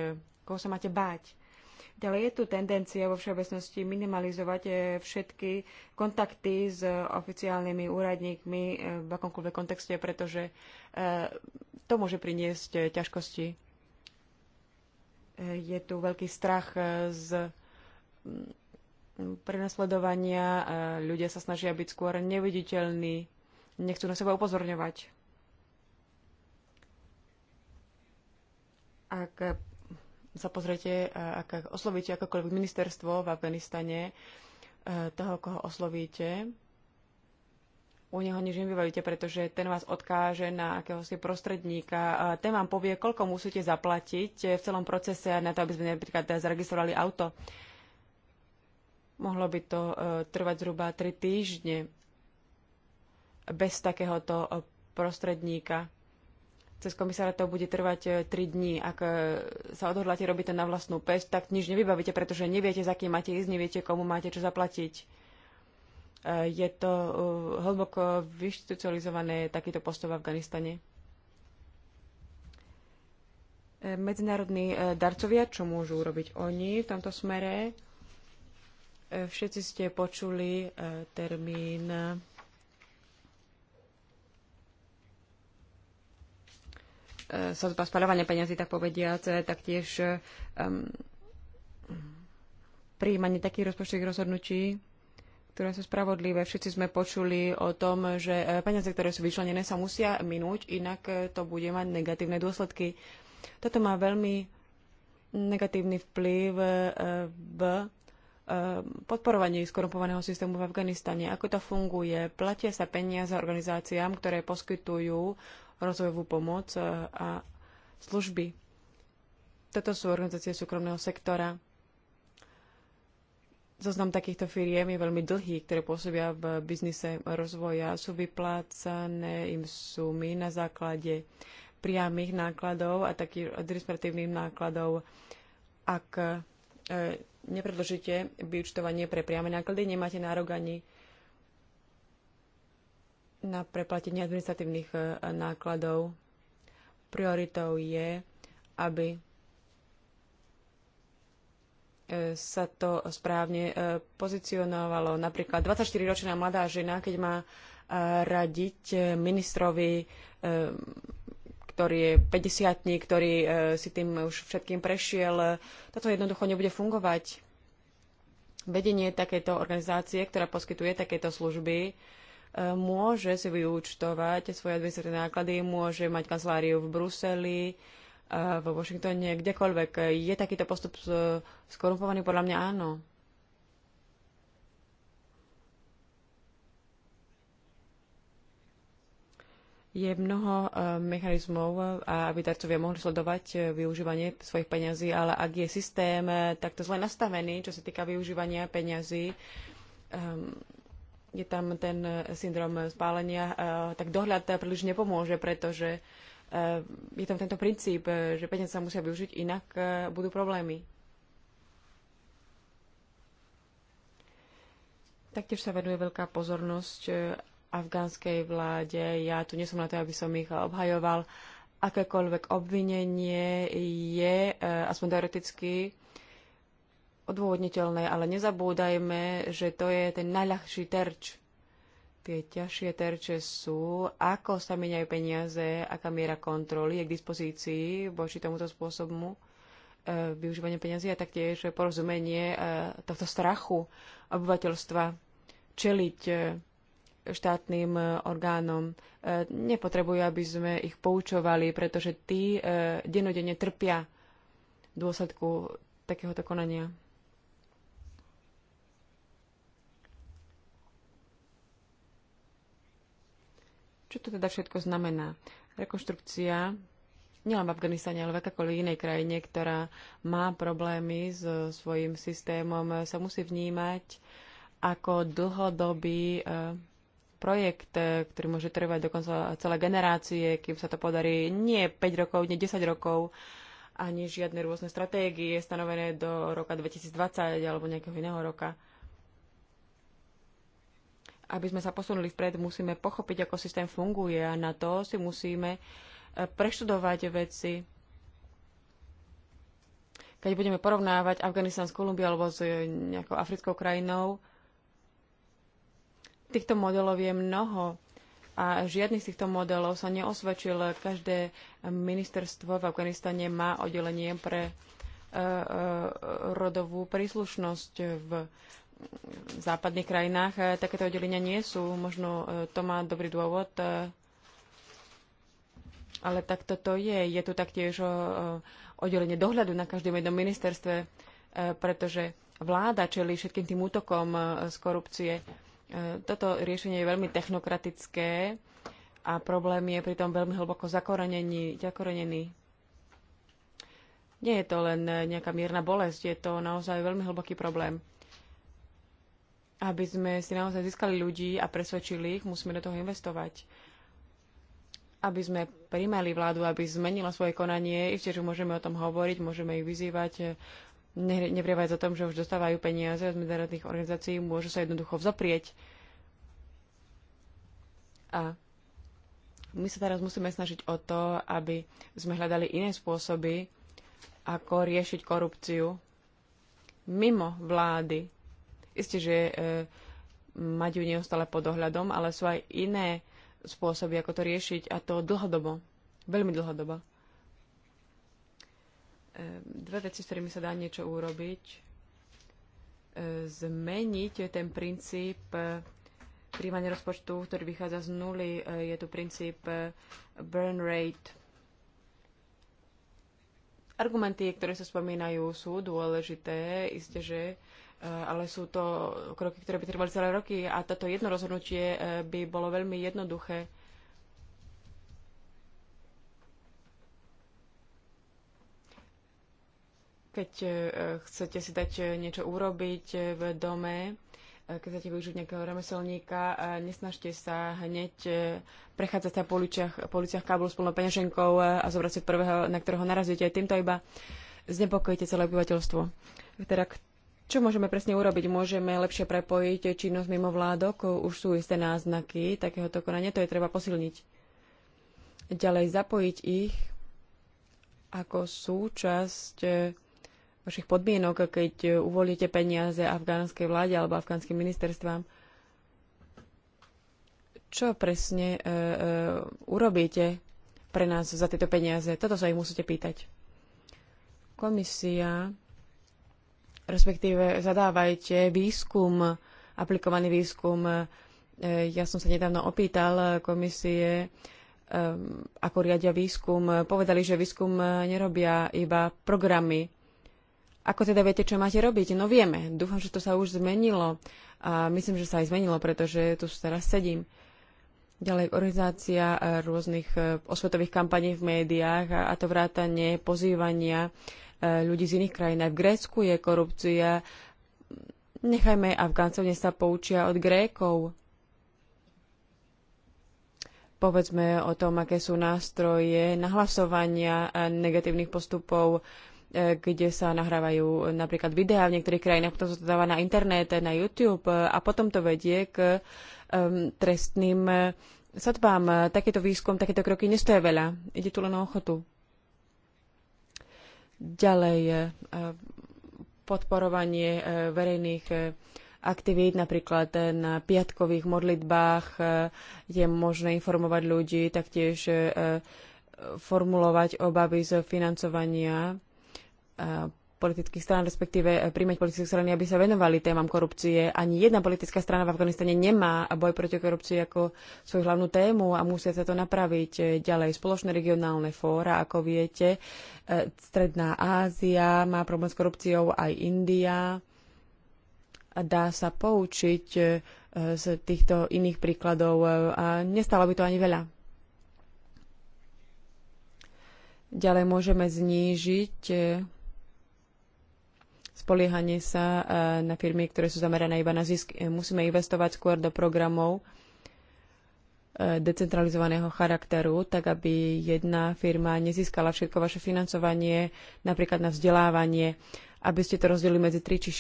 koho sa máte báť. Ďalej je tu tendencia vo všeobecnosti minimalizovať e, všetky kontakty s oficiálnymi úradníkmi e, v akomkoľvek kontexte, pretože to môže priniesť ťažkosti. Je tu veľký strach z prenasledovania, ľudia sa snažia byť skôr neviditeľní, nechcú na seba upozorňovať. Ak sa pozriete, ak oslovíte akokoľvek ministerstvo v Afganistane, eh, toho, koho oslovíte, u neho nič nevyvalíte, pretože ten vás odkáže na akého si prostredníka. ten vám povie, koľko musíte zaplatiť eh, v celom procese na to, aby sme napríklad zaregistrovali auto. Mohlo by to eh, trvať zhruba 3 týždne bez takéhoto eh, prostredníka. Cez komisára to bude trvať 3 eh, dní. Ak eh, sa odhodláte robiť to na vlastnú pest, tak nič nevybavíte, pretože neviete, za kým máte ísť, neviete, komu máte čo zaplatiť. Je to hlboko vyštucializované takýto postup v Afganistane. Medzinárodní darcovia, čo môžu urobiť oni v tomto smere? Všetci ste počuli termín E, Sozba spaľovania peňazí, tak povediať, e, taktiež um, prijímanie takých rozpočtových rozhodnutí, ktoré sú spravodlivé. Všetci sme počuli o tom, že peniaze, ktoré sú vyčlenené, sa musia minúť, inak to bude mať negatívne dôsledky. Toto má veľmi negatívny vplyv v podporovaní skorumpovaného systému v Afganistane. Ako to funguje? Platia sa peniaze organizáciám, ktoré poskytujú rozvojovú pomoc e, a služby. Toto sú organizácie súkromného sektora. Zoznam takýchto firiem je veľmi dlhý, ktoré pôsobia v biznise rozvoja. Sú vyplácané im sumy na základe priamých nákladov a takých administratívnych nákladov. Ak e, nepredložíte vyučtovanie pre priame náklady, nemáte nárok ani na preplatenie administratívnych e, nákladov. Prioritou je, aby e, sa to správne e, pozicionovalo. Napríklad 24-ročná mladá žena, keď má radiť ministrovi, ktorý je 50 ktorý si tým už všetkým prešiel, toto jednoducho nebude fungovať. Vedenie takejto organizácie, ktorá poskytuje takéto služby, môže si vyúčtovať svoje administratívne náklady, môže mať kanceláriu v Bruseli, e, vo Washingtone, kdekoľvek. Je takýto postup e, skorumpovaný? Podľa mňa áno. Je mnoho e, mechanizmov, aby darcovia mohli sledovať využívanie svojich peňazí, ale ak je systém takto zle nastavený, čo sa týka využívania peňazí, ehm, je tam ten eh, syndrom eh, spálenia, eh, tak dohľad príliš nepomôže, pretože je tam tento princíp, že peniaze sa musia využiť, inak budú problémy. Taktiež sa venuje veľká pozornosť afgánskej vláde. Ja tu nesom na to, aby som ich obhajoval. Akékoľvek obvinenie je, aspoň teoreticky, odôvodniteľné, ale nezabúdajme, že to je ten najľahší terč. Tie ťažšie terče sú, ako sa meniajú peniaze, aká miera kontroly je k dispozícii voči tomuto spôsobu e, využívania peniazy a taktiež porozumenie e, tohto strachu obyvateľstva čeliť e, štátnym orgánom. Nepotrebujú, aby sme ich poučovali, pretože tí denodene trpia v dôsledku takéhoto konania. Čo to teda všetko znamená? Rekonštrukcia nielen v Afganistane, ale v akákoľvek inej krajine, ktorá má problémy so svojím systémom, sa musí vnímať ako dlhodobý eh, projekt, eh, ktorý môže trvať dokonca celé generácie, kým sa to podarí nie 5 rokov, nie 10 rokov, ani žiadne rôzne stratégie stanovené do roka 2020 alebo nejakého iného roka aby sme sa posunuli vpred, musíme pochopiť, ako systém funguje a na to si musíme e, preštudovať veci. Keď budeme porovnávať Afganistan s Kolumbiou alebo s e, nejakou africkou krajinou, týchto modelov je mnoho a žiadny z týchto modelov sa neosvedčil. Každé ministerstvo v Afganistane má oddelenie pre e, rodovú príslušnosť v v západných krajinách eh, takéto oddelenia nie sú. Možno eh, to má dobrý dôvod, eh, ale tak toto je. Je tu taktiež oddelenie dohľadu na každom jednom ministerstve, pretože vláda čeli všetkým tým útokom z korupcie. Toto riešenie je veľmi technokratické a problém je pritom veľmi hlboko zakorenený. zakorenený. Nie je to len nejaká mierna bolesť, je to naozaj veľmi hlboký problém aby sme si naozaj získali ľudí a presvedčili ich, musíme do toho investovať. Aby sme primali vládu, aby zmenila svoje konanie, ešte, že môžeme o tom hovoriť, môžeme ich vyzývať, neprievať o tom, že už dostávajú peniaze od medzinárodných organizácií, môžu sa jednoducho vzoprieť. A my sa teraz musíme snažiť o to, aby sme hľadali iné spôsoby, ako riešiť korupciu mimo vlády, Isté, že e, mať ju neustále pod ohľadom, ale sú aj iné spôsoby, ako to riešiť a to dlhodobo, veľmi dlhodobo. E, dve veci, s ktorými sa dá niečo urobiť. E, zmeniť ten princíp príjmania rozpočtu, ktorý vychádza z nuly. Je tu princíp burn rate. Argumenty, ktoré sa spomínajú, sú dôležité. Isté, že Eh, ale sú to kroky, ktoré by trvali celé roky a toto jedno rozhodnutie eh, by bolo veľmi jednoduché. Keď eh, chcete si dať niečo urobiť v dome, keď chcete využiť nejakého remeselníka, nesnažte sa hneď prechádzať sa po uliciach, po uliciach Kábulu s plnou peňaženkou a zobrať si prvého, na ktorého narazíte. Týmto iba znepokojíte celé obyvateľstvo. Teda čo môžeme presne urobiť? Môžeme lepšie prepojiť činnosť mimo vládok. Už sú isté náznaky takéhoto konania. To je treba posilniť. Ďalej zapojiť ich ako súčasť eh, vašich podmienok, keď uvolíte peniaze afgánskej vláde alebo afgánskym ministerstvám. Čo presne e, e, urobíte pre nás za tieto peniaze? Toto sa ich musíte pýtať. Komisia respektíve zadávajte výskum, aplikovaný výskum. E, ja som sa nedávno opýtal komisie, e, ako riadia výskum. Povedali, že výskum nerobia iba programy. Ako teda viete, čo máte robiť? No vieme. Dúfam, že to sa už zmenilo. A myslím, že sa aj zmenilo, pretože tu teraz sedím. Ďalej organizácia e, rôznych osvetových kampaní v médiách a to vrátanie pozývania E, ľudí z iných krajín. Aj v Grécku je korupcia. Nechajme Afgáncov, nech sa poučia od Grékov. Povedzme o tom, aké sú nástroje nahlasovania e, negatívnych postupov, e, kde sa nahrávajú napríklad videá v niektorých krajinách, potom sa to dáva na internet, na YouTube a potom to vedie k um, trestným sadbám. Takýto výskum, takéto kroky nestoje veľa. Ide tu len o ochotu. Ďalej e, podporovanie e, verejných e, aktivít, napríklad na piatkových modlitbách je možné informovať ľudí, taktiež formulovať obavy z financovania politických strán, respektíve eh, príjmať politické strany, aby sa venovali témam korupcie. Ani jedna politická strana v Afganistane nemá boj proti korupcii ako svoju hlavnú tému a musia sa to napraviť eh, ďalej. Spoločné regionálne fóra, ako viete, eh, Stredná Ázia má problém s korupciou, aj India. Dá sa poučiť z týchto iných príkladov a nestalo by to ani veľa. Ďalej môžeme znížiť spoliehanie sa e, na firmy, ktoré sú zamerané iba na zisk. E, musíme investovať skôr do programov e, decentralizovaného charakteru, tak aby jedna firma nezískala všetko vaše financovanie, napríklad na vzdelávanie, aby ste to rozdelili medzi 3 či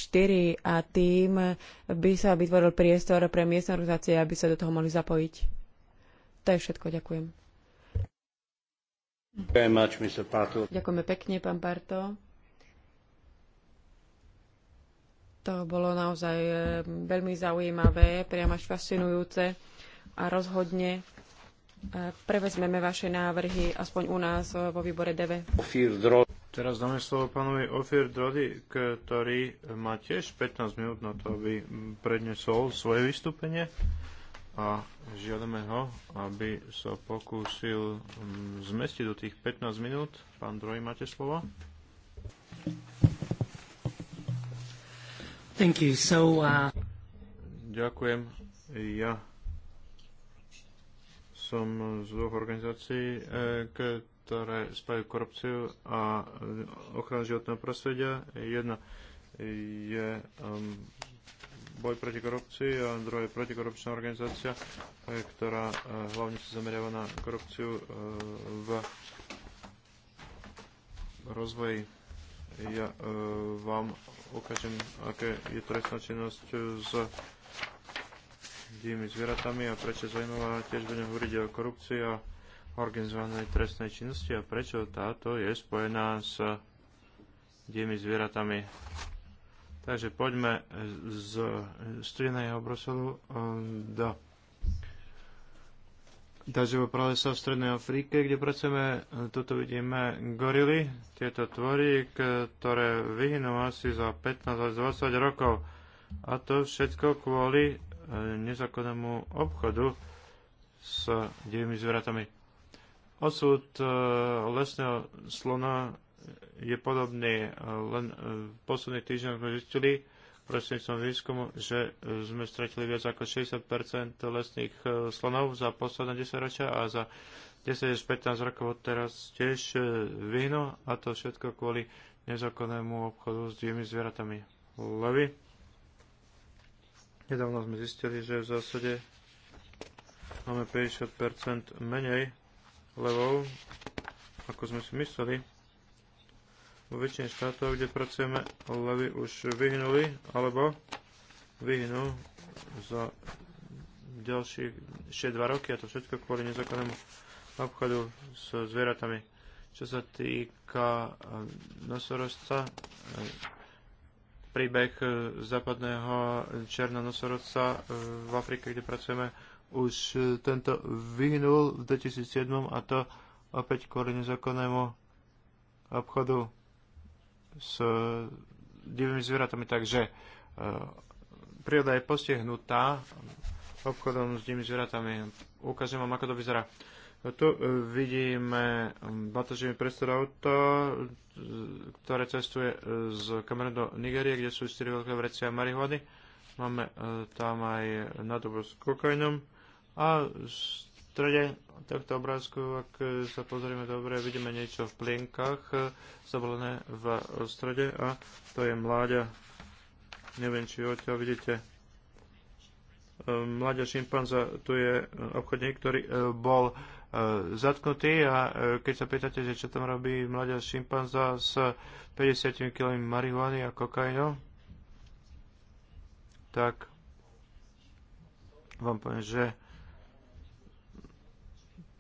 4 a tým by sa vytvoril priestor pre miestne organizácie, aby sa do toho mohli zapojiť. To je všetko. Ďakujem. Ďakujeme pekne, pán Parto. To bolo naozaj eh, veľmi zaujímavé, priam až fascinujúce a rozhodne eh, prevezmeme vaše návrhy aspoň u nás eh, vo výbore DV. Teraz dáme slovo pánovi Ofir Drody, ktorý má tiež 15 minút na to, aby prednesol svoje vystúpenie a žiadame ho, aby sa pokúsil mm, zmestiť do tých 15 minút. Pán Drody, máte slovo? Thank you. So, uh... Ďakujem. Ja som z dvoch organizácií, eh, ktoré spajú korupciu a ochranu životného prostredia. Jedna je um, boj proti korupcii a druhá je protikorupčná organizácia, eh, ktorá eh, hlavne sa zameriava na korupciu v rozvoji ja e, vám ukážem, aké je trestná činnosť e, s divými zvieratami a prečo zaujímavá. Tiež budem hovoriť o korupcii a organizovanej trestnej činnosti a prečo táto je spojená s divými zvieratami. Takže poďme z studeného Bruselu e, do Takže v sa v Strednej Afrike, kde pracujeme, toto vidíme gorily, tieto tvory, ktoré vyhynú asi za 15 až 20 rokov. A to všetko kvôli e, nezákonnému obchodu s divými zvieratami. Osud e, lesného slona je podobný, len e, v posledných týždňoch sme zistili, prostredníctvom výskumu, že e, sme stratili viac ako 60 lesných e, slonov za posledné 10 ročia a za 10 až 15 rokov teraz tiež e, vyhnú a to všetko kvôli nezákonnému obchodu s divými zvieratami. Levy. Nedávno sme zistili, že v zásade máme 50 menej levov, ako sme si mysleli vo väčšine štátov, kde pracujeme, levy už vyhnuli, alebo vyhnú za ďalšie ešte dva roky a to všetko kvôli nezákonnému obchodu s zvieratami. Čo sa týka eh, nosorožca, eh, príbeh eh, západného černého nosorožca v Afrike, kde pracujeme, už tento vyhnul v 2007 a to opäť kvôli nezákonnému obchodu s divými zvieratami, takže e, príroda je postihnutá obchodom s divými zvieratami. Ukážem vám, ako to vyzerá. Tu e, vidíme batožený priestor auto, e, ktoré cestuje z Kamerun do Nigerie, kde sú 4 veľké vrecia marihuany. Máme tam aj nádobu s kokainom a strede tohto obrázku, ak sa pozrieme dobre, vidíme niečo v plienkach eh, zabalené v strede a to je mláďa. Neviem, či odtiaľ vidíte. Eh, mláďa šimpanza, tu je obchodník, ktorý eh, bol zatknutý a keď sa pýtate, že čo tam robí mladá šimpanza s 50 kg marihuany a kokainom, tak vám poviem, že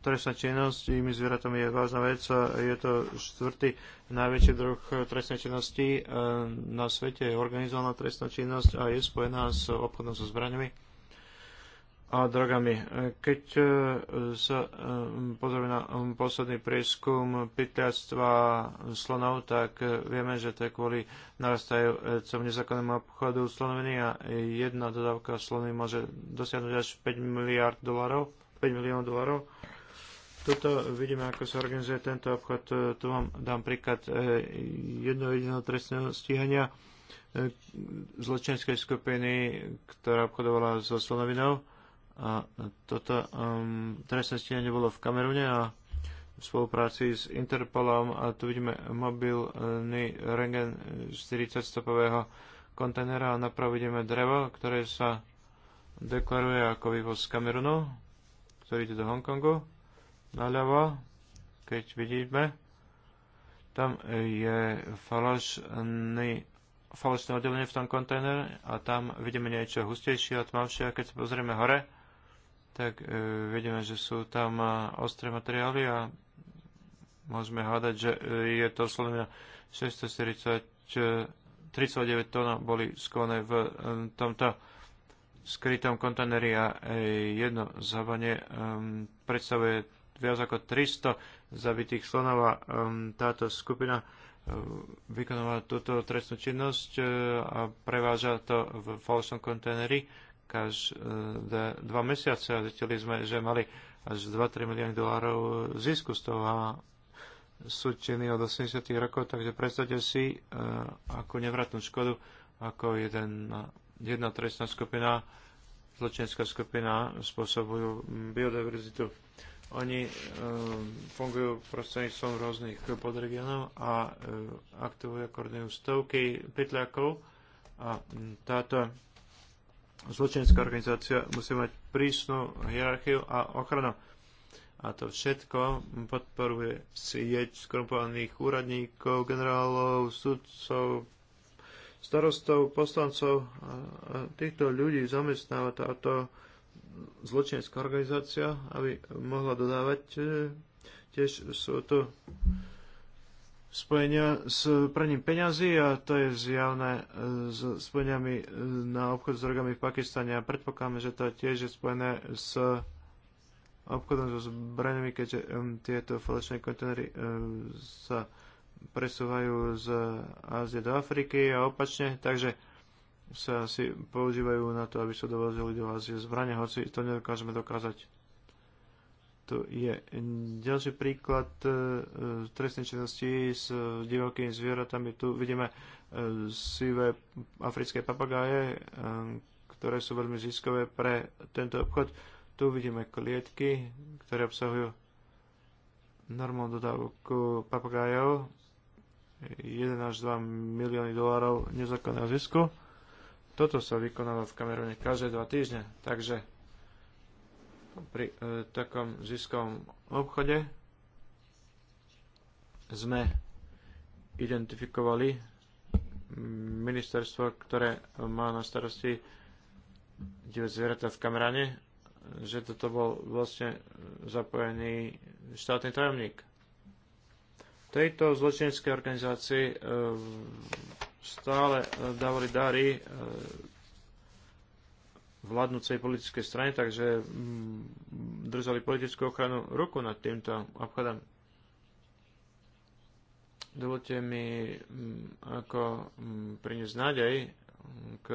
trestná činnosť tými zvieratami je vážna vec a je to štvrtý najväčší druh trestnej činnosti eh, na svete. Je organizovaná trestná činnosť a je spojená s obchodom so zbraniami a drogami. Eh, keď eh, sa pozrieme na posledný prieskum pytliactva slonov, tak vieme, že to je kvôli narastajúcom nezákonnému obchodu slonoviny a jedna dodávka slony môže dosiahnuť až 5 miliard dolarov, 5 miliónov dolarov. Toto vidíme, ako sa organizuje tento obchod. E, tu vám dám príklad e, jedno jediného trestného stíhania e, zločinskej skupiny, ktorá obchodovala so slonovinou. A toto um, trestné stíhanie bolo v Kamerune a v spolupráci s Interpolom a tu vidíme mobilný rengen 40-stopového kontajnera a napravo vidíme drevo, ktoré sa deklaruje ako vývoz z Kamerunu, ktorý ide do Hongkongu naľavo, keď vidíme, tam je falošný falošné oddelenie v tom kontajnere a tam vidíme niečo hustejšie a tmavšie a keď sa pozrieme hore, tak e, vidíme, že sú tam e, ostré materiály a môžeme hádať, že e, je to slovené 640 39 tón boli skované v e, tomto skrytom kontajneri a jedno e, predstavuje viac ako 300 zabitých slonov a um, táto skupina um, vykonáva túto trestnú činnosť uh, a preváža to v falšnom kontajneri každé uh, dva mesiace a zistili sme, že mali až 2-3 milióny dolárov zisku z toho a sú činy od 80 rokov, takže predstavte si, uh, ako nevratnú škodu, ako jeden, jedna trestná skupina, zločinecká skupina spôsobujú biodiverzitu. Oni uh, fungujú prostredníctvom rôznych podregionov a uh, aktivujú a koordinujú stovky pytľakov a um, táto zločinská organizácia musí mať prísnu hierarchiu a ochranu. A to všetko podporuje sieť skorumpovaných úradníkov, generálov, sudcov, starostov, poslancov. A týchto ľudí zamestnáva táto zločinecká organizácia, aby mohla dodávať. E, tiež sú to spojenia s praním peňazí a to je zjavné e, s spojeniami e, na obchod s drogami v Pakistane a predpokladáme, že to tiež je spojené s obchodom so zbraniami, keďže tieto falošné kontajnery sa presúvajú z Ázie do Afriky a opačne, takže sa asi používajú na to, aby sa dovozili do Ázie zbrania, hoci to nedokážeme dokázať. Tu je ďalší príklad e, e trestnej činnosti s e, divokými zvieratami. Tu vidíme e, sivé africké papagáje, e, ktoré sú veľmi ziskové pre tento obchod. Tu vidíme klietky, ktoré obsahujú normálnu dodávku papagájov 1 až 2 milióny dolárov nezákonného zisku. Toto sa vykonáva v Kamerune každé dva týždne, takže pri e, takom ziskovom obchode sme identifikovali ministerstvo, ktoré má na starosti divé zvieratá v Kamerane, že toto bol vlastne zapojený štátny tajomník. Tejto zločineckej organizácii e, stále e, dávali dary e, vládnúcej politickej strane, takže mm, držali politickú ochranu ruku nad týmto obchodom. Dovolte mi mm, ako mm, priniesť nádej k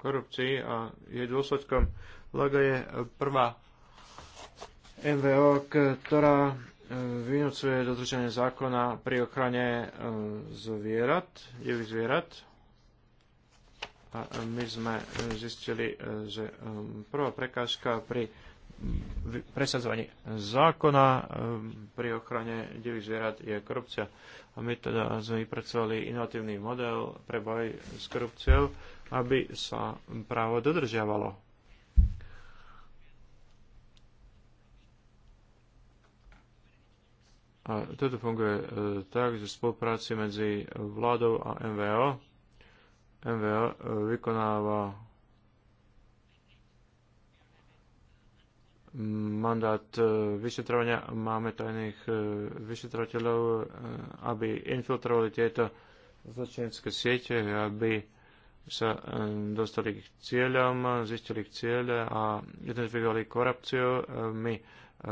korupcii a jej dôsledkom logo je prvá MVO, ktorá vynúcuje dodržanie zákona pri ochrane eh, zvierat, divých zvierat. A my sme eh, zistili, eh, že prvá prekážka pri presadzovaní zákona pri ochrane divých zvierat je korupcia. A my teda sme vypracovali inovatívny model pre boj s korupciou, aby sa právo dodržiavalo A toto funguje e, tak, že v spolupráci medzi vládou a MVO MVO e, vykonáva mandát e, vyšetrovania. Máme tajných vyšetrovateľov, aby infiltrovali tieto zločinecké siete, aby sa dostali k cieľom, zistili k cieľe a identifikovali korupciu. My E,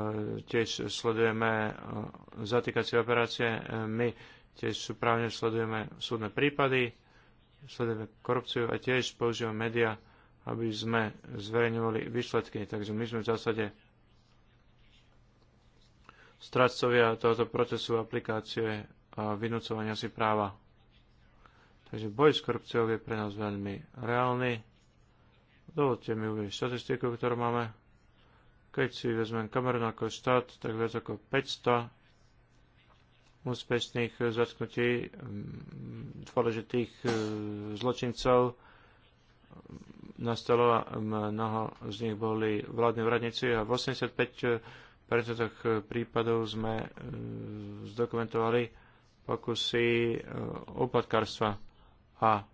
tiež sledujeme e, zatýkacie operácie, e, my tiež právne sledujeme súdne prípady, sledujeme korupciu a tiež používame médiá, aby sme zverejňovali výsledky. Takže my sme v zásade strácovia tohoto procesu aplikácie a vynúcovania si práva. Takže boj s korupciou je pre nás veľmi reálny. Dovolte mi uvieť štatistiku, ktorú máme. Keď si vezmem Kamerun ako štát, tak viac ako 500 úspešných eh, zatknutí mm, dôležitých eh, zločincov mm, nastalo a mm, mnoho z nich boli vládni vradníci a v 85% eh, prípadov sme zdokumentovali pokusy úplatkárstva a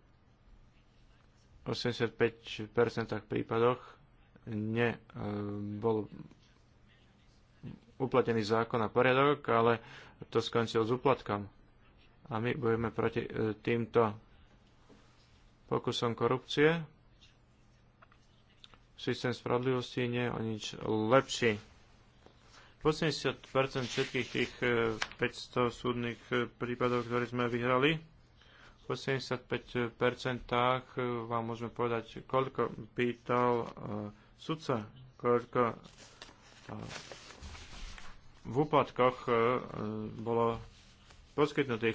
v 85% prípadoch nebol e, uplatený zákon a poriadok, ale to skončilo s uplatkom. A my budeme proti e, týmto pokusom korupcie. Systém spravodlivosti nie je o nič lepší. 80% všetkých tých 500 e, súdnych prípadov, ktoré sme vyhrali, v 85% vám môžeme povedať, koľko pýtal sudca, koľko v úpadkoch e, bolo poskytnutých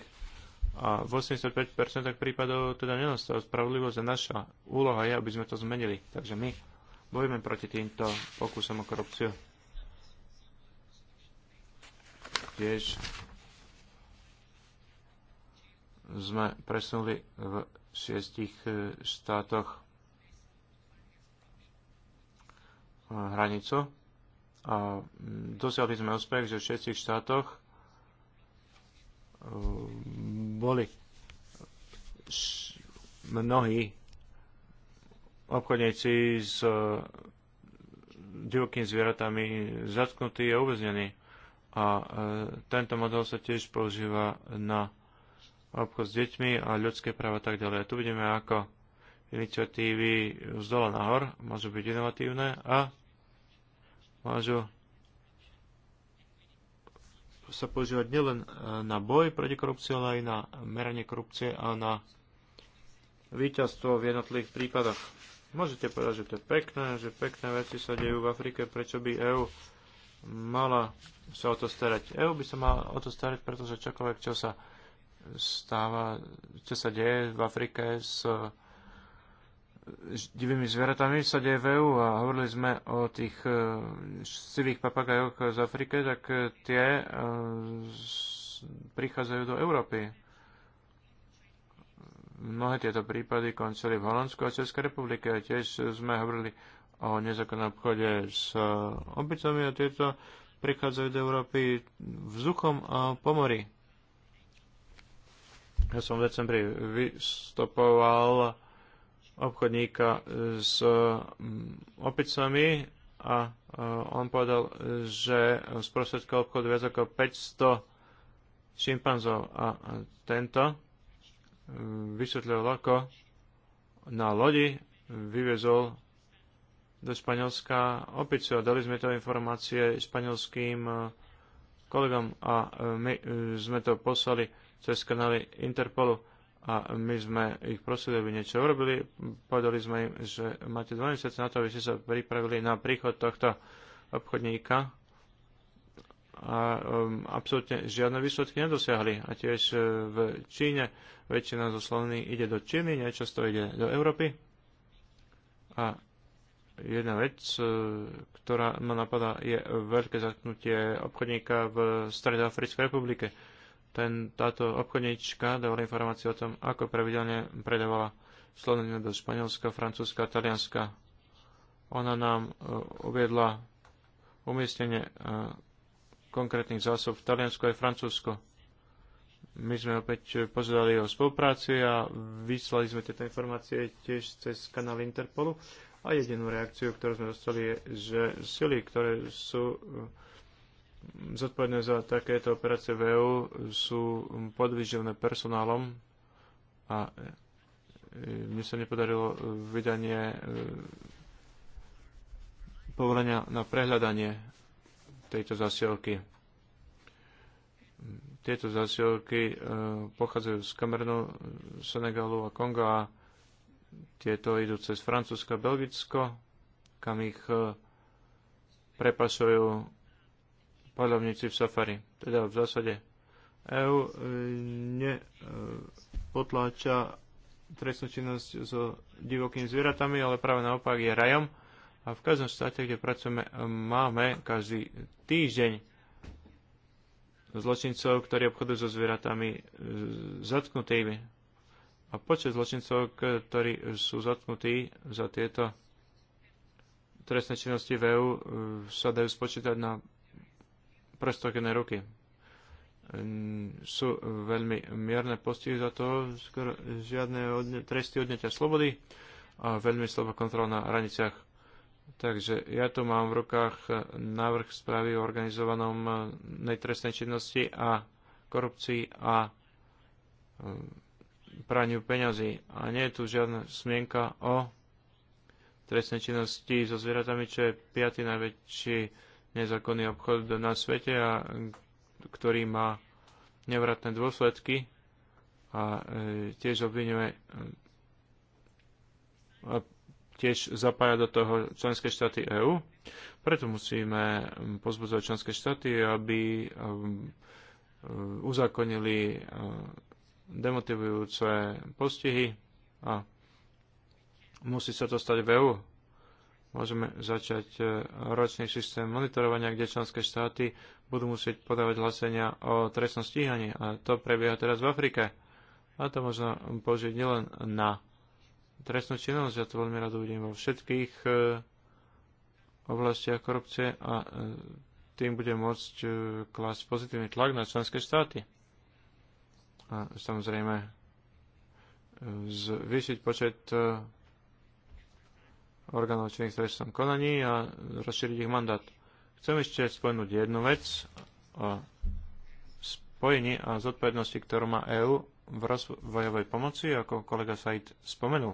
a v 85% prípadov teda nenastala spravodlivosť a naša úloha je, aby sme to zmenili. Takže my bojujeme proti týmto pokusom o korupciu. Tiež sme presunuli v šiestich e, štátoch hranicu a mm, dosiahli sme úspech, že v šestich štátoch e, boli mnohí obchodníci s e, divokými zvieratami zatknutí a uväznení. A e, tento model sa tiež používa na obchod s deťmi a ľudské práva a tak ďalej. A tu vidíme, ako iniciatívy z dola nahor, môžu byť inovatívne a môžu sa používať nielen e, na boj proti korupcii, ale aj na meranie korupcie a na víťazstvo v jednotlivých prípadoch. Môžete povedať, že to je pekné, že pekné veci sa dejú v Afrike, prečo by EÚ mala sa o to starať. EÚ by sa mala o to starať, pretože čokoľvek, čo sa stáva, čo sa deje v Afrike s divými zvieratami sa deje v EU a hovorili sme o tých e, silých papagajoch z Afriky, tak e, tie e, prichádzajú do Európy. Mnohé tieto prípady končili v Holandsku a Českej republike. Tiež sme hovorili o nezákonnom obchode s obytami a tieto prichádzajú do Európy vzduchom a pomory. Ja som v decembri vystupoval obchodníka e, s opicami a e, on povedal, že sprostredka obchodu viac ako 500 šimpanzov a tento e, vysvetlil ako na lodi vyvezol do Španielska opicu a dali sme to informácie španielským kolegom a my sme to poslali cez kanály Interpolu a my sme ich prosili, aby niečo urobili. Povedali sme im, že máte 2 mesiace na to, aby ste sa pripravili na príchod tohto obchodníka a um, absolútne žiadne výsledky nedosiahli. A tiež e, v Číne väčšina zo Slovny ide do Číny, nečasto ide do Európy. A jedna vec, e, ktorá ma napadá, je veľké zatknutie obchodníka v Stredoafrickej republike ten, táto obchodníčka dávala informácie o tom, ako pravidelne predávala slovenina do Španielska, Francúzska, Talianska. Ona nám e, uviedla umiestnenie e, konkrétnych zásob v Taliansku aj Francúzsku. My sme opäť pozvedali o spolupráci a vyslali sme tieto informácie tiež cez kanál Interpolu. A jedinú reakciu, ktorú sme dostali, je, že sily, ktoré sú uh, zodpovedné za takéto operácie v EU sú podvýživné personálom a e, e, mne sa nepodarilo e, vydanie povolenia na prehľadanie tejto zasielky. Tieto zasielky pochádzajú z Kamerunu, Senegalu a Konga a tieto idú cez Francúzsko a Belgicko, kam ich prepasujú paľovníci v safari. Teda v zásade EU e, nepotláča e, trestnú činnosť so divokými zvieratami, ale práve naopak je rajom. A v každom štáte, kde pracujeme, máme každý týždeň zločincov, ktorí obchodujú so zvieratami e, zatknutými. A počet zločincov, ktorí sú zatknutí za tieto trestné činnosti v EU, sa dajú spočítať na Prestokené ruky. Sú veľmi mierne postihy za to, skoro žiadne odne, tresty odnetia slobody a veľmi slabá kontrola na hraniciach. Takže ja tu mám v rukách návrh správy o organizovanom e, netrestnej činnosti a korupcii a e, praniu peňazí. A nie je tu žiadna smienka o trestnej činnosti so zvieratami, čo je piatý najväčší nezákonný obchod na svete a ktorý má nevratné dôsledky a e, tiež obvinuje e, a tiež zapája do toho členské štáty EÚ. Preto musíme pozbudzovať členské štáty, aby uzakonili e, demotivujúce postihy a musí sa to stať v EÚ môžeme začať e, ročný systém monitorovania, kde členské štáty budú musieť podávať hlasenia o trestnom stíhaní. A to prebieha teraz v Afrike. A to možno použiť nielen na trestnú činnosť, ja to veľmi rád uvidím vo všetkých e, oblastiach korupcie a e, tým bude môcť klásť pozitívny tlak na členské štáty. A samozrejme zvýšiť počet orgánov činných v trestnom konaní a rozšíriť ich mandát. Chcem ešte spomenúť jednu vec o spojení a zodpovednosti, ktorú má EÚ v rozvojovej pomoci, ako kolega Said spomenul.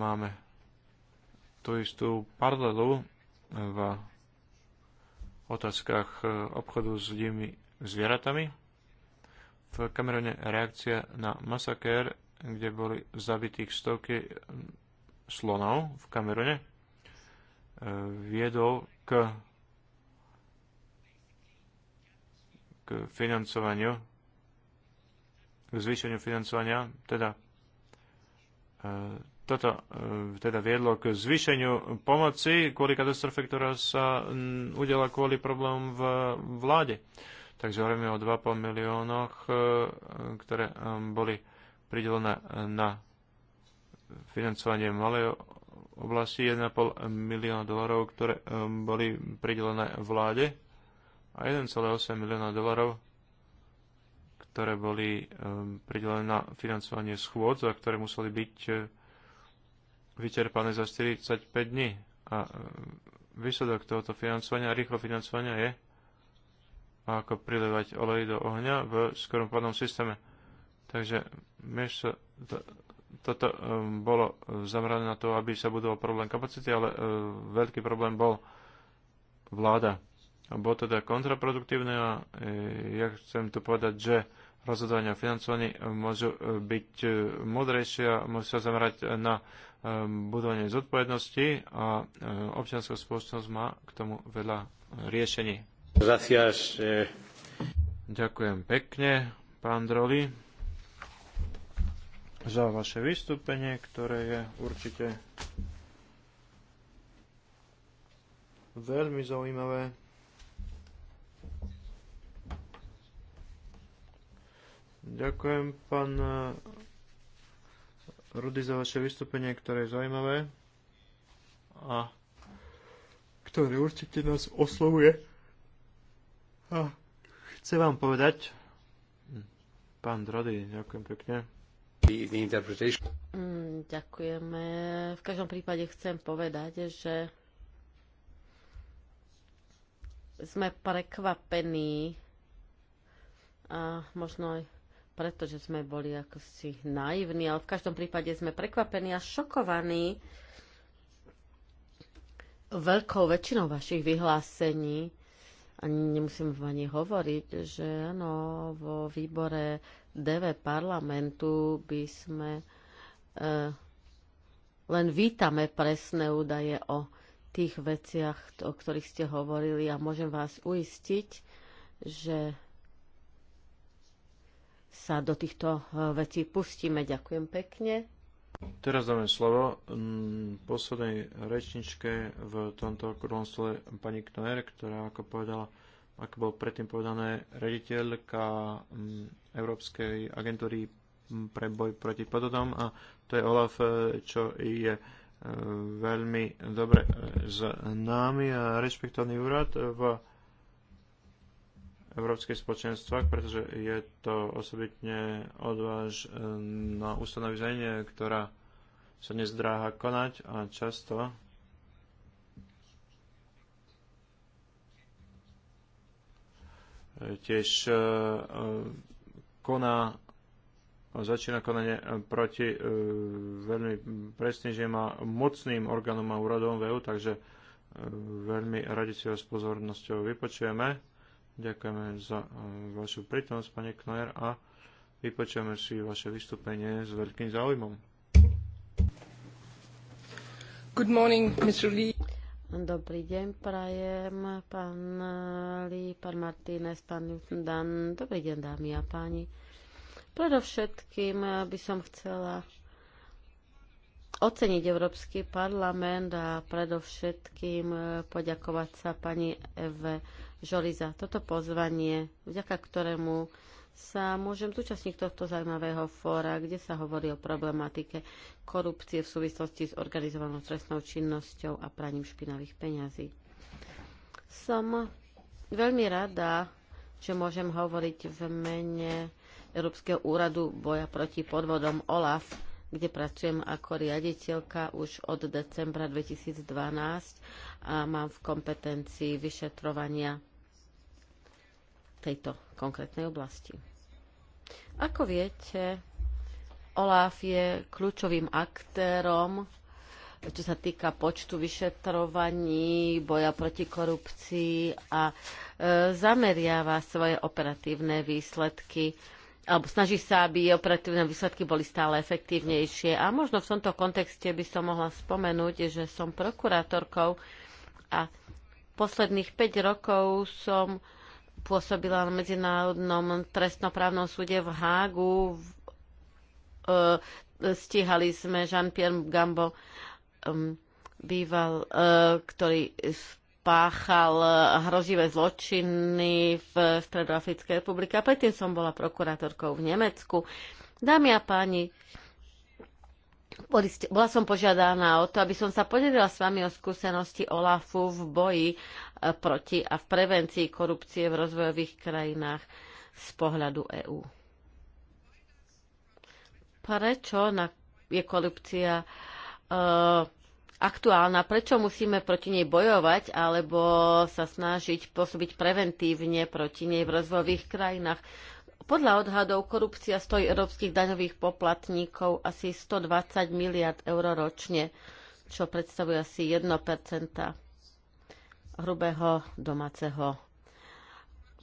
Máme tú istú paralelu v otázkach e, obchodu s divými zvieratami. V Kamerone reakcia na masakér, kde boli zabitých stovky slonov v Kamerune e, viedol k, k financovaniu, k zvýšeniu financovania, teda e, toto e, teda viedlo k zvýšeniu pomoci kvôli katastrofe, ktorá sa udela kvôli problémom v vláde. Takže hovoríme o 2,5 miliónoch, ktoré boli pridelené na financovanie malej oblasti 1,5 eh, milióna dolarov, ktoré boli pridelené eh, vláde a 1,8 milióna dolarov, ktoré boli pridelené na financovanie schôd, a ktoré museli byť eh, vyčerpané za 45 dní. A výsledok tohoto financovania, rýchlo financovania je ako prilevať olej do ohňa v skorumpovanom systéme. Takže miesto, toto eh, bolo eh, zamerané na to, aby sa budoval problém kapacity, ale eh, veľký problém bol vláda. A bolo teda kontraproduktívne a ja chcem tu povedať, že rozhodovania o financovaní môžu byť modrejšie a môžu sa zamerať na budovanie zodpovednosti a občianská spoločnosť má k tomu veľa riešení. Gracias. Ďakujem pekne, pán Droli za vaše vystúpenie, ktoré je určite veľmi zaujímavé. Ďakujem, pán Rudy, za vaše vystúpenie, ktoré je zaujímavé a ktoré určite nás oslovuje. A chcem vám povedať, pán Drody, ďakujem pekne the, interpretation. Mm, ďakujeme. V každom prípade chcem povedať, že sme prekvapení a možno aj preto, že sme boli ako si naivní, ale v každom prípade sme prekvapení a šokovaní veľkou väčšinou vašich vyhlásení ani nemusím vám ani hovoriť, že áno, vo výbore DV parlamentu by sme e, len vítame presné údaje o tých veciach, o ktorých ste hovorili a môžem vás uistiť, že sa do týchto e, vecí pustíme. Ďakujem pekne. Teraz dáme slovo mm, poslednej rečničke v tomto okrúhlom stole pani Knoer, ktorá, ako povedala, ako bol predtým povedané, rediteľka mm, Európskej agentúry mm, pre boj proti pododom a to je Olaf, e, čo je e, veľmi dobre známy e, a rešpektovaný úrad v Európske spoločenstva, pretože je to osobitne odváž na ustanovizenie, ktorá sa nezdráha konať a často tiež e, koná začína konanie proti e, veľmi prestížim a mocným orgánom a úradom VEU, takže e, veľmi radi si ho s pozornosťou vypočujeme. Ďakujeme za eh, vašu prítomnosť, pane Knojer, a vypočujeme si vaše vystúpenie s veľkým záujmom. Good morning, Mr. Lee. Dobrý deň, prajem, pán eh, Lee, pán Martínez, pán Newton Dan. Dobrý deň, dámy a páni. Predovšetkým eh, by som chcela oceniť Európsky parlament a predovšetkým poďakovať sa pani Eve Žoli za toto pozvanie, vďaka ktorému sa môžem zúčastniť tohto zaujímavého fóra, kde sa hovorí o problematike korupcie v súvislosti s organizovanou trestnou činnosťou a praním špinavých peňazí. Som veľmi rada, že môžem hovoriť v mene Európskeho úradu boja proti podvodom OLAF, kde pracujem ako riaditeľka už od decembra 2012 a mám v kompetencii vyšetrovania tejto konkrétnej oblasti. Ako viete, OLAF je kľúčovým aktérom, čo sa týka počtu vyšetrovaní, boja proti korupcii a e, zameriava svoje operatívne výsledky alebo snaží sa, aby operatívne výsledky boli stále efektívnejšie. A možno v tomto kontexte by som mohla spomenúť, že som prokurátorkou a posledných 5 rokov som pôsobila na Medzinárodnom trestnoprávnom súde v Hágu. E, stíhali sme Jean-Pierre Gambo, e, býval, e, ktorý páchal eh, hrozivé zločiny v Stredoafrickej republike a predtým som bola prokurátorkou v Nemecku. Dámy a páni, bola som požiadaná o to, aby som sa podelila s vami o skúsenosti OLAFu v boji eh, proti a v prevencii korupcie v rozvojových krajinách z pohľadu EÚ. Prečo je korupcia uh, aktuálna, prečo musíme proti nej bojovať alebo sa snažiť pôsobiť preventívne proti nej v rozvojových krajinách. Podľa odhadov korupcia stojí európskych daňových poplatníkov asi 120 miliard eur ročne, čo predstavuje asi 1 hrubého domáceho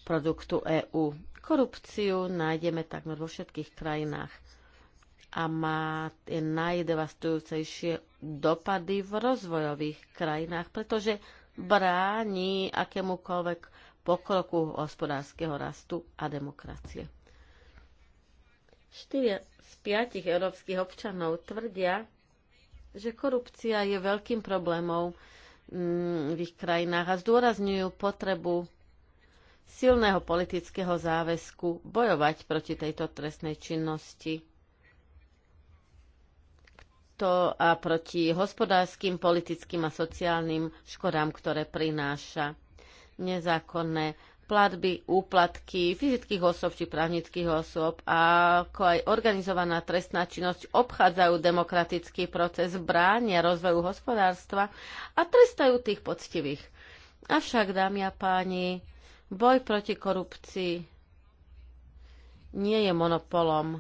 produktu EÚ. Korupciu nájdeme takmer vo všetkých krajinách a má tie najdevastujúcejšie dopady v rozvojových krajinách, pretože bráni akémukoľvek pokroku hospodárskeho rastu a demokracie. 4 z 5 európskych občanov tvrdia, že korupcia je veľkým problémom mm, v ich krajinách a zdôrazňujú potrebu silného politického záväzku bojovať proti tejto trestnej činnosti to a proti hospodárskym, politickým a sociálnym škodám, ktoré prináša nezákonné platby, úplatky fyzických osob či právnických osôb, a ako aj organizovaná trestná činnosť obchádzajú demokratický proces, bránia rozvoju hospodárstva a trestajú tých poctivých. Avšak, dámy a páni, boj proti korupcii nie je monopolom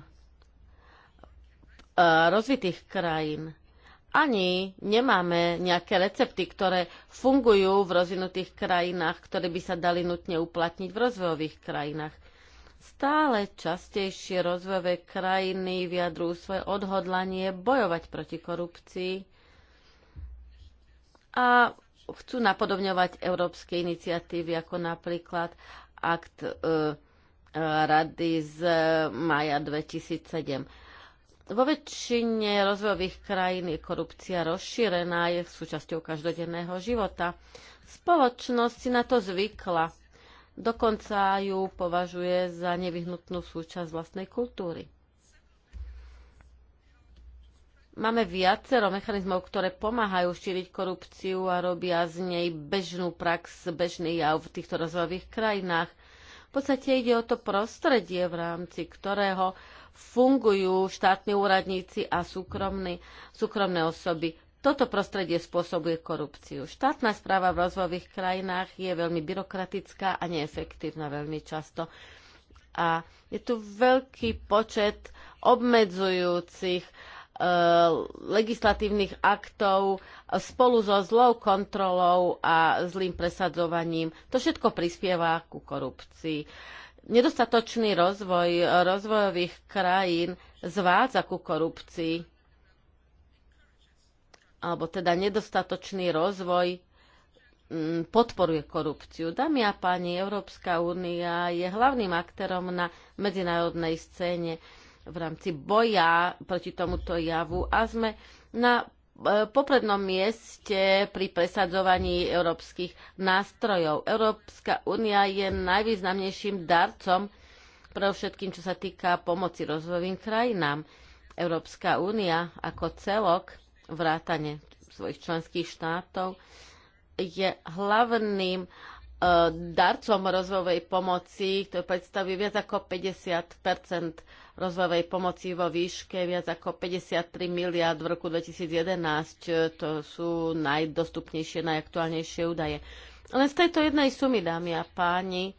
E, rozvitých krajín. Ani nemáme nejaké recepty, ktoré fungujú v rozvinutých krajinách, ktoré by sa dali nutne uplatniť v rozvojových krajinách. Stále častejšie rozvojové krajiny vyjadrujú svoje odhodlanie bojovať proti korupcii a chcú napodobňovať európske iniciatívy, ako napríklad akt e, e Rady z maja 2007 vo väčšine rozvojových krajín je korupcia rozšírená, je súčasťou každodenného života. Spoločnosť si na to zvykla. Dokonca ju považuje za nevyhnutnú súčasť vlastnej kultúry. Máme viacero mechanizmov, ktoré pomáhajú šíriť korupciu a robia z nej bežnú prax, bežný jav v týchto rozvojových krajinách. V podstate ide o to prostredie, v rámci ktorého fungujú štátni úradníci a súkromní, súkromné osoby. Toto prostredie spôsobuje korupciu. Štátna správa v rozvojových krajinách je veľmi byrokratická a neefektívna veľmi často. A je tu veľký počet obmedzujúcich e, legislatívnych aktov spolu so zlou kontrolou a zlým presadzovaním. To všetko prispieva ku korupcii nedostatočný rozvoj e, rozvojových krajín zvádza ku korupcii, alebo teda nedostatočný rozvoj podporuje korupciu. Dámy a páni, Európska únia je hlavným aktérom na medzinárodnej scéne v rámci boja proti tomuto javu a sme na Eh, poprednom mieste pri presadzovaní európskych nástrojov. Európska únia je najvýznamnejším darcom pre všetkým, čo sa týka pomoci rozvojovým krajinám. Európska únia ako celok, vrátane svojich členských štátov, je hlavným eh, darcom rozvojovej pomoci, ktorý predstavuje viac ako 50 rozvojovej pomoci vo výške viac ako 53 miliard v roku 2011. To sú najdostupnejšie, najaktuálnejšie údaje. Len z tejto jednej sumy, dámy a páni,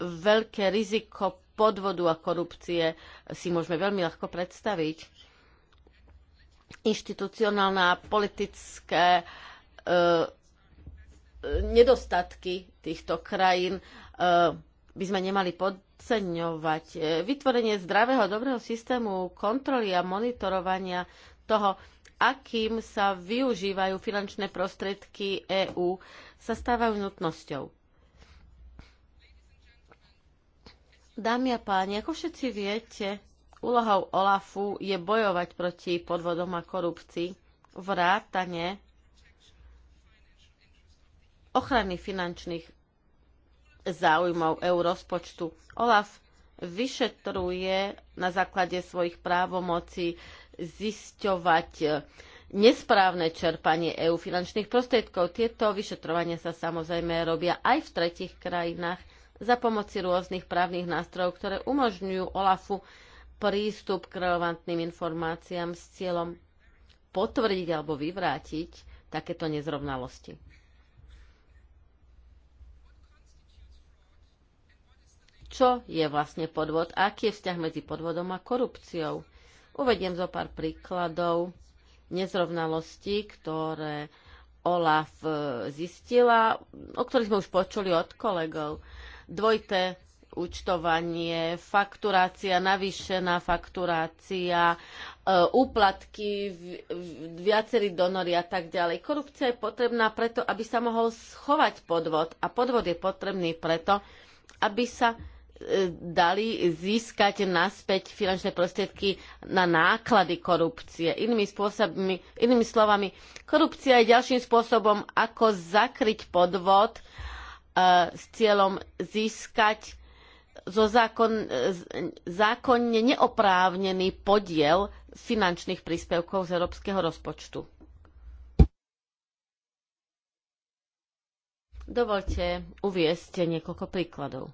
veľké riziko podvodu a korupcie si môžeme veľmi ľahko predstaviť. Inštitucionálne a politické e, nedostatky týchto krajín e, by sme nemali podceňovať. E, vytvorenie zdravého, dobrého systému kontroly a monitorovania toho, akým sa využívajú finančné prostriedky EÚ, sa stávajú nutnosťou. Dámy a páni, ako všetci viete, úlohou OLAFu je bojovať proti podvodom a korupcii, vrátane ochrany finančných záujmov eurozpočtu. OLAF vyšetruje na základe svojich právomocí zisťovať nesprávne čerpanie EU finančných prostriedkov. Tieto vyšetrovania sa samozrejme robia aj v tretich krajinách za pomoci rôznych právnych nástrojov, ktoré umožňujú OLAFu prístup k relevantným informáciám s cieľom potvrdiť alebo vyvrátiť takéto nezrovnalosti. čo je vlastne podvod, a aký je vzťah medzi podvodom a korupciou. Uvediem zo pár príkladov nezrovnalostí, ktoré OLAF e, zistila, o ktorých sme už počuli od kolegov. Dvojité účtovanie, fakturácia, navýšená fakturácia, e, úplatky, viacerí donory a tak ďalej. Korupcia je potrebná preto, aby sa mohol schovať podvod a podvod je potrebný preto, aby sa dali získať naspäť finančné prostriedky na náklady korupcie. Inými, spôsobmi, inými slovami, korupcia je ďalším spôsobom, ako zakryť podvod e, s cieľom získať zo zákon, zákonne neoprávnený podiel finančných príspevkov z európskeho rozpočtu. Dovolte uviesť niekoľko príkladov.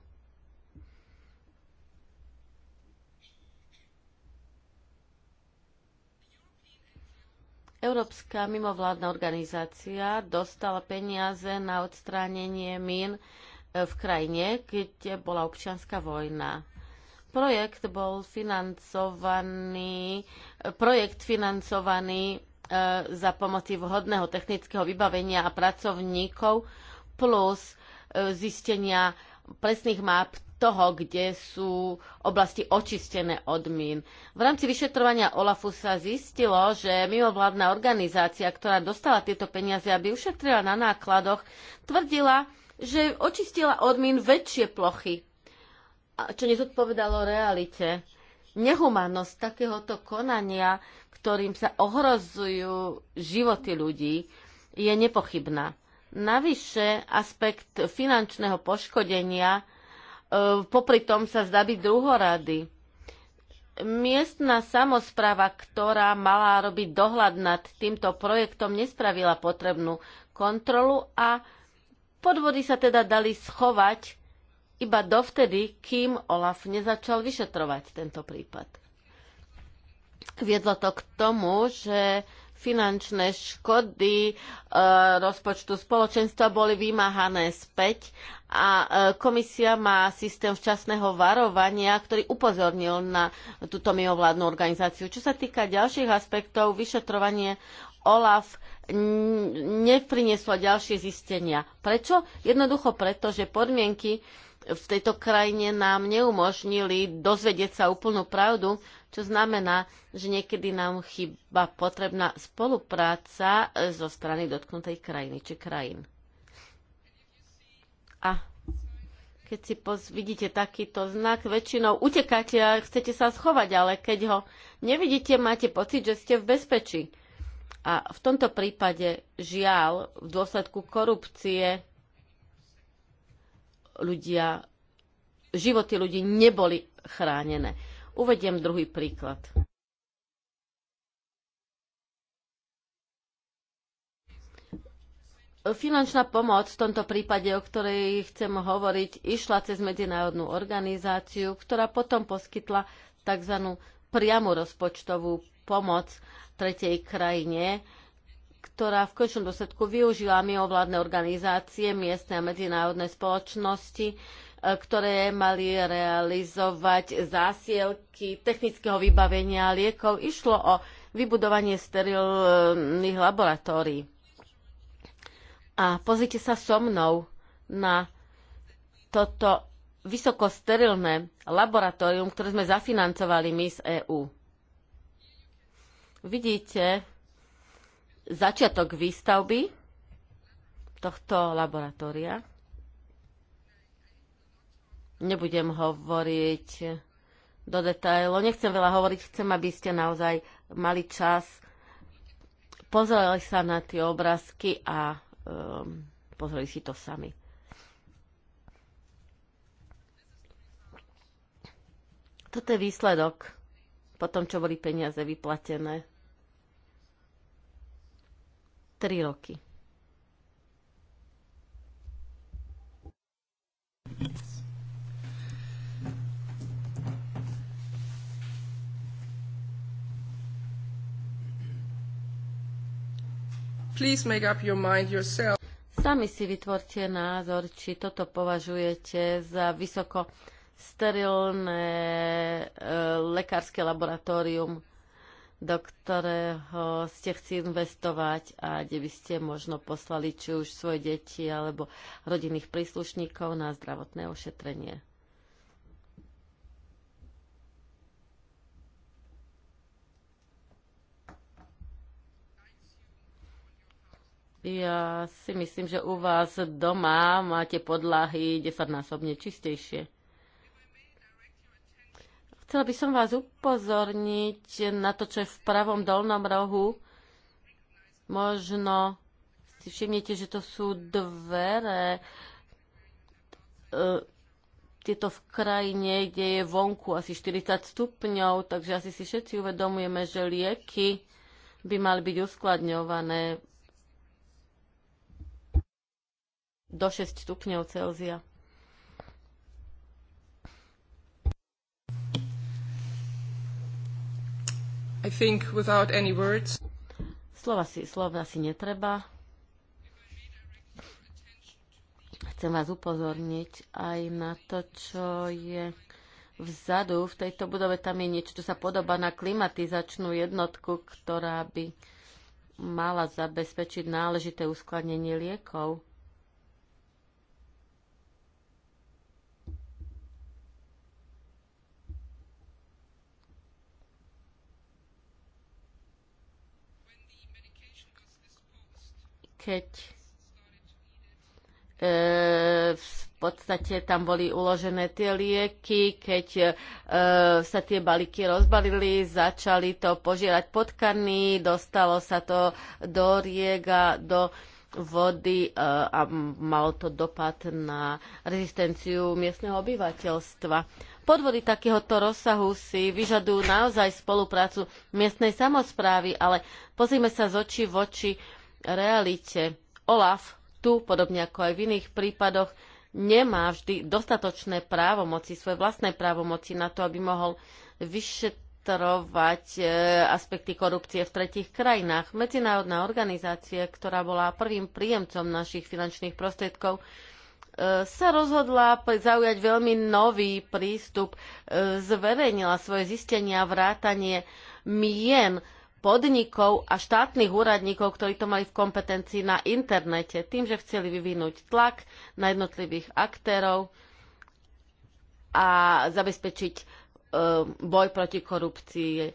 Európska mimovládna organizácia dostala peniaze na odstránenie mín e, v krajine, kde bola občianská vojna. Projekt bol financovaný, e, projekt financovaný e, za pomoci vhodného technického vybavenia a pracovníkov plus e, zistenia presných map toho, kde sú oblasti očistené od mín. V rámci vyšetrovania OLAFu sa zistilo, že mimovládna organizácia, ktorá dostala tieto peniaze, aby ušetrila na nákladoch, tvrdila, že očistila od mín väčšie plochy, čo nezodpovedalo realite. Nehumannosť takéhoto konania, ktorým sa ohrozujú životy ľudí, je nepochybná. Navyše aspekt finančného poškodenia E, popri tom sa zdá byť druhorady. Miestna samozpráva, ktorá mala robiť dohľad nad týmto projektom, nespravila potrebnú kontrolu a podvody sa teda dali schovať iba dovtedy, kým Olaf nezačal vyšetrovať tento prípad. Viedlo to k tomu, že finančné škody e, rozpočtu spoločenstva boli vymáhané späť a e, komisia má systém včasného varovania, ktorý upozornil na túto mimovládnu organizáciu. Čo sa týka ďalších aspektov, vyšetrovanie OLAF neprinieslo ďalšie zistenia. Prečo? Jednoducho preto, že podmienky, v tejto krajine nám neumožnili dozvedieť sa úplnú pravdu, čo znamená, že niekedy nám chyba potrebná spolupráca e, zo strany dotknutej krajiny či krajín. A keď si poz, vidíte takýto znak, väčšinou utekáte a chcete sa schovať, ale keď ho nevidíte, máte pocit, že ste v bezpečí. A v tomto prípade, žiaľ, v dôsledku korupcie ľudia, životy ľudí neboli chránené. Uvediem druhý príklad. Finančná pomoc v tomto prípade, o ktorej chcem hovoriť, išla cez medzinárodnú organizáciu, ktorá potom poskytla tzv. priamu rozpočtovú pomoc tretej krajine, ktorá v končnom dôsledku využila mimovládne organizácie, miestne a medzinárodné spoločnosti, e, ktoré mali realizovať zásielky technického vybavenia liekov. Išlo o vybudovanie sterilných laboratórií. A pozrite sa so mnou na toto vysokosterilné laboratórium, ktoré sme zafinancovali my z EÚ. Vidíte začiatok výstavby tohto laboratória. Nebudem hovoriť do detailu. Nechcem veľa hovoriť, chcem, aby ste naozaj mali čas, pozreli sa na tie obrázky a um, pozreli si to sami. Toto je výsledok po tom, čo boli peniaze vyplatené. 3 roky. Please make up your mind yourself. Sami si vytvorte názor, či toto považujete za vysoko sterilné e, lekárske laboratórium do ktorého ste chci investovať a kde by ste možno poslali či už svoje deti alebo rodinných príslušníkov na zdravotné ošetrenie. Ja si myslím, že u vás doma máte podlahy desaťnásobne čistejšie. Chcela by som vás upozorniť na to, čo je v pravom dolnom rohu. Možno si všimnete, že to sú dvere. E, tieto v krajine, kde je vonku asi 40 stupňov, takže asi si všetci uvedomujeme, že lieky by mali byť uskladňované do 6 stupňov Celzia. I think without any words. Slova si, slova si netreba. Chcem vás upozorniť aj na to, čo je vzadu v tejto budove. Tam je niečo, čo sa podobá na klimatizačnú jednotku, ktorá by mala zabezpečiť náležité uskladnenie liekov. keď e, v podstate tam boli uložené tie lieky, keď e, sa tie balíky rozbalili, začali to požierať potkaní, dostalo sa to do riega, do vody e, a malo to dopad na rezistenciu miestneho obyvateľstva. Podvody takéhoto rozsahu si vyžadujú naozaj spoluprácu miestnej samozprávy, ale pozrime sa z očí v oči realite OLAF tu, podobne ako aj v iných prípadoch, nemá vždy dostatočné právomoci, svoje vlastné právomoci na to, aby mohol vyšetrovať e, aspekty korupcie v tretich krajinách. Medzinárodná organizácia, ktorá bola prvým príjemcom našich finančných prostriedkov, e, sa rozhodla zaujať veľmi nový prístup, e, zverejnila svoje zistenia, vrátanie mien, podnikov a štátnych úradníkov, ktorí to mali v kompetencii na internete, tým, že chceli vyvinúť tlak na jednotlivých aktérov a zabezpečiť e, boj proti korupcii e,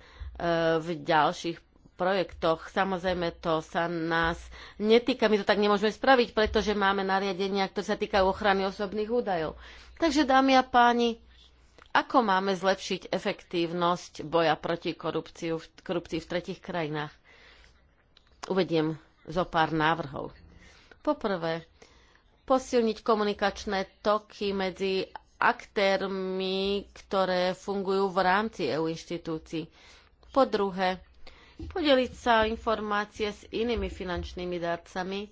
v ďalších projektoch. Samozrejme, to sa nás netýka. My to tak nemôžeme spraviť, pretože máme nariadenia, ktoré sa týkajú ochrany osobných údajov. Takže, dámy a páni, ako máme zlepšiť efektívnosť boja proti korupciu, korupcii v tretich krajinách? Uvediem zo pár návrhov. Poprvé, posilniť komunikačné toky medzi aktérmi, ktoré fungujú v rámci EU inštitúcií. Po druhé, podeliť sa informácie s inými finančnými darcami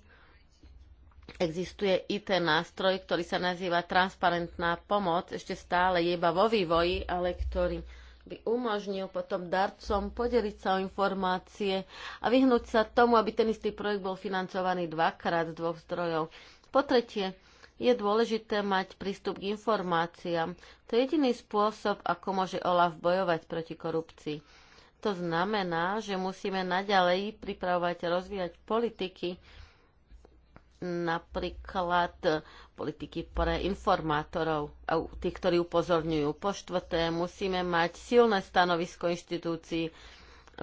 Existuje IT nástroj, ktorý sa nazýva transparentná pomoc, ešte stále je iba vo vývoji, ale ktorý by umožnil potom darcom podeliť sa o informácie a vyhnúť sa tomu, aby ten istý projekt bol financovaný dvakrát z dvoch zdrojov. Po tretie, je dôležité mať prístup k informáciám. To je jediný spôsob, ako môže OLAF bojovať proti korupcii. To znamená, že musíme naďalej pripravovať a rozvíjať politiky, napríklad eh, politiky pre informátorov, eh, tých, ktorí upozorňujú. Po štvrté, musíme mať silné stanovisko inštitúcií,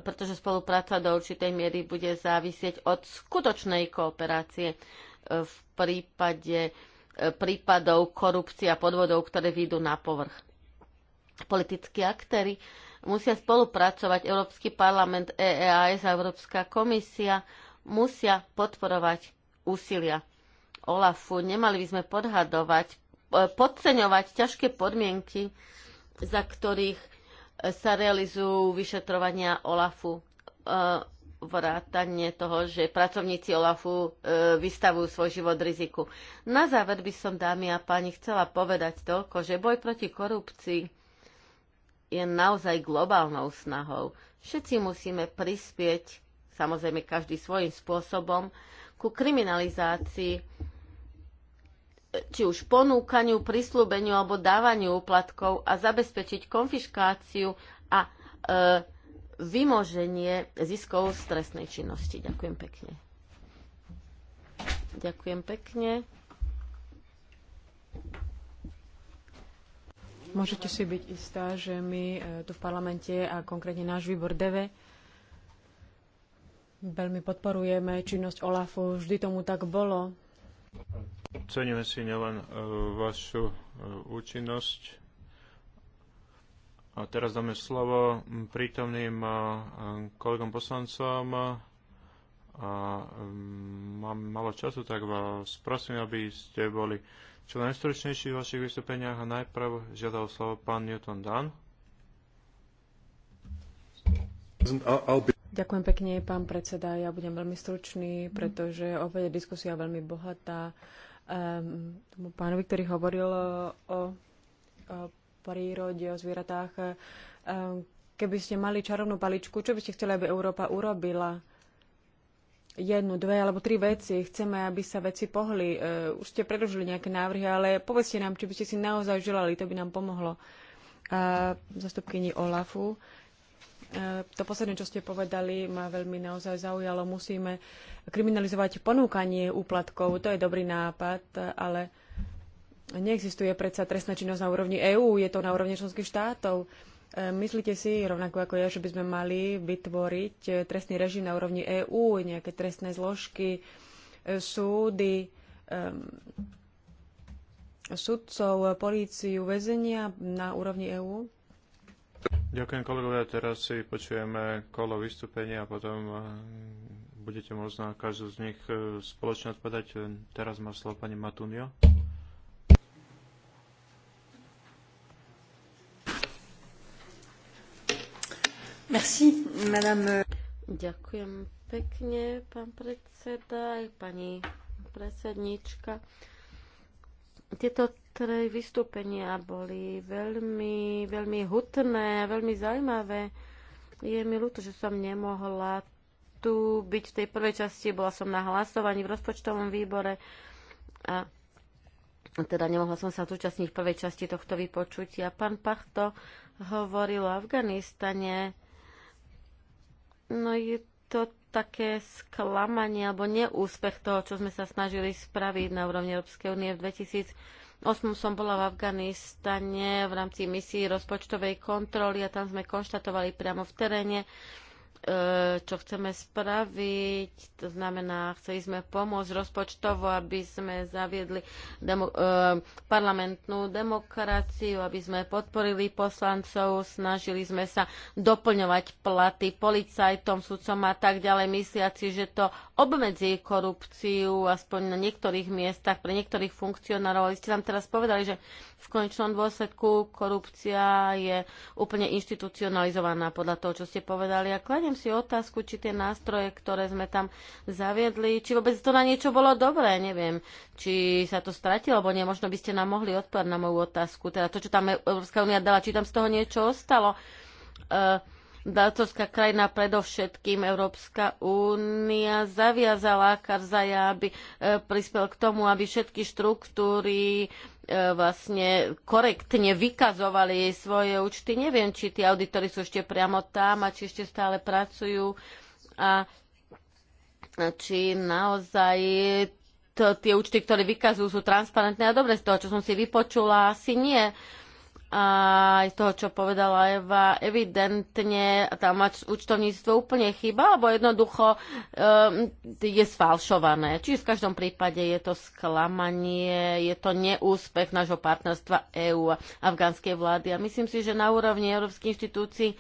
pretože spolupráca do určitej miery bude závisieť od skutočnej kooperácie eh, v prípade prípadov korupcie a podvodov, ktoré výjdu na povrch. Politickí aktéry musia spolupracovať Európsky parlament, EEAS a Európska komisia musia podporovať úsilia OLAFu. Nemali by sme podhadovať, e, podceňovať ťažké podmienky, za ktorých e, sa realizujú vyšetrovania OLAFu. E, vrátanie toho, že pracovníci OLAFu vystavujú svoj život riziku. Na záver by som, dámy a páni, chcela povedať toľko, že boj proti korupcii je naozaj globálnou snahou. Všetci musíme prispieť, samozrejme každý svojím spôsobom, ku kriminalizácii či už ponúkaniu, prislúbeniu alebo dávaniu úplatkov a zabezpečiť konfiškáciu a e, vymoženie ziskov z trestnej činnosti. Ďakujem pekne. Ďakujem pekne. Môžete si byť istá, že my e, tu v parlamente a konkrétne náš výbor DEVE Veľmi podporujeme činnosť OLAFu, vždy tomu tak bolo. Ceníme si nielen e, vašu e, účinnosť. A teraz dáme slovo prítomným e, kolegom poslancom. A mm, mám malo času, tak vás prosím, aby ste boli čo najstručnejší v vašich vystúpeniach a najprv žiadal slovo pán Newton Dan. Ďakujem pekne, pán predseda. Ja budem veľmi stručný, mhm. pretože opäť je diskusia veľmi bohatá. Um, tomu pánovi, ktorý hovoril o, o prírode, o zvieratách, um, keby ste mali čarovnú paličku, čo by ste chceli, aby Európa urobila? jednu, dve alebo tri veci. Chceme, aby sa veci pohli. Uh, už ste predložili nejaké návrhy, ale povedzte nám, či by ste si naozaj želali, to by nám pomohlo. Uh, zastupkyni Olafu. Uh, E, to posledné, čo ste povedali, ma veľmi naozaj zaujalo. Musíme kriminalizovať ponúkanie úplatkov. To je dobrý nápad, ale neexistuje predsa trestná činnosť na úrovni EÚ, je to na úrovni členských štátov. E, myslíte si, rovnako ako ja, že by sme mali vytvoriť trestný režim na úrovni EÚ, nejaké trestné zložky, e, súdy, sudcov, políciu, väzenia na úrovni EÚ? Ďakujem kolegovia, teraz si počujeme kolo vystúpenia a potom eh, budete môcť na každú z nich eh, spoločne odpovedať. Teraz má slovo pani Matunio. Merci, madame. Ďakujem pekne, pán predseda, aj pani predsednička. Tieto ktorej vystúpenia boli veľmi, veľmi hutné, veľmi zaujímavé. Je mi ľúto, že som nemohla tu byť v tej prvej časti. Bola som na hlasovaní v rozpočtovom výbore a teda nemohla som sa zúčastniť v prvej časti tohto vypočutia. Pán Pachto hovoril o Afganistane. No je to také sklamanie alebo neúspech toho, čo sme sa snažili spraviť na úrovni Európskej únie v 2000 8. som bola v Afganistane v rámci misií rozpočtovej kontroly a tam sme konštatovali priamo v teréne, E, čo chceme spraviť. To znamená, chceli sme pomôcť rozpočtovo, aby sme zaviedli demo, eh, parlamentnú demokraciu, aby sme podporili poslancov, snažili sme sa doplňovať platy policajtom, sudcom a tak ďalej, mysliaci, že to obmedzí korupciu, aspoň na niektorých miestach, pre niektorých funkcionárov. Ale ste nám teraz povedali, že v konečnom dôsledku korupcia je úplne inštitucionalizovaná podľa toho, čo ste povedali. A kladiem si otázku, či tie nástroje, ktoré sme tam zaviedli, či vôbec to na niečo bolo dobré, neviem, či sa to stratilo, alebo nie, možno by ste nám mohli odpovedať na moju otázku, teda to, čo tam Európska únia dala, či tam z toho niečo ostalo. E- Dátovská krajina, predovšetkým Európska únia, zaviazala Karzaja, aby e, prispel k tomu, aby všetky štruktúry E, vlastne korektne vykazovali jej svoje účty. Neviem, či tí auditory sú ešte priamo tam a či ešte stále pracujú a či naozaj to, tie účty, ktoré vykazujú, sú transparentné a dobre z toho, čo som si vypočula, asi nie. Uh, a aj toho, čo povedala Eva, evidentne tam účtovníctvo úplne chyba, alebo jednoducho um, je sfalšované. Čiže v každom prípade je to sklamanie, je to neúspech nášho partnerstva EÚ a afgánskej vlády. A myslím si, že na úrovni Európskej inštitúcií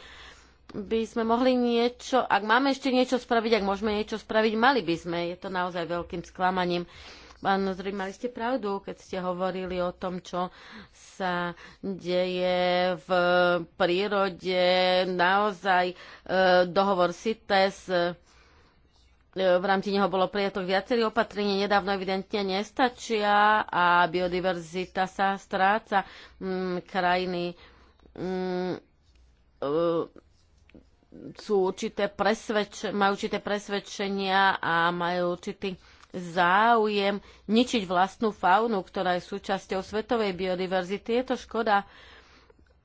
by sme mohli niečo, ak máme ešte niečo spraviť, ak môžeme niečo spraviť, mali by sme. Je to naozaj veľkým sklamaním. Uh, Áno, mali ste pravdu, keď ste hovorili o tom, čo sa deje v prírode. Naozaj e, dohovor CITES e, v rámci neho bolo prijato viacerých opatrení, nedávno evidentne nestačia a biodiverzita sa stráca. Mm, krajiny mm, e, sú určité presvedč- majú určité presvedčenia a majú určitý záujem ničiť vlastnú faunu, ktorá je súčasťou svetovej biodiverzity. Je to škoda.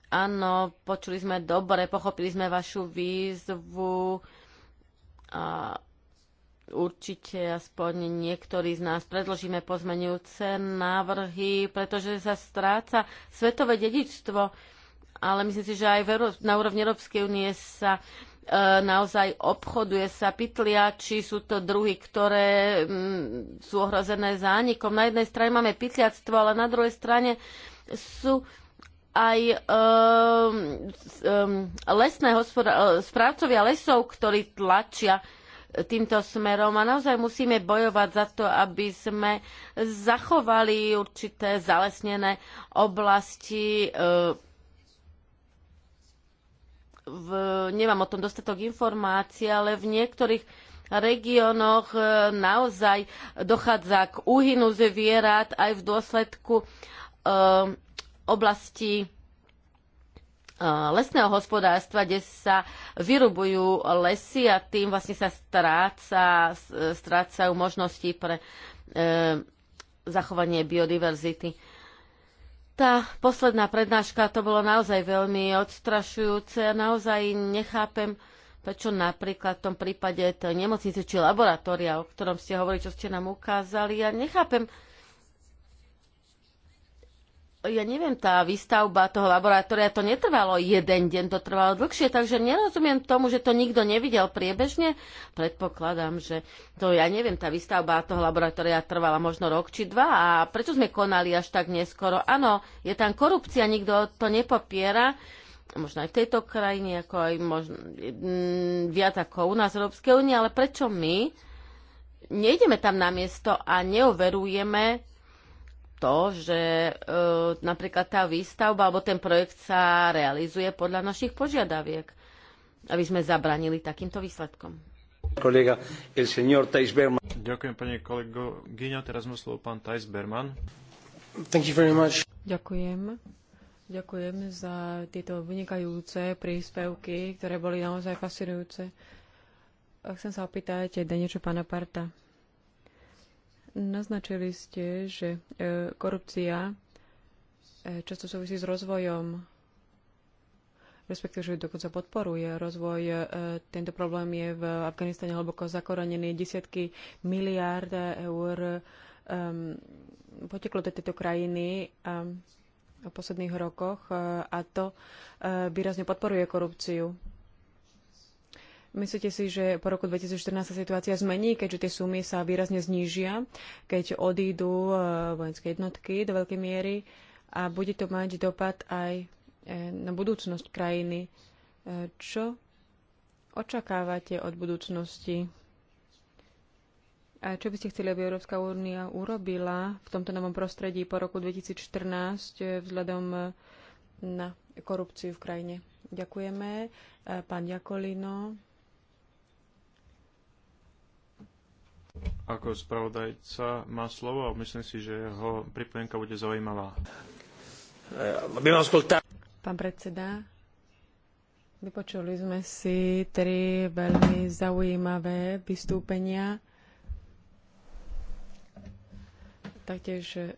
Áno, počuli sme dobre, pochopili sme vašu výzvu. A určite aspoň niektorí z nás predložíme pozmenujúce návrhy, pretože sa stráca svetové dedičstvo ale myslím si, že aj na úrovni Európskej únie sa E, naozaj obchoduje sa pytlia, či sú to druhy, ktoré m, mm, sú ohrozené zánikom. Na jednej strane máme pytliactvo, ale na druhej strane sú aj um, um, lesné hospoda- správcovia lesov, ktorí tlačia týmto smerom a naozaj musíme bojovať za to, aby sme zachovali určité zalesnené oblasti. Um, v, nemám o tom dostatok informácií, ale v niektorých regiónoch e, naozaj dochádza k úhynu zvierat aj v dôsledku e, oblasti e, lesného hospodárstva, kde sa vyrubujú lesy a tým vlastne sa stráca, strácajú možnosti pre e, zachovanie biodiverzity tá posledná prednáška, to bolo naozaj veľmi odstrašujúce a naozaj nechápem, prečo napríklad v tom prípade tej nemocnice či laboratória, o ktorom ste hovorili, čo ste nám ukázali, ja nechápem, ja neviem, tá výstavba toho laboratória, to netrvalo jeden deň, to trvalo dlhšie, takže nerozumiem tomu, že to nikto nevidel priebežne. Predpokladám, že to, ja neviem, tá výstavba toho laboratória trvala možno rok či dva a prečo sme konali až tak neskoro? Áno, je tam korupcia, nikto to nepopiera možno aj v tejto krajine, ako aj možno, mm, viac ako u nás v Európskej únie, ale prečo my nejdeme tam na miesto a neoverujeme to, že e, napríklad tá výstavba alebo ten projekt sa realizuje podľa našich požiadaviek, aby sme zabranili takýmto výsledkom. Kolega, el señor Thijs Berman. Ďakujem, pani kolego Gino. Teraz má slovo pán Thijs Berman. Thank you very much. Ďakujem. Ďakujem za tieto vynikajúce príspevky, ktoré boli naozaj fascinujúce. Chcem sa opýtať niečo pána Parta. Naznačili ste, že e, korupcia e, často súvisí s rozvojom, respektíve, že dokonca podporuje rozvoj. E, tento problém je v Afganistane hlboko zakorenený. Desiatky miliárd eur um, poteklo do tejto krajiny um, v posledných rokoch a to uh, výrazne podporuje korupciu. Myslíte si, že po roku 2014 sa situácia zmení, keďže tie sumy sa výrazne znížia, keď odídu e, vojenské jednotky do veľkej miery a bude to mať dopad aj e, na budúcnosť krajiny? E, čo očakávate od budúcnosti? A čo by ste chceli, aby Európska únia urobila v tomto novom prostredí po roku 2014 vzhľadom na korupciu v krajine? Ďakujeme. Pán Jakolino. ako spravodajca má slovo a myslím si, že jeho pripojenka bude zaujímavá. Eh, Pán predseda, vypočuli sme si tri veľmi zaujímavé vystúpenia. Taktiež eh,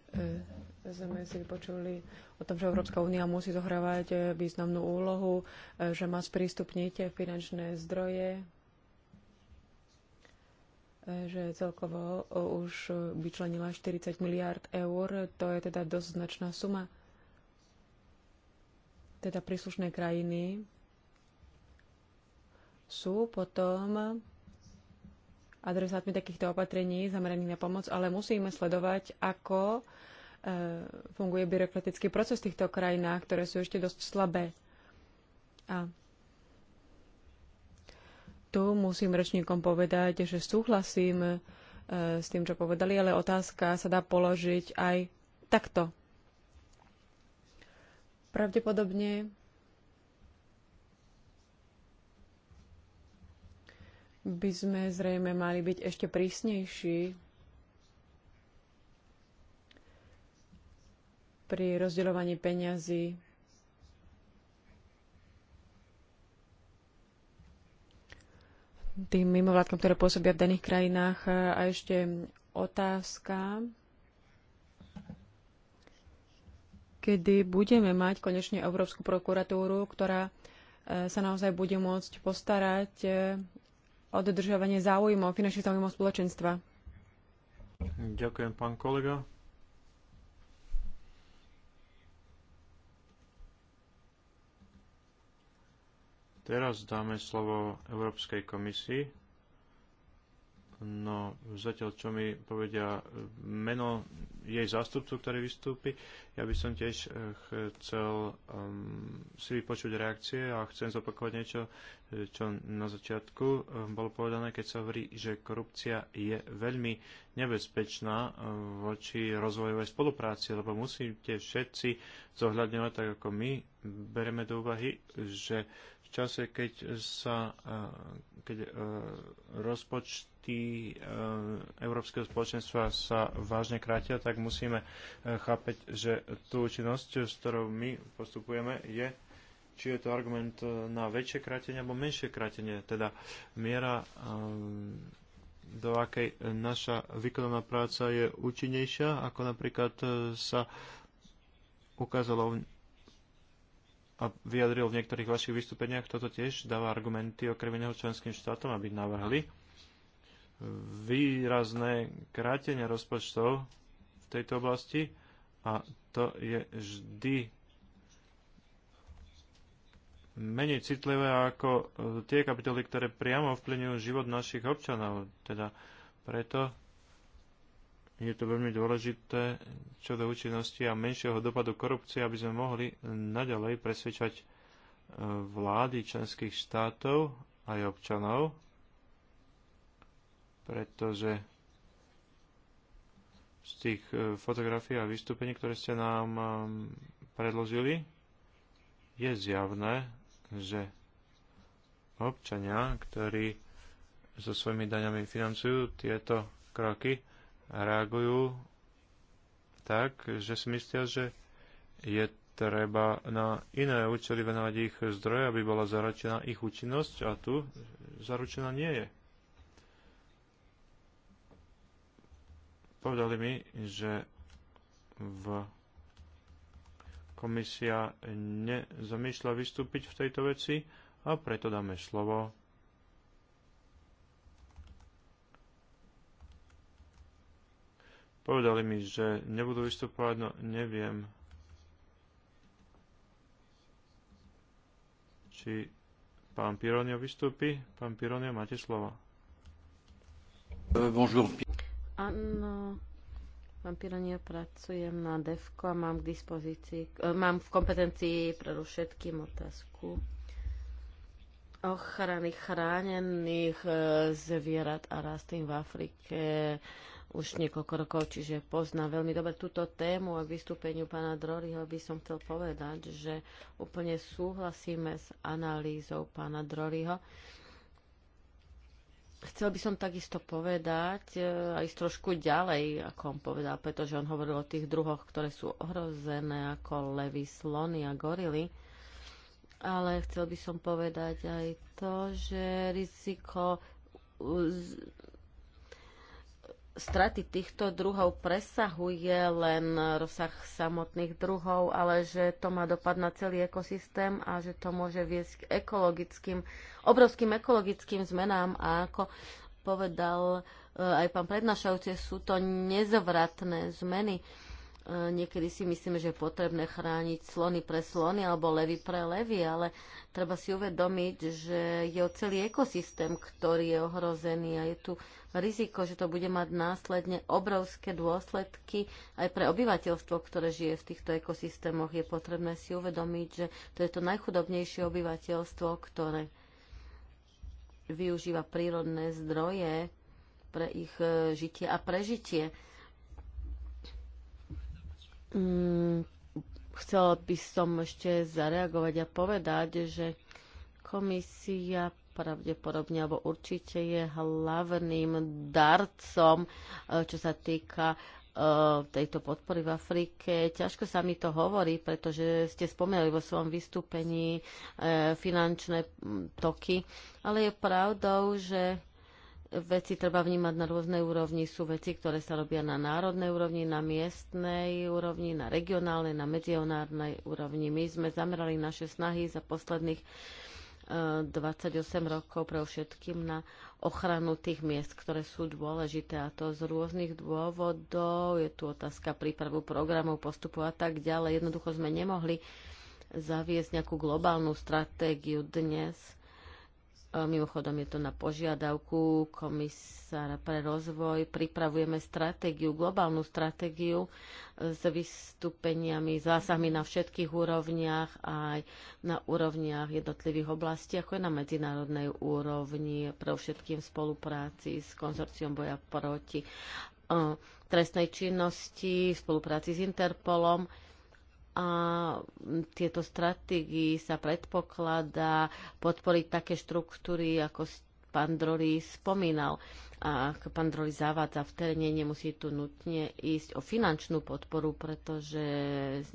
sme si vypočuli o tom, že Európska únia musí zohrávať eh, významnú úlohu, že má sprístupniť finančné zdroje že celkovo už vyčlenila 40 miliárd eur, to je teda dosť značná suma. Teda príslušné krajiny sú potom adresátmi takýchto opatrení zameraných na pomoc, ale musíme sledovať, ako e, funguje byrokratický proces v týchto krajinách, ktoré sú ešte dosť slabé. A tu musím rečníkom povedať, že súhlasím e, s tým, čo povedali, ale otázka sa dá položiť aj takto. Pravdepodobne by sme zrejme mali byť ešte prísnejší pri rozdeľovaní peňazí tým mimovládkom, ktoré pôsobia v daných krajinách. A ešte otázka, kedy budeme mať konečne Európsku prokuratúru, ktorá e, sa naozaj bude môcť postarať e, o dodržiavanie záujmov, finančných záujmov spoločenstva. Ďakujem, pán kolega. Teraz dáme slovo Európskej komisii. No, zatiaľ, čo mi povedia eh, meno jej zástupcu, ktorý vystúpi, ja by som tiež eh, chcel um, si vypočuť reakcie a chcem zopakovať niečo, eh, čo na začiatku ehm, bolo povedané, keď sa hovorí, že korupcia je veľmi nebezpečná voči rozvojovej spolupráci, lebo musíte všetci zohľadňovať, tak ako my bereme do úvahy, že čase, keď sa keď e, rozpočty e, Európskeho spoločenstva sa vážne krátia, tak musíme e, chápať, že tú činnosť, s ktorou my postupujeme, je či je to argument na väčšie krátenie alebo menšie krátenie, teda miera do akej naša výkonná práca je účinnejšia, ako napríklad sa ukázalo a vyjadril v niektorých vašich vystúpeniach, toto tiež dáva argumenty okrem iného členským štátom, aby navrhli výrazné krátenie rozpočtov v tejto oblasti a to je vždy menej citlivé ako eh, tie kapitoly, ktoré priamo vplyňujú život našich občanov. Teda preto je to veľmi dôležité čo do účinnosti a menšieho dopadu korupcie, aby sme mohli naďalej presvedčať e, vlády členských štátov aj občanov, pretože z tých e, fotografií a vystúpení, ktoré ste nám e, predložili, je zjavné, že občania, ktorí so svojimi daňami financujú tieto kroky, reagujú tak, že si myslia, že je treba na iné účely venovať ich zdroje, aby bola zaručená ich účinnosť a tu zaručená nie je. Povedali mi, že v komisia nezamýšľa vystúpiť v tejto veci a preto dáme slovo Povedali mi, že nebudú vystupovať, no neviem, či pán Pironio vystúpi. Pán Pironio, máte slovo. Euh, bonjour. Áno, pán Pironio, pracujem na DEFCO a mám k dispozícii, e, mám v kompetencii pre všetkým otázku ochrany chránených e, zvierat a rastlín v Afrike už niekoľko rokov, čiže poznám veľmi dobre túto tému a k vystúpeniu pána Droryho by som chcel povedať, že úplne súhlasíme s analýzou pána Droryho. Chcel by som takisto povedať e, aj trošku ďalej, ako on povedal, pretože on hovoril o tých druhoch, ktoré sú ohrozené ako levy, slony a gorily. Ale chcel by som povedať aj to, že riziko straty týchto druhov presahuje len rozsah samotných druhov, ale že to má dopad na celý ekosystém a že to môže viesť k ekologickým, obrovským ekologickým zmenám a ako povedal e, aj pán prednášajúci, sú to nezvratné zmeny E, niekedy si myslíme, že je potrebné chrániť slony pre slony alebo levy pre levy, ale treba si uvedomiť, že je celý ekosystém, ktorý je ohrozený a je tu riziko, že to bude mať následne obrovské dôsledky aj pre obyvateľstvo, ktoré žije v týchto ekosystémoch. Je potrebné si uvedomiť, že to je to najchudobnejšie obyvateľstvo, ktoré využíva prírodné zdroje pre ich e, žitie a prežitie. Mm, chcela by som ešte zareagovať a povedať, že komisia pravdepodobne alebo určite je hlavným darcom, e, čo sa týka e, tejto podpory v Afrike. Ťažko sa mi to hovorí, pretože ste spomenuli vo svojom vystúpení e, finančné toky, ale je pravdou, že veci treba vnímať na rôznej úrovni. Sú veci, ktoré sa robia na národnej úrovni, na miestnej úrovni, na regionálnej, na medzionárnej úrovni. My sme zamerali naše snahy za posledných 28 e, rokov pre všetkým na ochranu tých miest, ktoré sú dôležité a to z rôznych dôvodov. Je tu otázka prípravu programov, postupu a tak ďalej. Jednoducho sme nemohli zaviesť nejakú globálnu stratégiu dnes E, mimochodom je to na požiadavku komisára pre rozvoj. Pripravujeme stratégiu, globálnu stratégiu s vystúpeniami, zásahmi na všetkých úrovniach, aj na úrovniach jednotlivých oblastí, ako je na medzinárodnej úrovni, pre všetkým v spolupráci s konzorciom boja proti e, trestnej činnosti, v spolupráci s Interpolom a tieto stratégii sa predpokladá podporiť také štruktúry, ako pán Drolí spomínal. A ak pán Droli zavádza v teréne, nemusí tu nutne ísť o finančnú podporu, pretože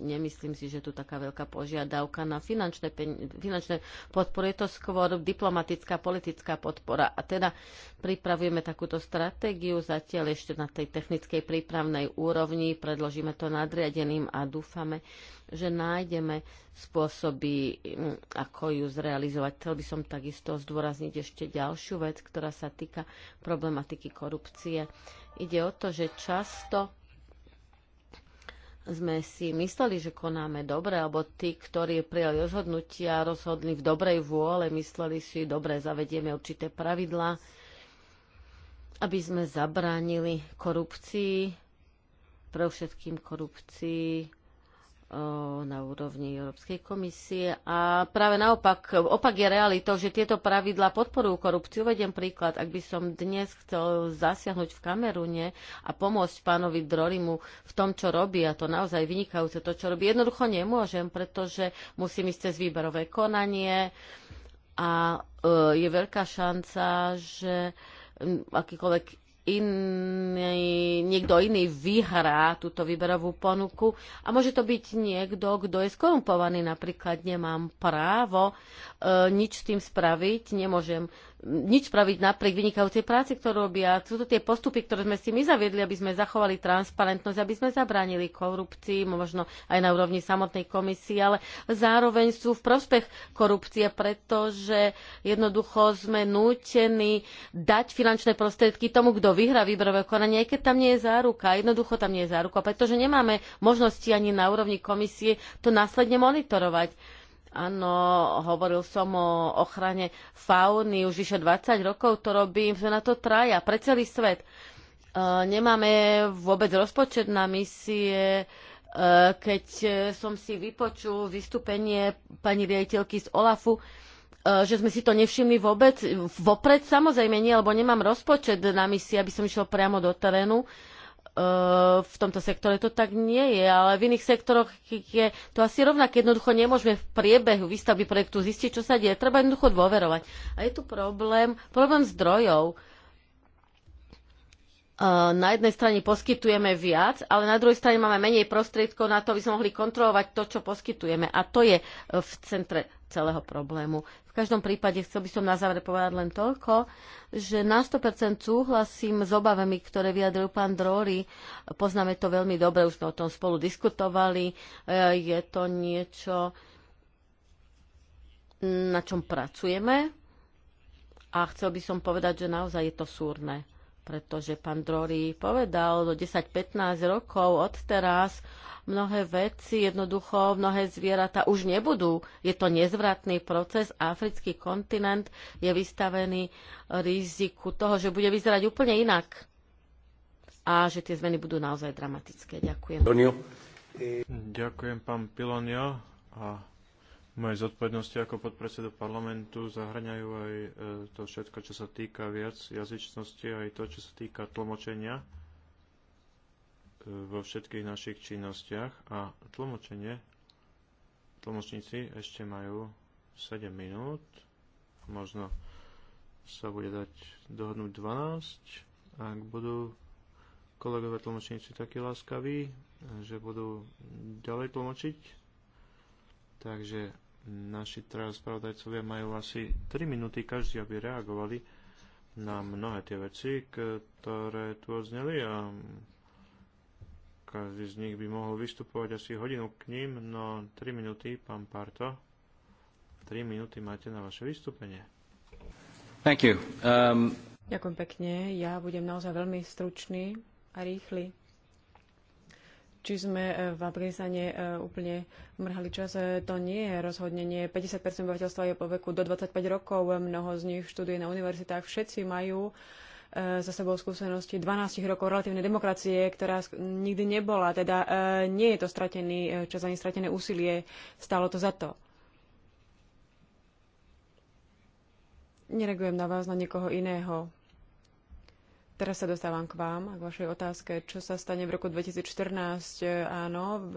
nemyslím si, že tu taká veľká požiadavka na finančné, finančné podporu. Je to skôr diplomatická, politická podpora. A teda pripravujeme takúto stratégiu zatiaľ ešte na tej technickej prípravnej úrovni, predložíme to nadriadeným a dúfame, že nájdeme spôsoby, mm, ako ju zrealizovať. Chcel by som takisto zdôrazniť ešte ďalšiu vec, ktorá sa týka problematiky korupcie. Ide o to, že často sme si mysleli, že konáme dobre, alebo tí, ktorí prijali rozhodnutia, rozhodli v dobrej vôle, mysleli si, dobre, zavedieme určité pravidlá, aby sme zabránili korupcii, pre všetkým korupcii na úrovni Európskej komisie. A práve naopak, opak je realitou, že tieto pravidlá podporujú korupciu. Uvediem príklad, ak by som dnes chcel zasiahnuť v Kamerune a pomôcť pánovi Drorimu v tom, čo robí, a to naozaj vynikajúce to, čo robí, jednoducho nemôžem, pretože musím ísť cez výberové konanie a e, je veľká šanca, že akýkoľvek iný, niekto iný vyhrá túto výberovú ponuku a môže to byť niekto, kto je skorumpovaný. Napríklad nemám právo e, nič s tým spraviť, nemôžem nič spraviť napriek vynikajúcej práci, ktorú robia. Sú to tie postupy, ktoré sme si my zaviedli, aby sme zachovali transparentnosť, aby sme zabránili korupcii, možno aj na úrovni samotnej komisie, ale zároveň sú v prospech korupcie, pretože jednoducho sme nútení dať finančné prostriedky tomu, kto vyhrá výberové konanie, aj keď tam nie je záruka. Jednoducho tam nie je záruka, pretože nemáme možnosti ani na úrovni komisie to následne monitorovať Áno, hovoril som o ochrane fauny, už vyše 20 rokov to robím, sme na to traja, pre celý svet. E, nemáme vôbec rozpočet na misie, e, keď e, som si vypočul vystúpenie pani riaditeľky z OLAFu, že sme si to nevšimli vôbec. Vopred samozrejme nie, lebo nemám rozpočet na misie, aby som išiel priamo do terénu. Uh, E, v tomto sektore to tak nie je, ale v iných sektoroch je to asi rovnaké. Jednoducho nemôžeme v priebehu výstavby projektu zistiť, čo sa deje. Treba jednoducho dôverovať. A je tu problém, problém zdrojov. Uh, E, na jednej strane poskytujeme viac, ale na druhej strane máme menej prostriedkov na to, aby sme mohli kontrolovať to, čo poskytujeme. A to je e, v centre celého problému. V každom prípade chcel by som na záver povedať len toľko, že na 100% súhlasím s obavami, ktoré vyjadril pán Drory. Poznáme to veľmi dobre, už sme o tom spolu diskutovali. E, je to niečo, na čom pracujeme. A chcel by som povedať, že naozaj je to súrne pretože pán Drory povedal, do 10-15 rokov od teraz mnohé veci, jednoducho mnohé zvieratá už nebudú. Je to nezvratný proces a africký kontinent je vystavený riziku toho, že bude vyzerať úplne inak a že tie zmeny budú naozaj dramatické. Ďakujem. Ďakujem, pán Pilonio. A moje zodpovednosti ako podpredseda parlamentu zahraňajú aj e, to všetko, čo sa týka viac jazyčnosti, aj to, čo sa týka tlmočenia e, vo všetkých našich činnostiach a tlmočenie tlmočníci ešte majú 7 minút možno sa bude dať dohodnúť 12 ak budú kolegové tlmočníci takí láskaví že budú ďalej tlmočiť takže naši traja spravodajcovia majú asi 3 minúty každý, aby reagovali na mnohé tie veci, ktoré tu odzneli a každý z nich by mohol vystupovať asi hodinu k ním, no 3 minúty, pán Parto, 3 minúty máte na vaše vystúpenie. Thank you. Um... Ďakujem pekne, ja budem naozaj veľmi stručný a rýchly či sme e, v Abrizane e, úplne mrhali čas. E, to nie je rozhodnenie. 50% obyvateľstva je po veku do 25 rokov, mnoho z nich študuje na univerzitách, všetci majú za sebou skúsenosti 12 rokov relatívnej demokracie, ktorá nikdy nebola. Teda nie je to stratený čas ani stratené úsilie, stálo to za to. Neregujem na vás, na niekoho iného. Teraz sa dostávam k vám a k vašej otázke, čo sa stane v roku 2014. Áno,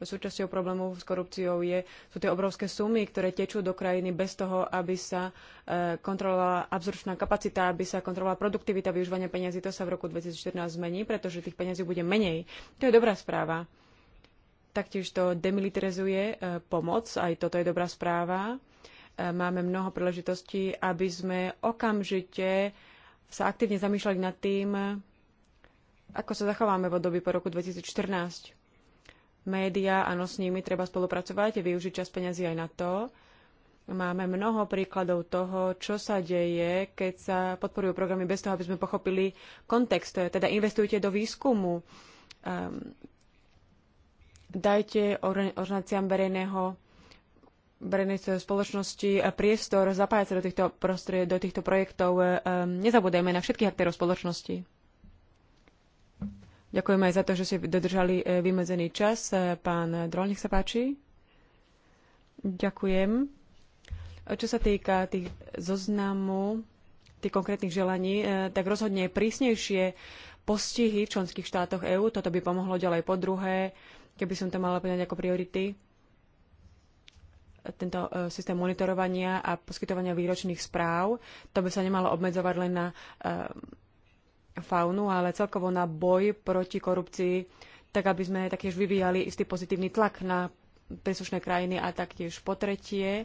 súčasťou problémov s korupciou je, sú tie obrovské sumy, ktoré tečú do krajiny bez toho, aby sa e, kontrolovala absorpčná kapacita, aby sa kontrolovala produktivita využívania peniazy. To sa v roku 2014 zmení, pretože tých peniazí bude menej. To je dobrá správa. Taktiež to demilitarizuje e, pomoc, aj toto je dobrá správa. E, máme mnoho príležitostí, aby sme okamžite sa aktívne zamýšľali nad tým, ako sa zachováme v období po roku 2014. Média, áno, s nimi treba spolupracovať a využiť čas peňazí aj na to. Máme mnoho príkladov toho, čo sa deje, keď sa podporujú programy bez toho, aby sme pochopili kontext. Teda investujte do výskumu, um, dajte organizáciám verejného verejnej spoločnosti priestor zapájať sa do týchto, prostrie, do týchto projektov. E, ehm, nezabúdajme na všetkých aktérov spoločnosti. Ďakujeme aj za to, že ste dodržali e, vymedzený čas. E, pán Drol, nech sa páči. Ďakujem. Čo sa týka tých zoznamu, tých konkrétnych želaní, tak rozhodne prísnejšie postihy v členských štátoch EÚ. Toto by pomohlo ďalej po druhé, keby som to mala povedať ako priority tento e, systém monitorovania a poskytovania výročných správ. To by sa nemalo obmedzovať len na e, faunu, ale celkovo na boj proti korupcii, tak aby sme taktiež vyvíjali istý pozitívny tlak na príslušné krajiny a taktiež po tretie e,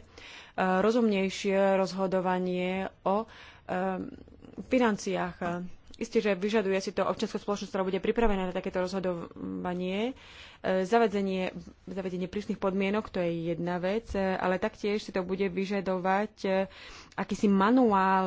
rozumnejšie rozhodovanie o financiách Isté, že vyžaduje si to občianská spoločnosť, ktorá bude pripravená na takéto rozhodovanie. E, zavedenie, zavedenie prísnych podmienok, to je jedna vec, e, ale taktiež si to bude vyžadovať e, akýsi manuál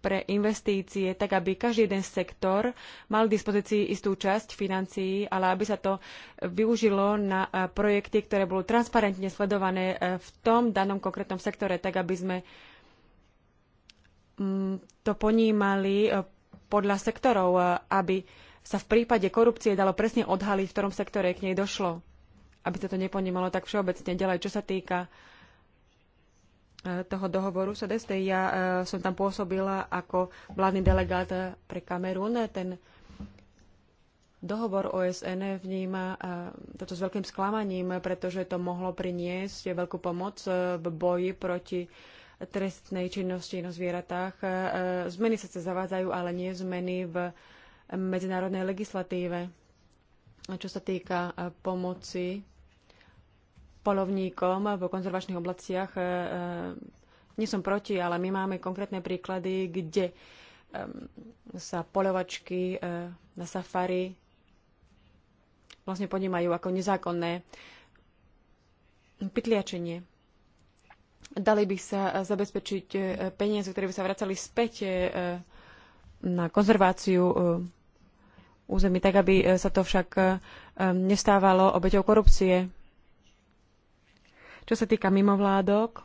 pre investície, tak aby každý jeden sektor mal k dispozícii istú časť financií, ale aby sa to využilo na projekty, ktoré budú transparentne sledované v tom danom konkrétnom sektore, tak aby sme Mm, to ponímali e, podľa sektorov, e, aby sa v prípade korupcie dalo presne odhaliť, v ktorom sektore k nej došlo. Aby sa to neponímalo tak všeobecne. Ďalej, čo sa týka e, toho dohovoru SEDESTE, ja som tam pôsobila ako vládny delegát pre Kamerún. Ten dohovor OSN vníma toto s veľkým sklamaním, pretože to mohlo priniesť veľkú pomoc v boji proti trestnej činnosti na zvieratách. E, zmeny sa zavádzajú, ale nie zmeny v medzinárodnej legislatíve. Čo sa týka e, pomoci polovníkom v konzervačných oblastiach, e, nie som proti, ale my máme konkrétne príklady, kde sa polovačky na safari vlastne ponímajú ako nezákonné pytliačenie Dali by sa zabezpečiť e, peniaze, ktoré by sa vracali späť e, na konzerváciu e, území, tak aby sa to však nestávalo obeťou korupcie. Čo sa týka mimovládok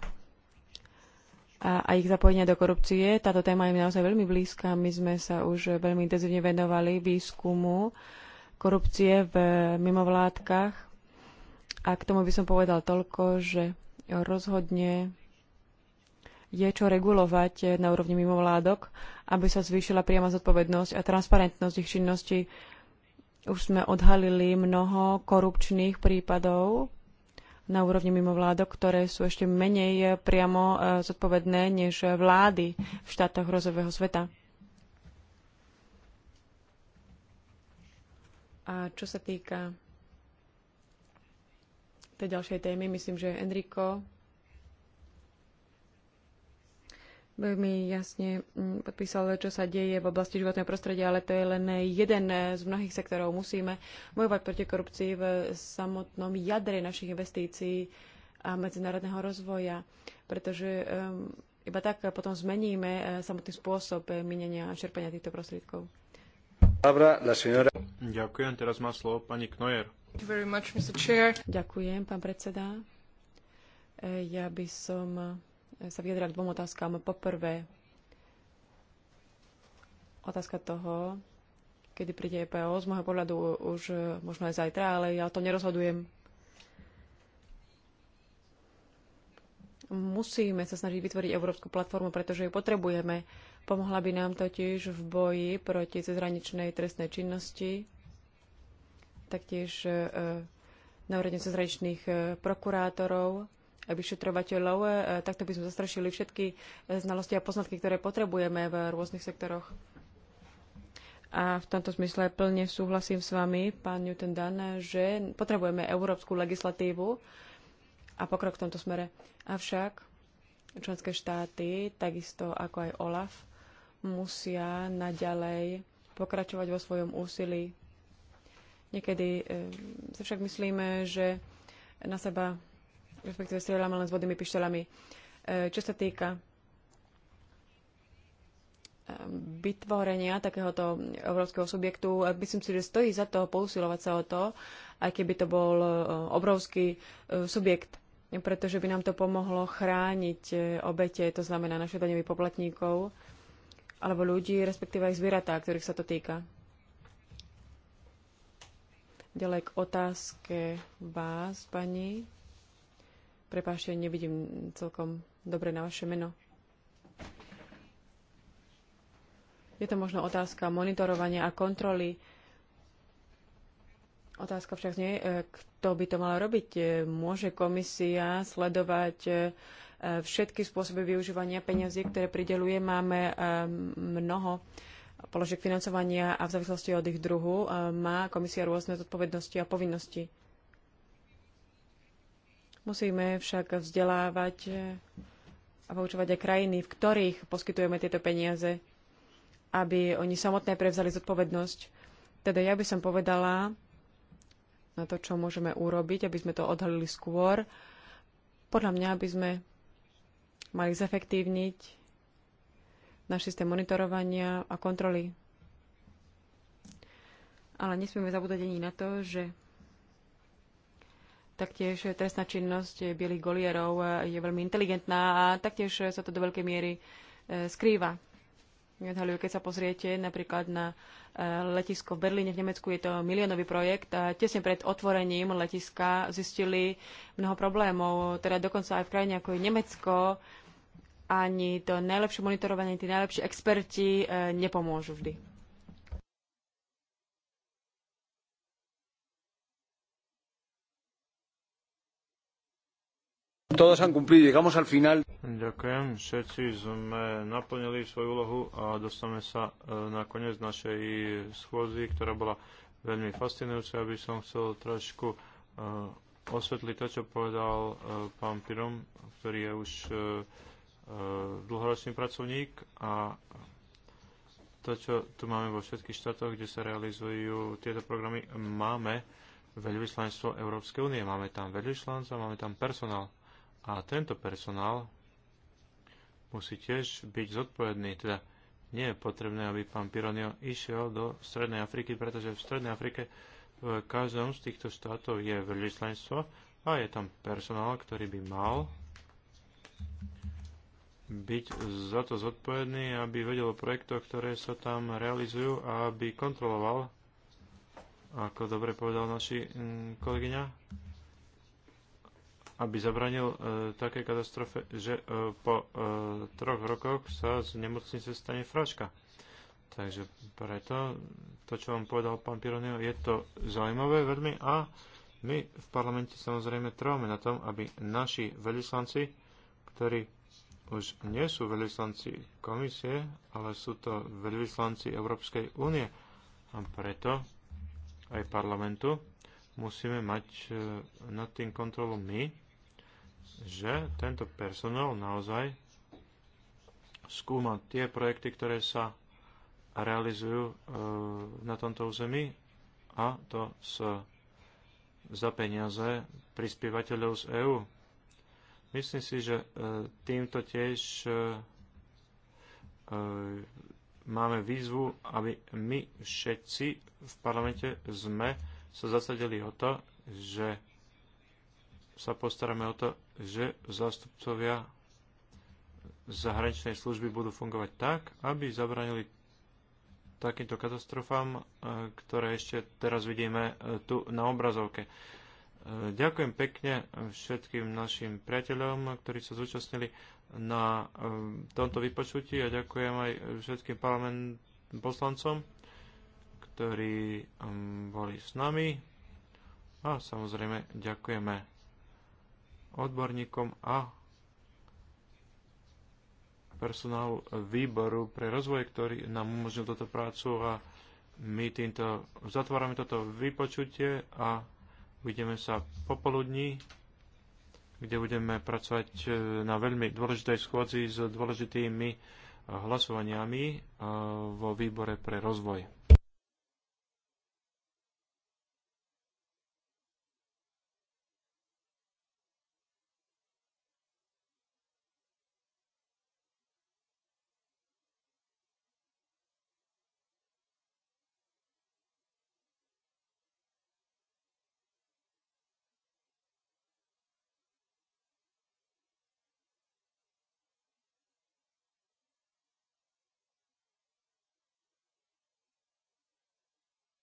a, a ich zapojenia do korupcie, táto téma je naozaj veľmi blízka. My sme sa už veľmi intenzívne venovali výskumu korupcie v mimovládkach. A k tomu by som povedal toľko, že rozhodne je čo regulovať eh, na úrovni mimovládok, aby sa zvýšila priama zodpovednosť a transparentnosť ich činnosti. Už sme odhalili mnoho korupčných prípadov na úrovni mimovládok, ktoré sú ešte menej eh, priamo eh, zodpovedné než vlády v štátoch rozového sveta. A čo sa týka tej ďalšej témy, myslím, že Enrico veľmi jasne mm, podpísal, čo sa deje v oblasti životného prostredia, ale to je len jeden z mnohých sektorov. Musíme bojovať proti korupcii v samotnom jadre našich investícií a medzinárodného rozvoja, pretože iba tak potom zmeníme eh, samotný spôsob eh, minenia a čerpania týchto prostriedkov. Ďakujem, teraz má slovo pani Knojer. Ďakujem, pán predseda. Eh, ja by som sa vyjadrila k dvom otázkám. Poprvé, otázka toho, kedy príde EPO. Z môjho pohľadu už eh, možno aj zajtra, ale ja to nerozhodujem. Musíme sa snažiť vytvoriť európsku platformu, pretože ju potrebujeme. Pomohla by nám totiž v boji proti cezhraničnej trestnej činnosti, taktiež eh, na úrovni cezhraničných eh, prokurátorov vyšetrovateľov. E, takto by sme zastrašili všetky e, znalosti a poznatky, ktoré potrebujeme v rôznych sektoroch. A v tomto zmysle plne súhlasím s vami, pán Newton Dan, že potrebujeme európsku legislatívu a pokrok v tomto smere. Avšak členské štáty, takisto ako aj OLAF, musia naďalej pokračovať vo svojom úsilí. Niekedy e, si však myslíme, že na seba respektíve strieľame len s vodnými pištolami. E, čo sa týka e, vytvorenia takéhoto obrovského subjektu. E, myslím si, že stojí za to pousilovať sa o to, aj keby to bol obrovský subjekt, pretože by nám to pomohlo chrániť obete, to znamená naše daňových poplatníkov, alebo ľudí, respektíve aj zvieratá, ktorých sa to týka. Ďalej k otázke vás, pani. Prepášte, nevidím celkom dobre na vaše meno. Je to možno otázka monitorovania a kontroly. Otázka však nie e, kto by to mal robiť. E, môže komisia sledovať e, všetky spôsoby využívania peňazí, ktoré prideluje. Máme mnoho položiek financovania a v závislosti od ich druhu má komisia rôzne zodpovednosti a povinnosti. Musíme však vzdelávať eh, a poučovať aj krajiny, v ktorých poskytujeme tieto peniaze, aby oni samotné prevzali zodpovednosť. Teda ja by som povedala na to, čo môžeme urobiť, aby sme to odhalili skôr. Podľa mňa aby sme mali zefektívniť náš systém monitorovania a kontroly. Ale nesmieme zabúdať ani na to, že Taktiež trestná činnosť bielých golierov je veľmi inteligentná a taktiež sa to do veľkej miery e, skrýva. Keď sa pozriete napríklad na e, letisko v Berlíne v Nemecku, je to miliónový projekt a tesne pred otvorením letiska zistili mnoho problémov, teda dokonca aj v krajine ako je Nemecko, ani to najlepšie monitorovanie, tí najlepší experti e, nepomôžu vždy. Todos han cumplido, llegamos al final. Ďakujem, všetci sme naplnili svoju úlohu a dostaneme sa e, na koniec našej schôzy, ktorá bola veľmi fascinujúca. Aby som chcel trošku e, osvetliť to, čo povedal e, pán Pirom, ktorý je už dlhoročný pracovník a to, čo tu máme vo všetkých štátoch, kde sa realizujú tieto programy, máme veľvyslanstvo Európskej únie. Máme tam veľvyslanca, máme tam personál. A tento personál musí tiež byť zodpovedný. Teda nie je potrebné, aby pán Pironio išiel do Strednej Afriky, pretože v Strednej Afrike v každom z týchto štátov je veľvyslanectvo a je tam personál, ktorý by mal byť za to zodpovedný, aby vedel o projektoch, ktoré sa tam realizujú a aby kontroloval, ako dobre povedal naši mm, kolegyňa, aby zabranil e, také katastrofe, že e, po e, troch rokoch sa z nemocnice stane fraška. Takže preto to, čo vám povedal pán Pironio, je to zaujímavé veľmi a my v parlamente samozrejme trváme na tom, aby naši veľvyslanci, ktorí už nie sú veľvyslanci komisie, ale sú to veľvyslanci Európskej únie a preto aj parlamentu musíme mať nad tým kontrolu my že tento personál naozaj skúma tie projekty, ktoré sa realizujú e, na tomto území a to s, za peniaze prispievateľov z EÚ. Myslím si, že e, týmto tiež e, máme výzvu, aby my všetci v parlamente sme sa zasadili o to, že sa postaráme o to, že zástupcovia zahraničnej služby budú fungovať tak, aby zabranili takýmto katastrofám, e, ktoré ešte teraz vidíme e, tu na obrazovke. E, ďakujem pekne všetkým našim priateľom, ktorí sa zúčastnili na tomto vypočutí a ďakujem aj všetkým parlament poslancom, ktorí boli s nami a samozrejme ďakujeme odborníkom a personálu výboru pre rozvoj, ktorý nám umožnil túto prácu a my týmto zatvárame toto vypočutie a uvidíme sa popoludní, kde budeme pracovať e, na veľmi dôležitej schôdzi s dôležitými hlasovaniami e, vo výbore pre rozvoj.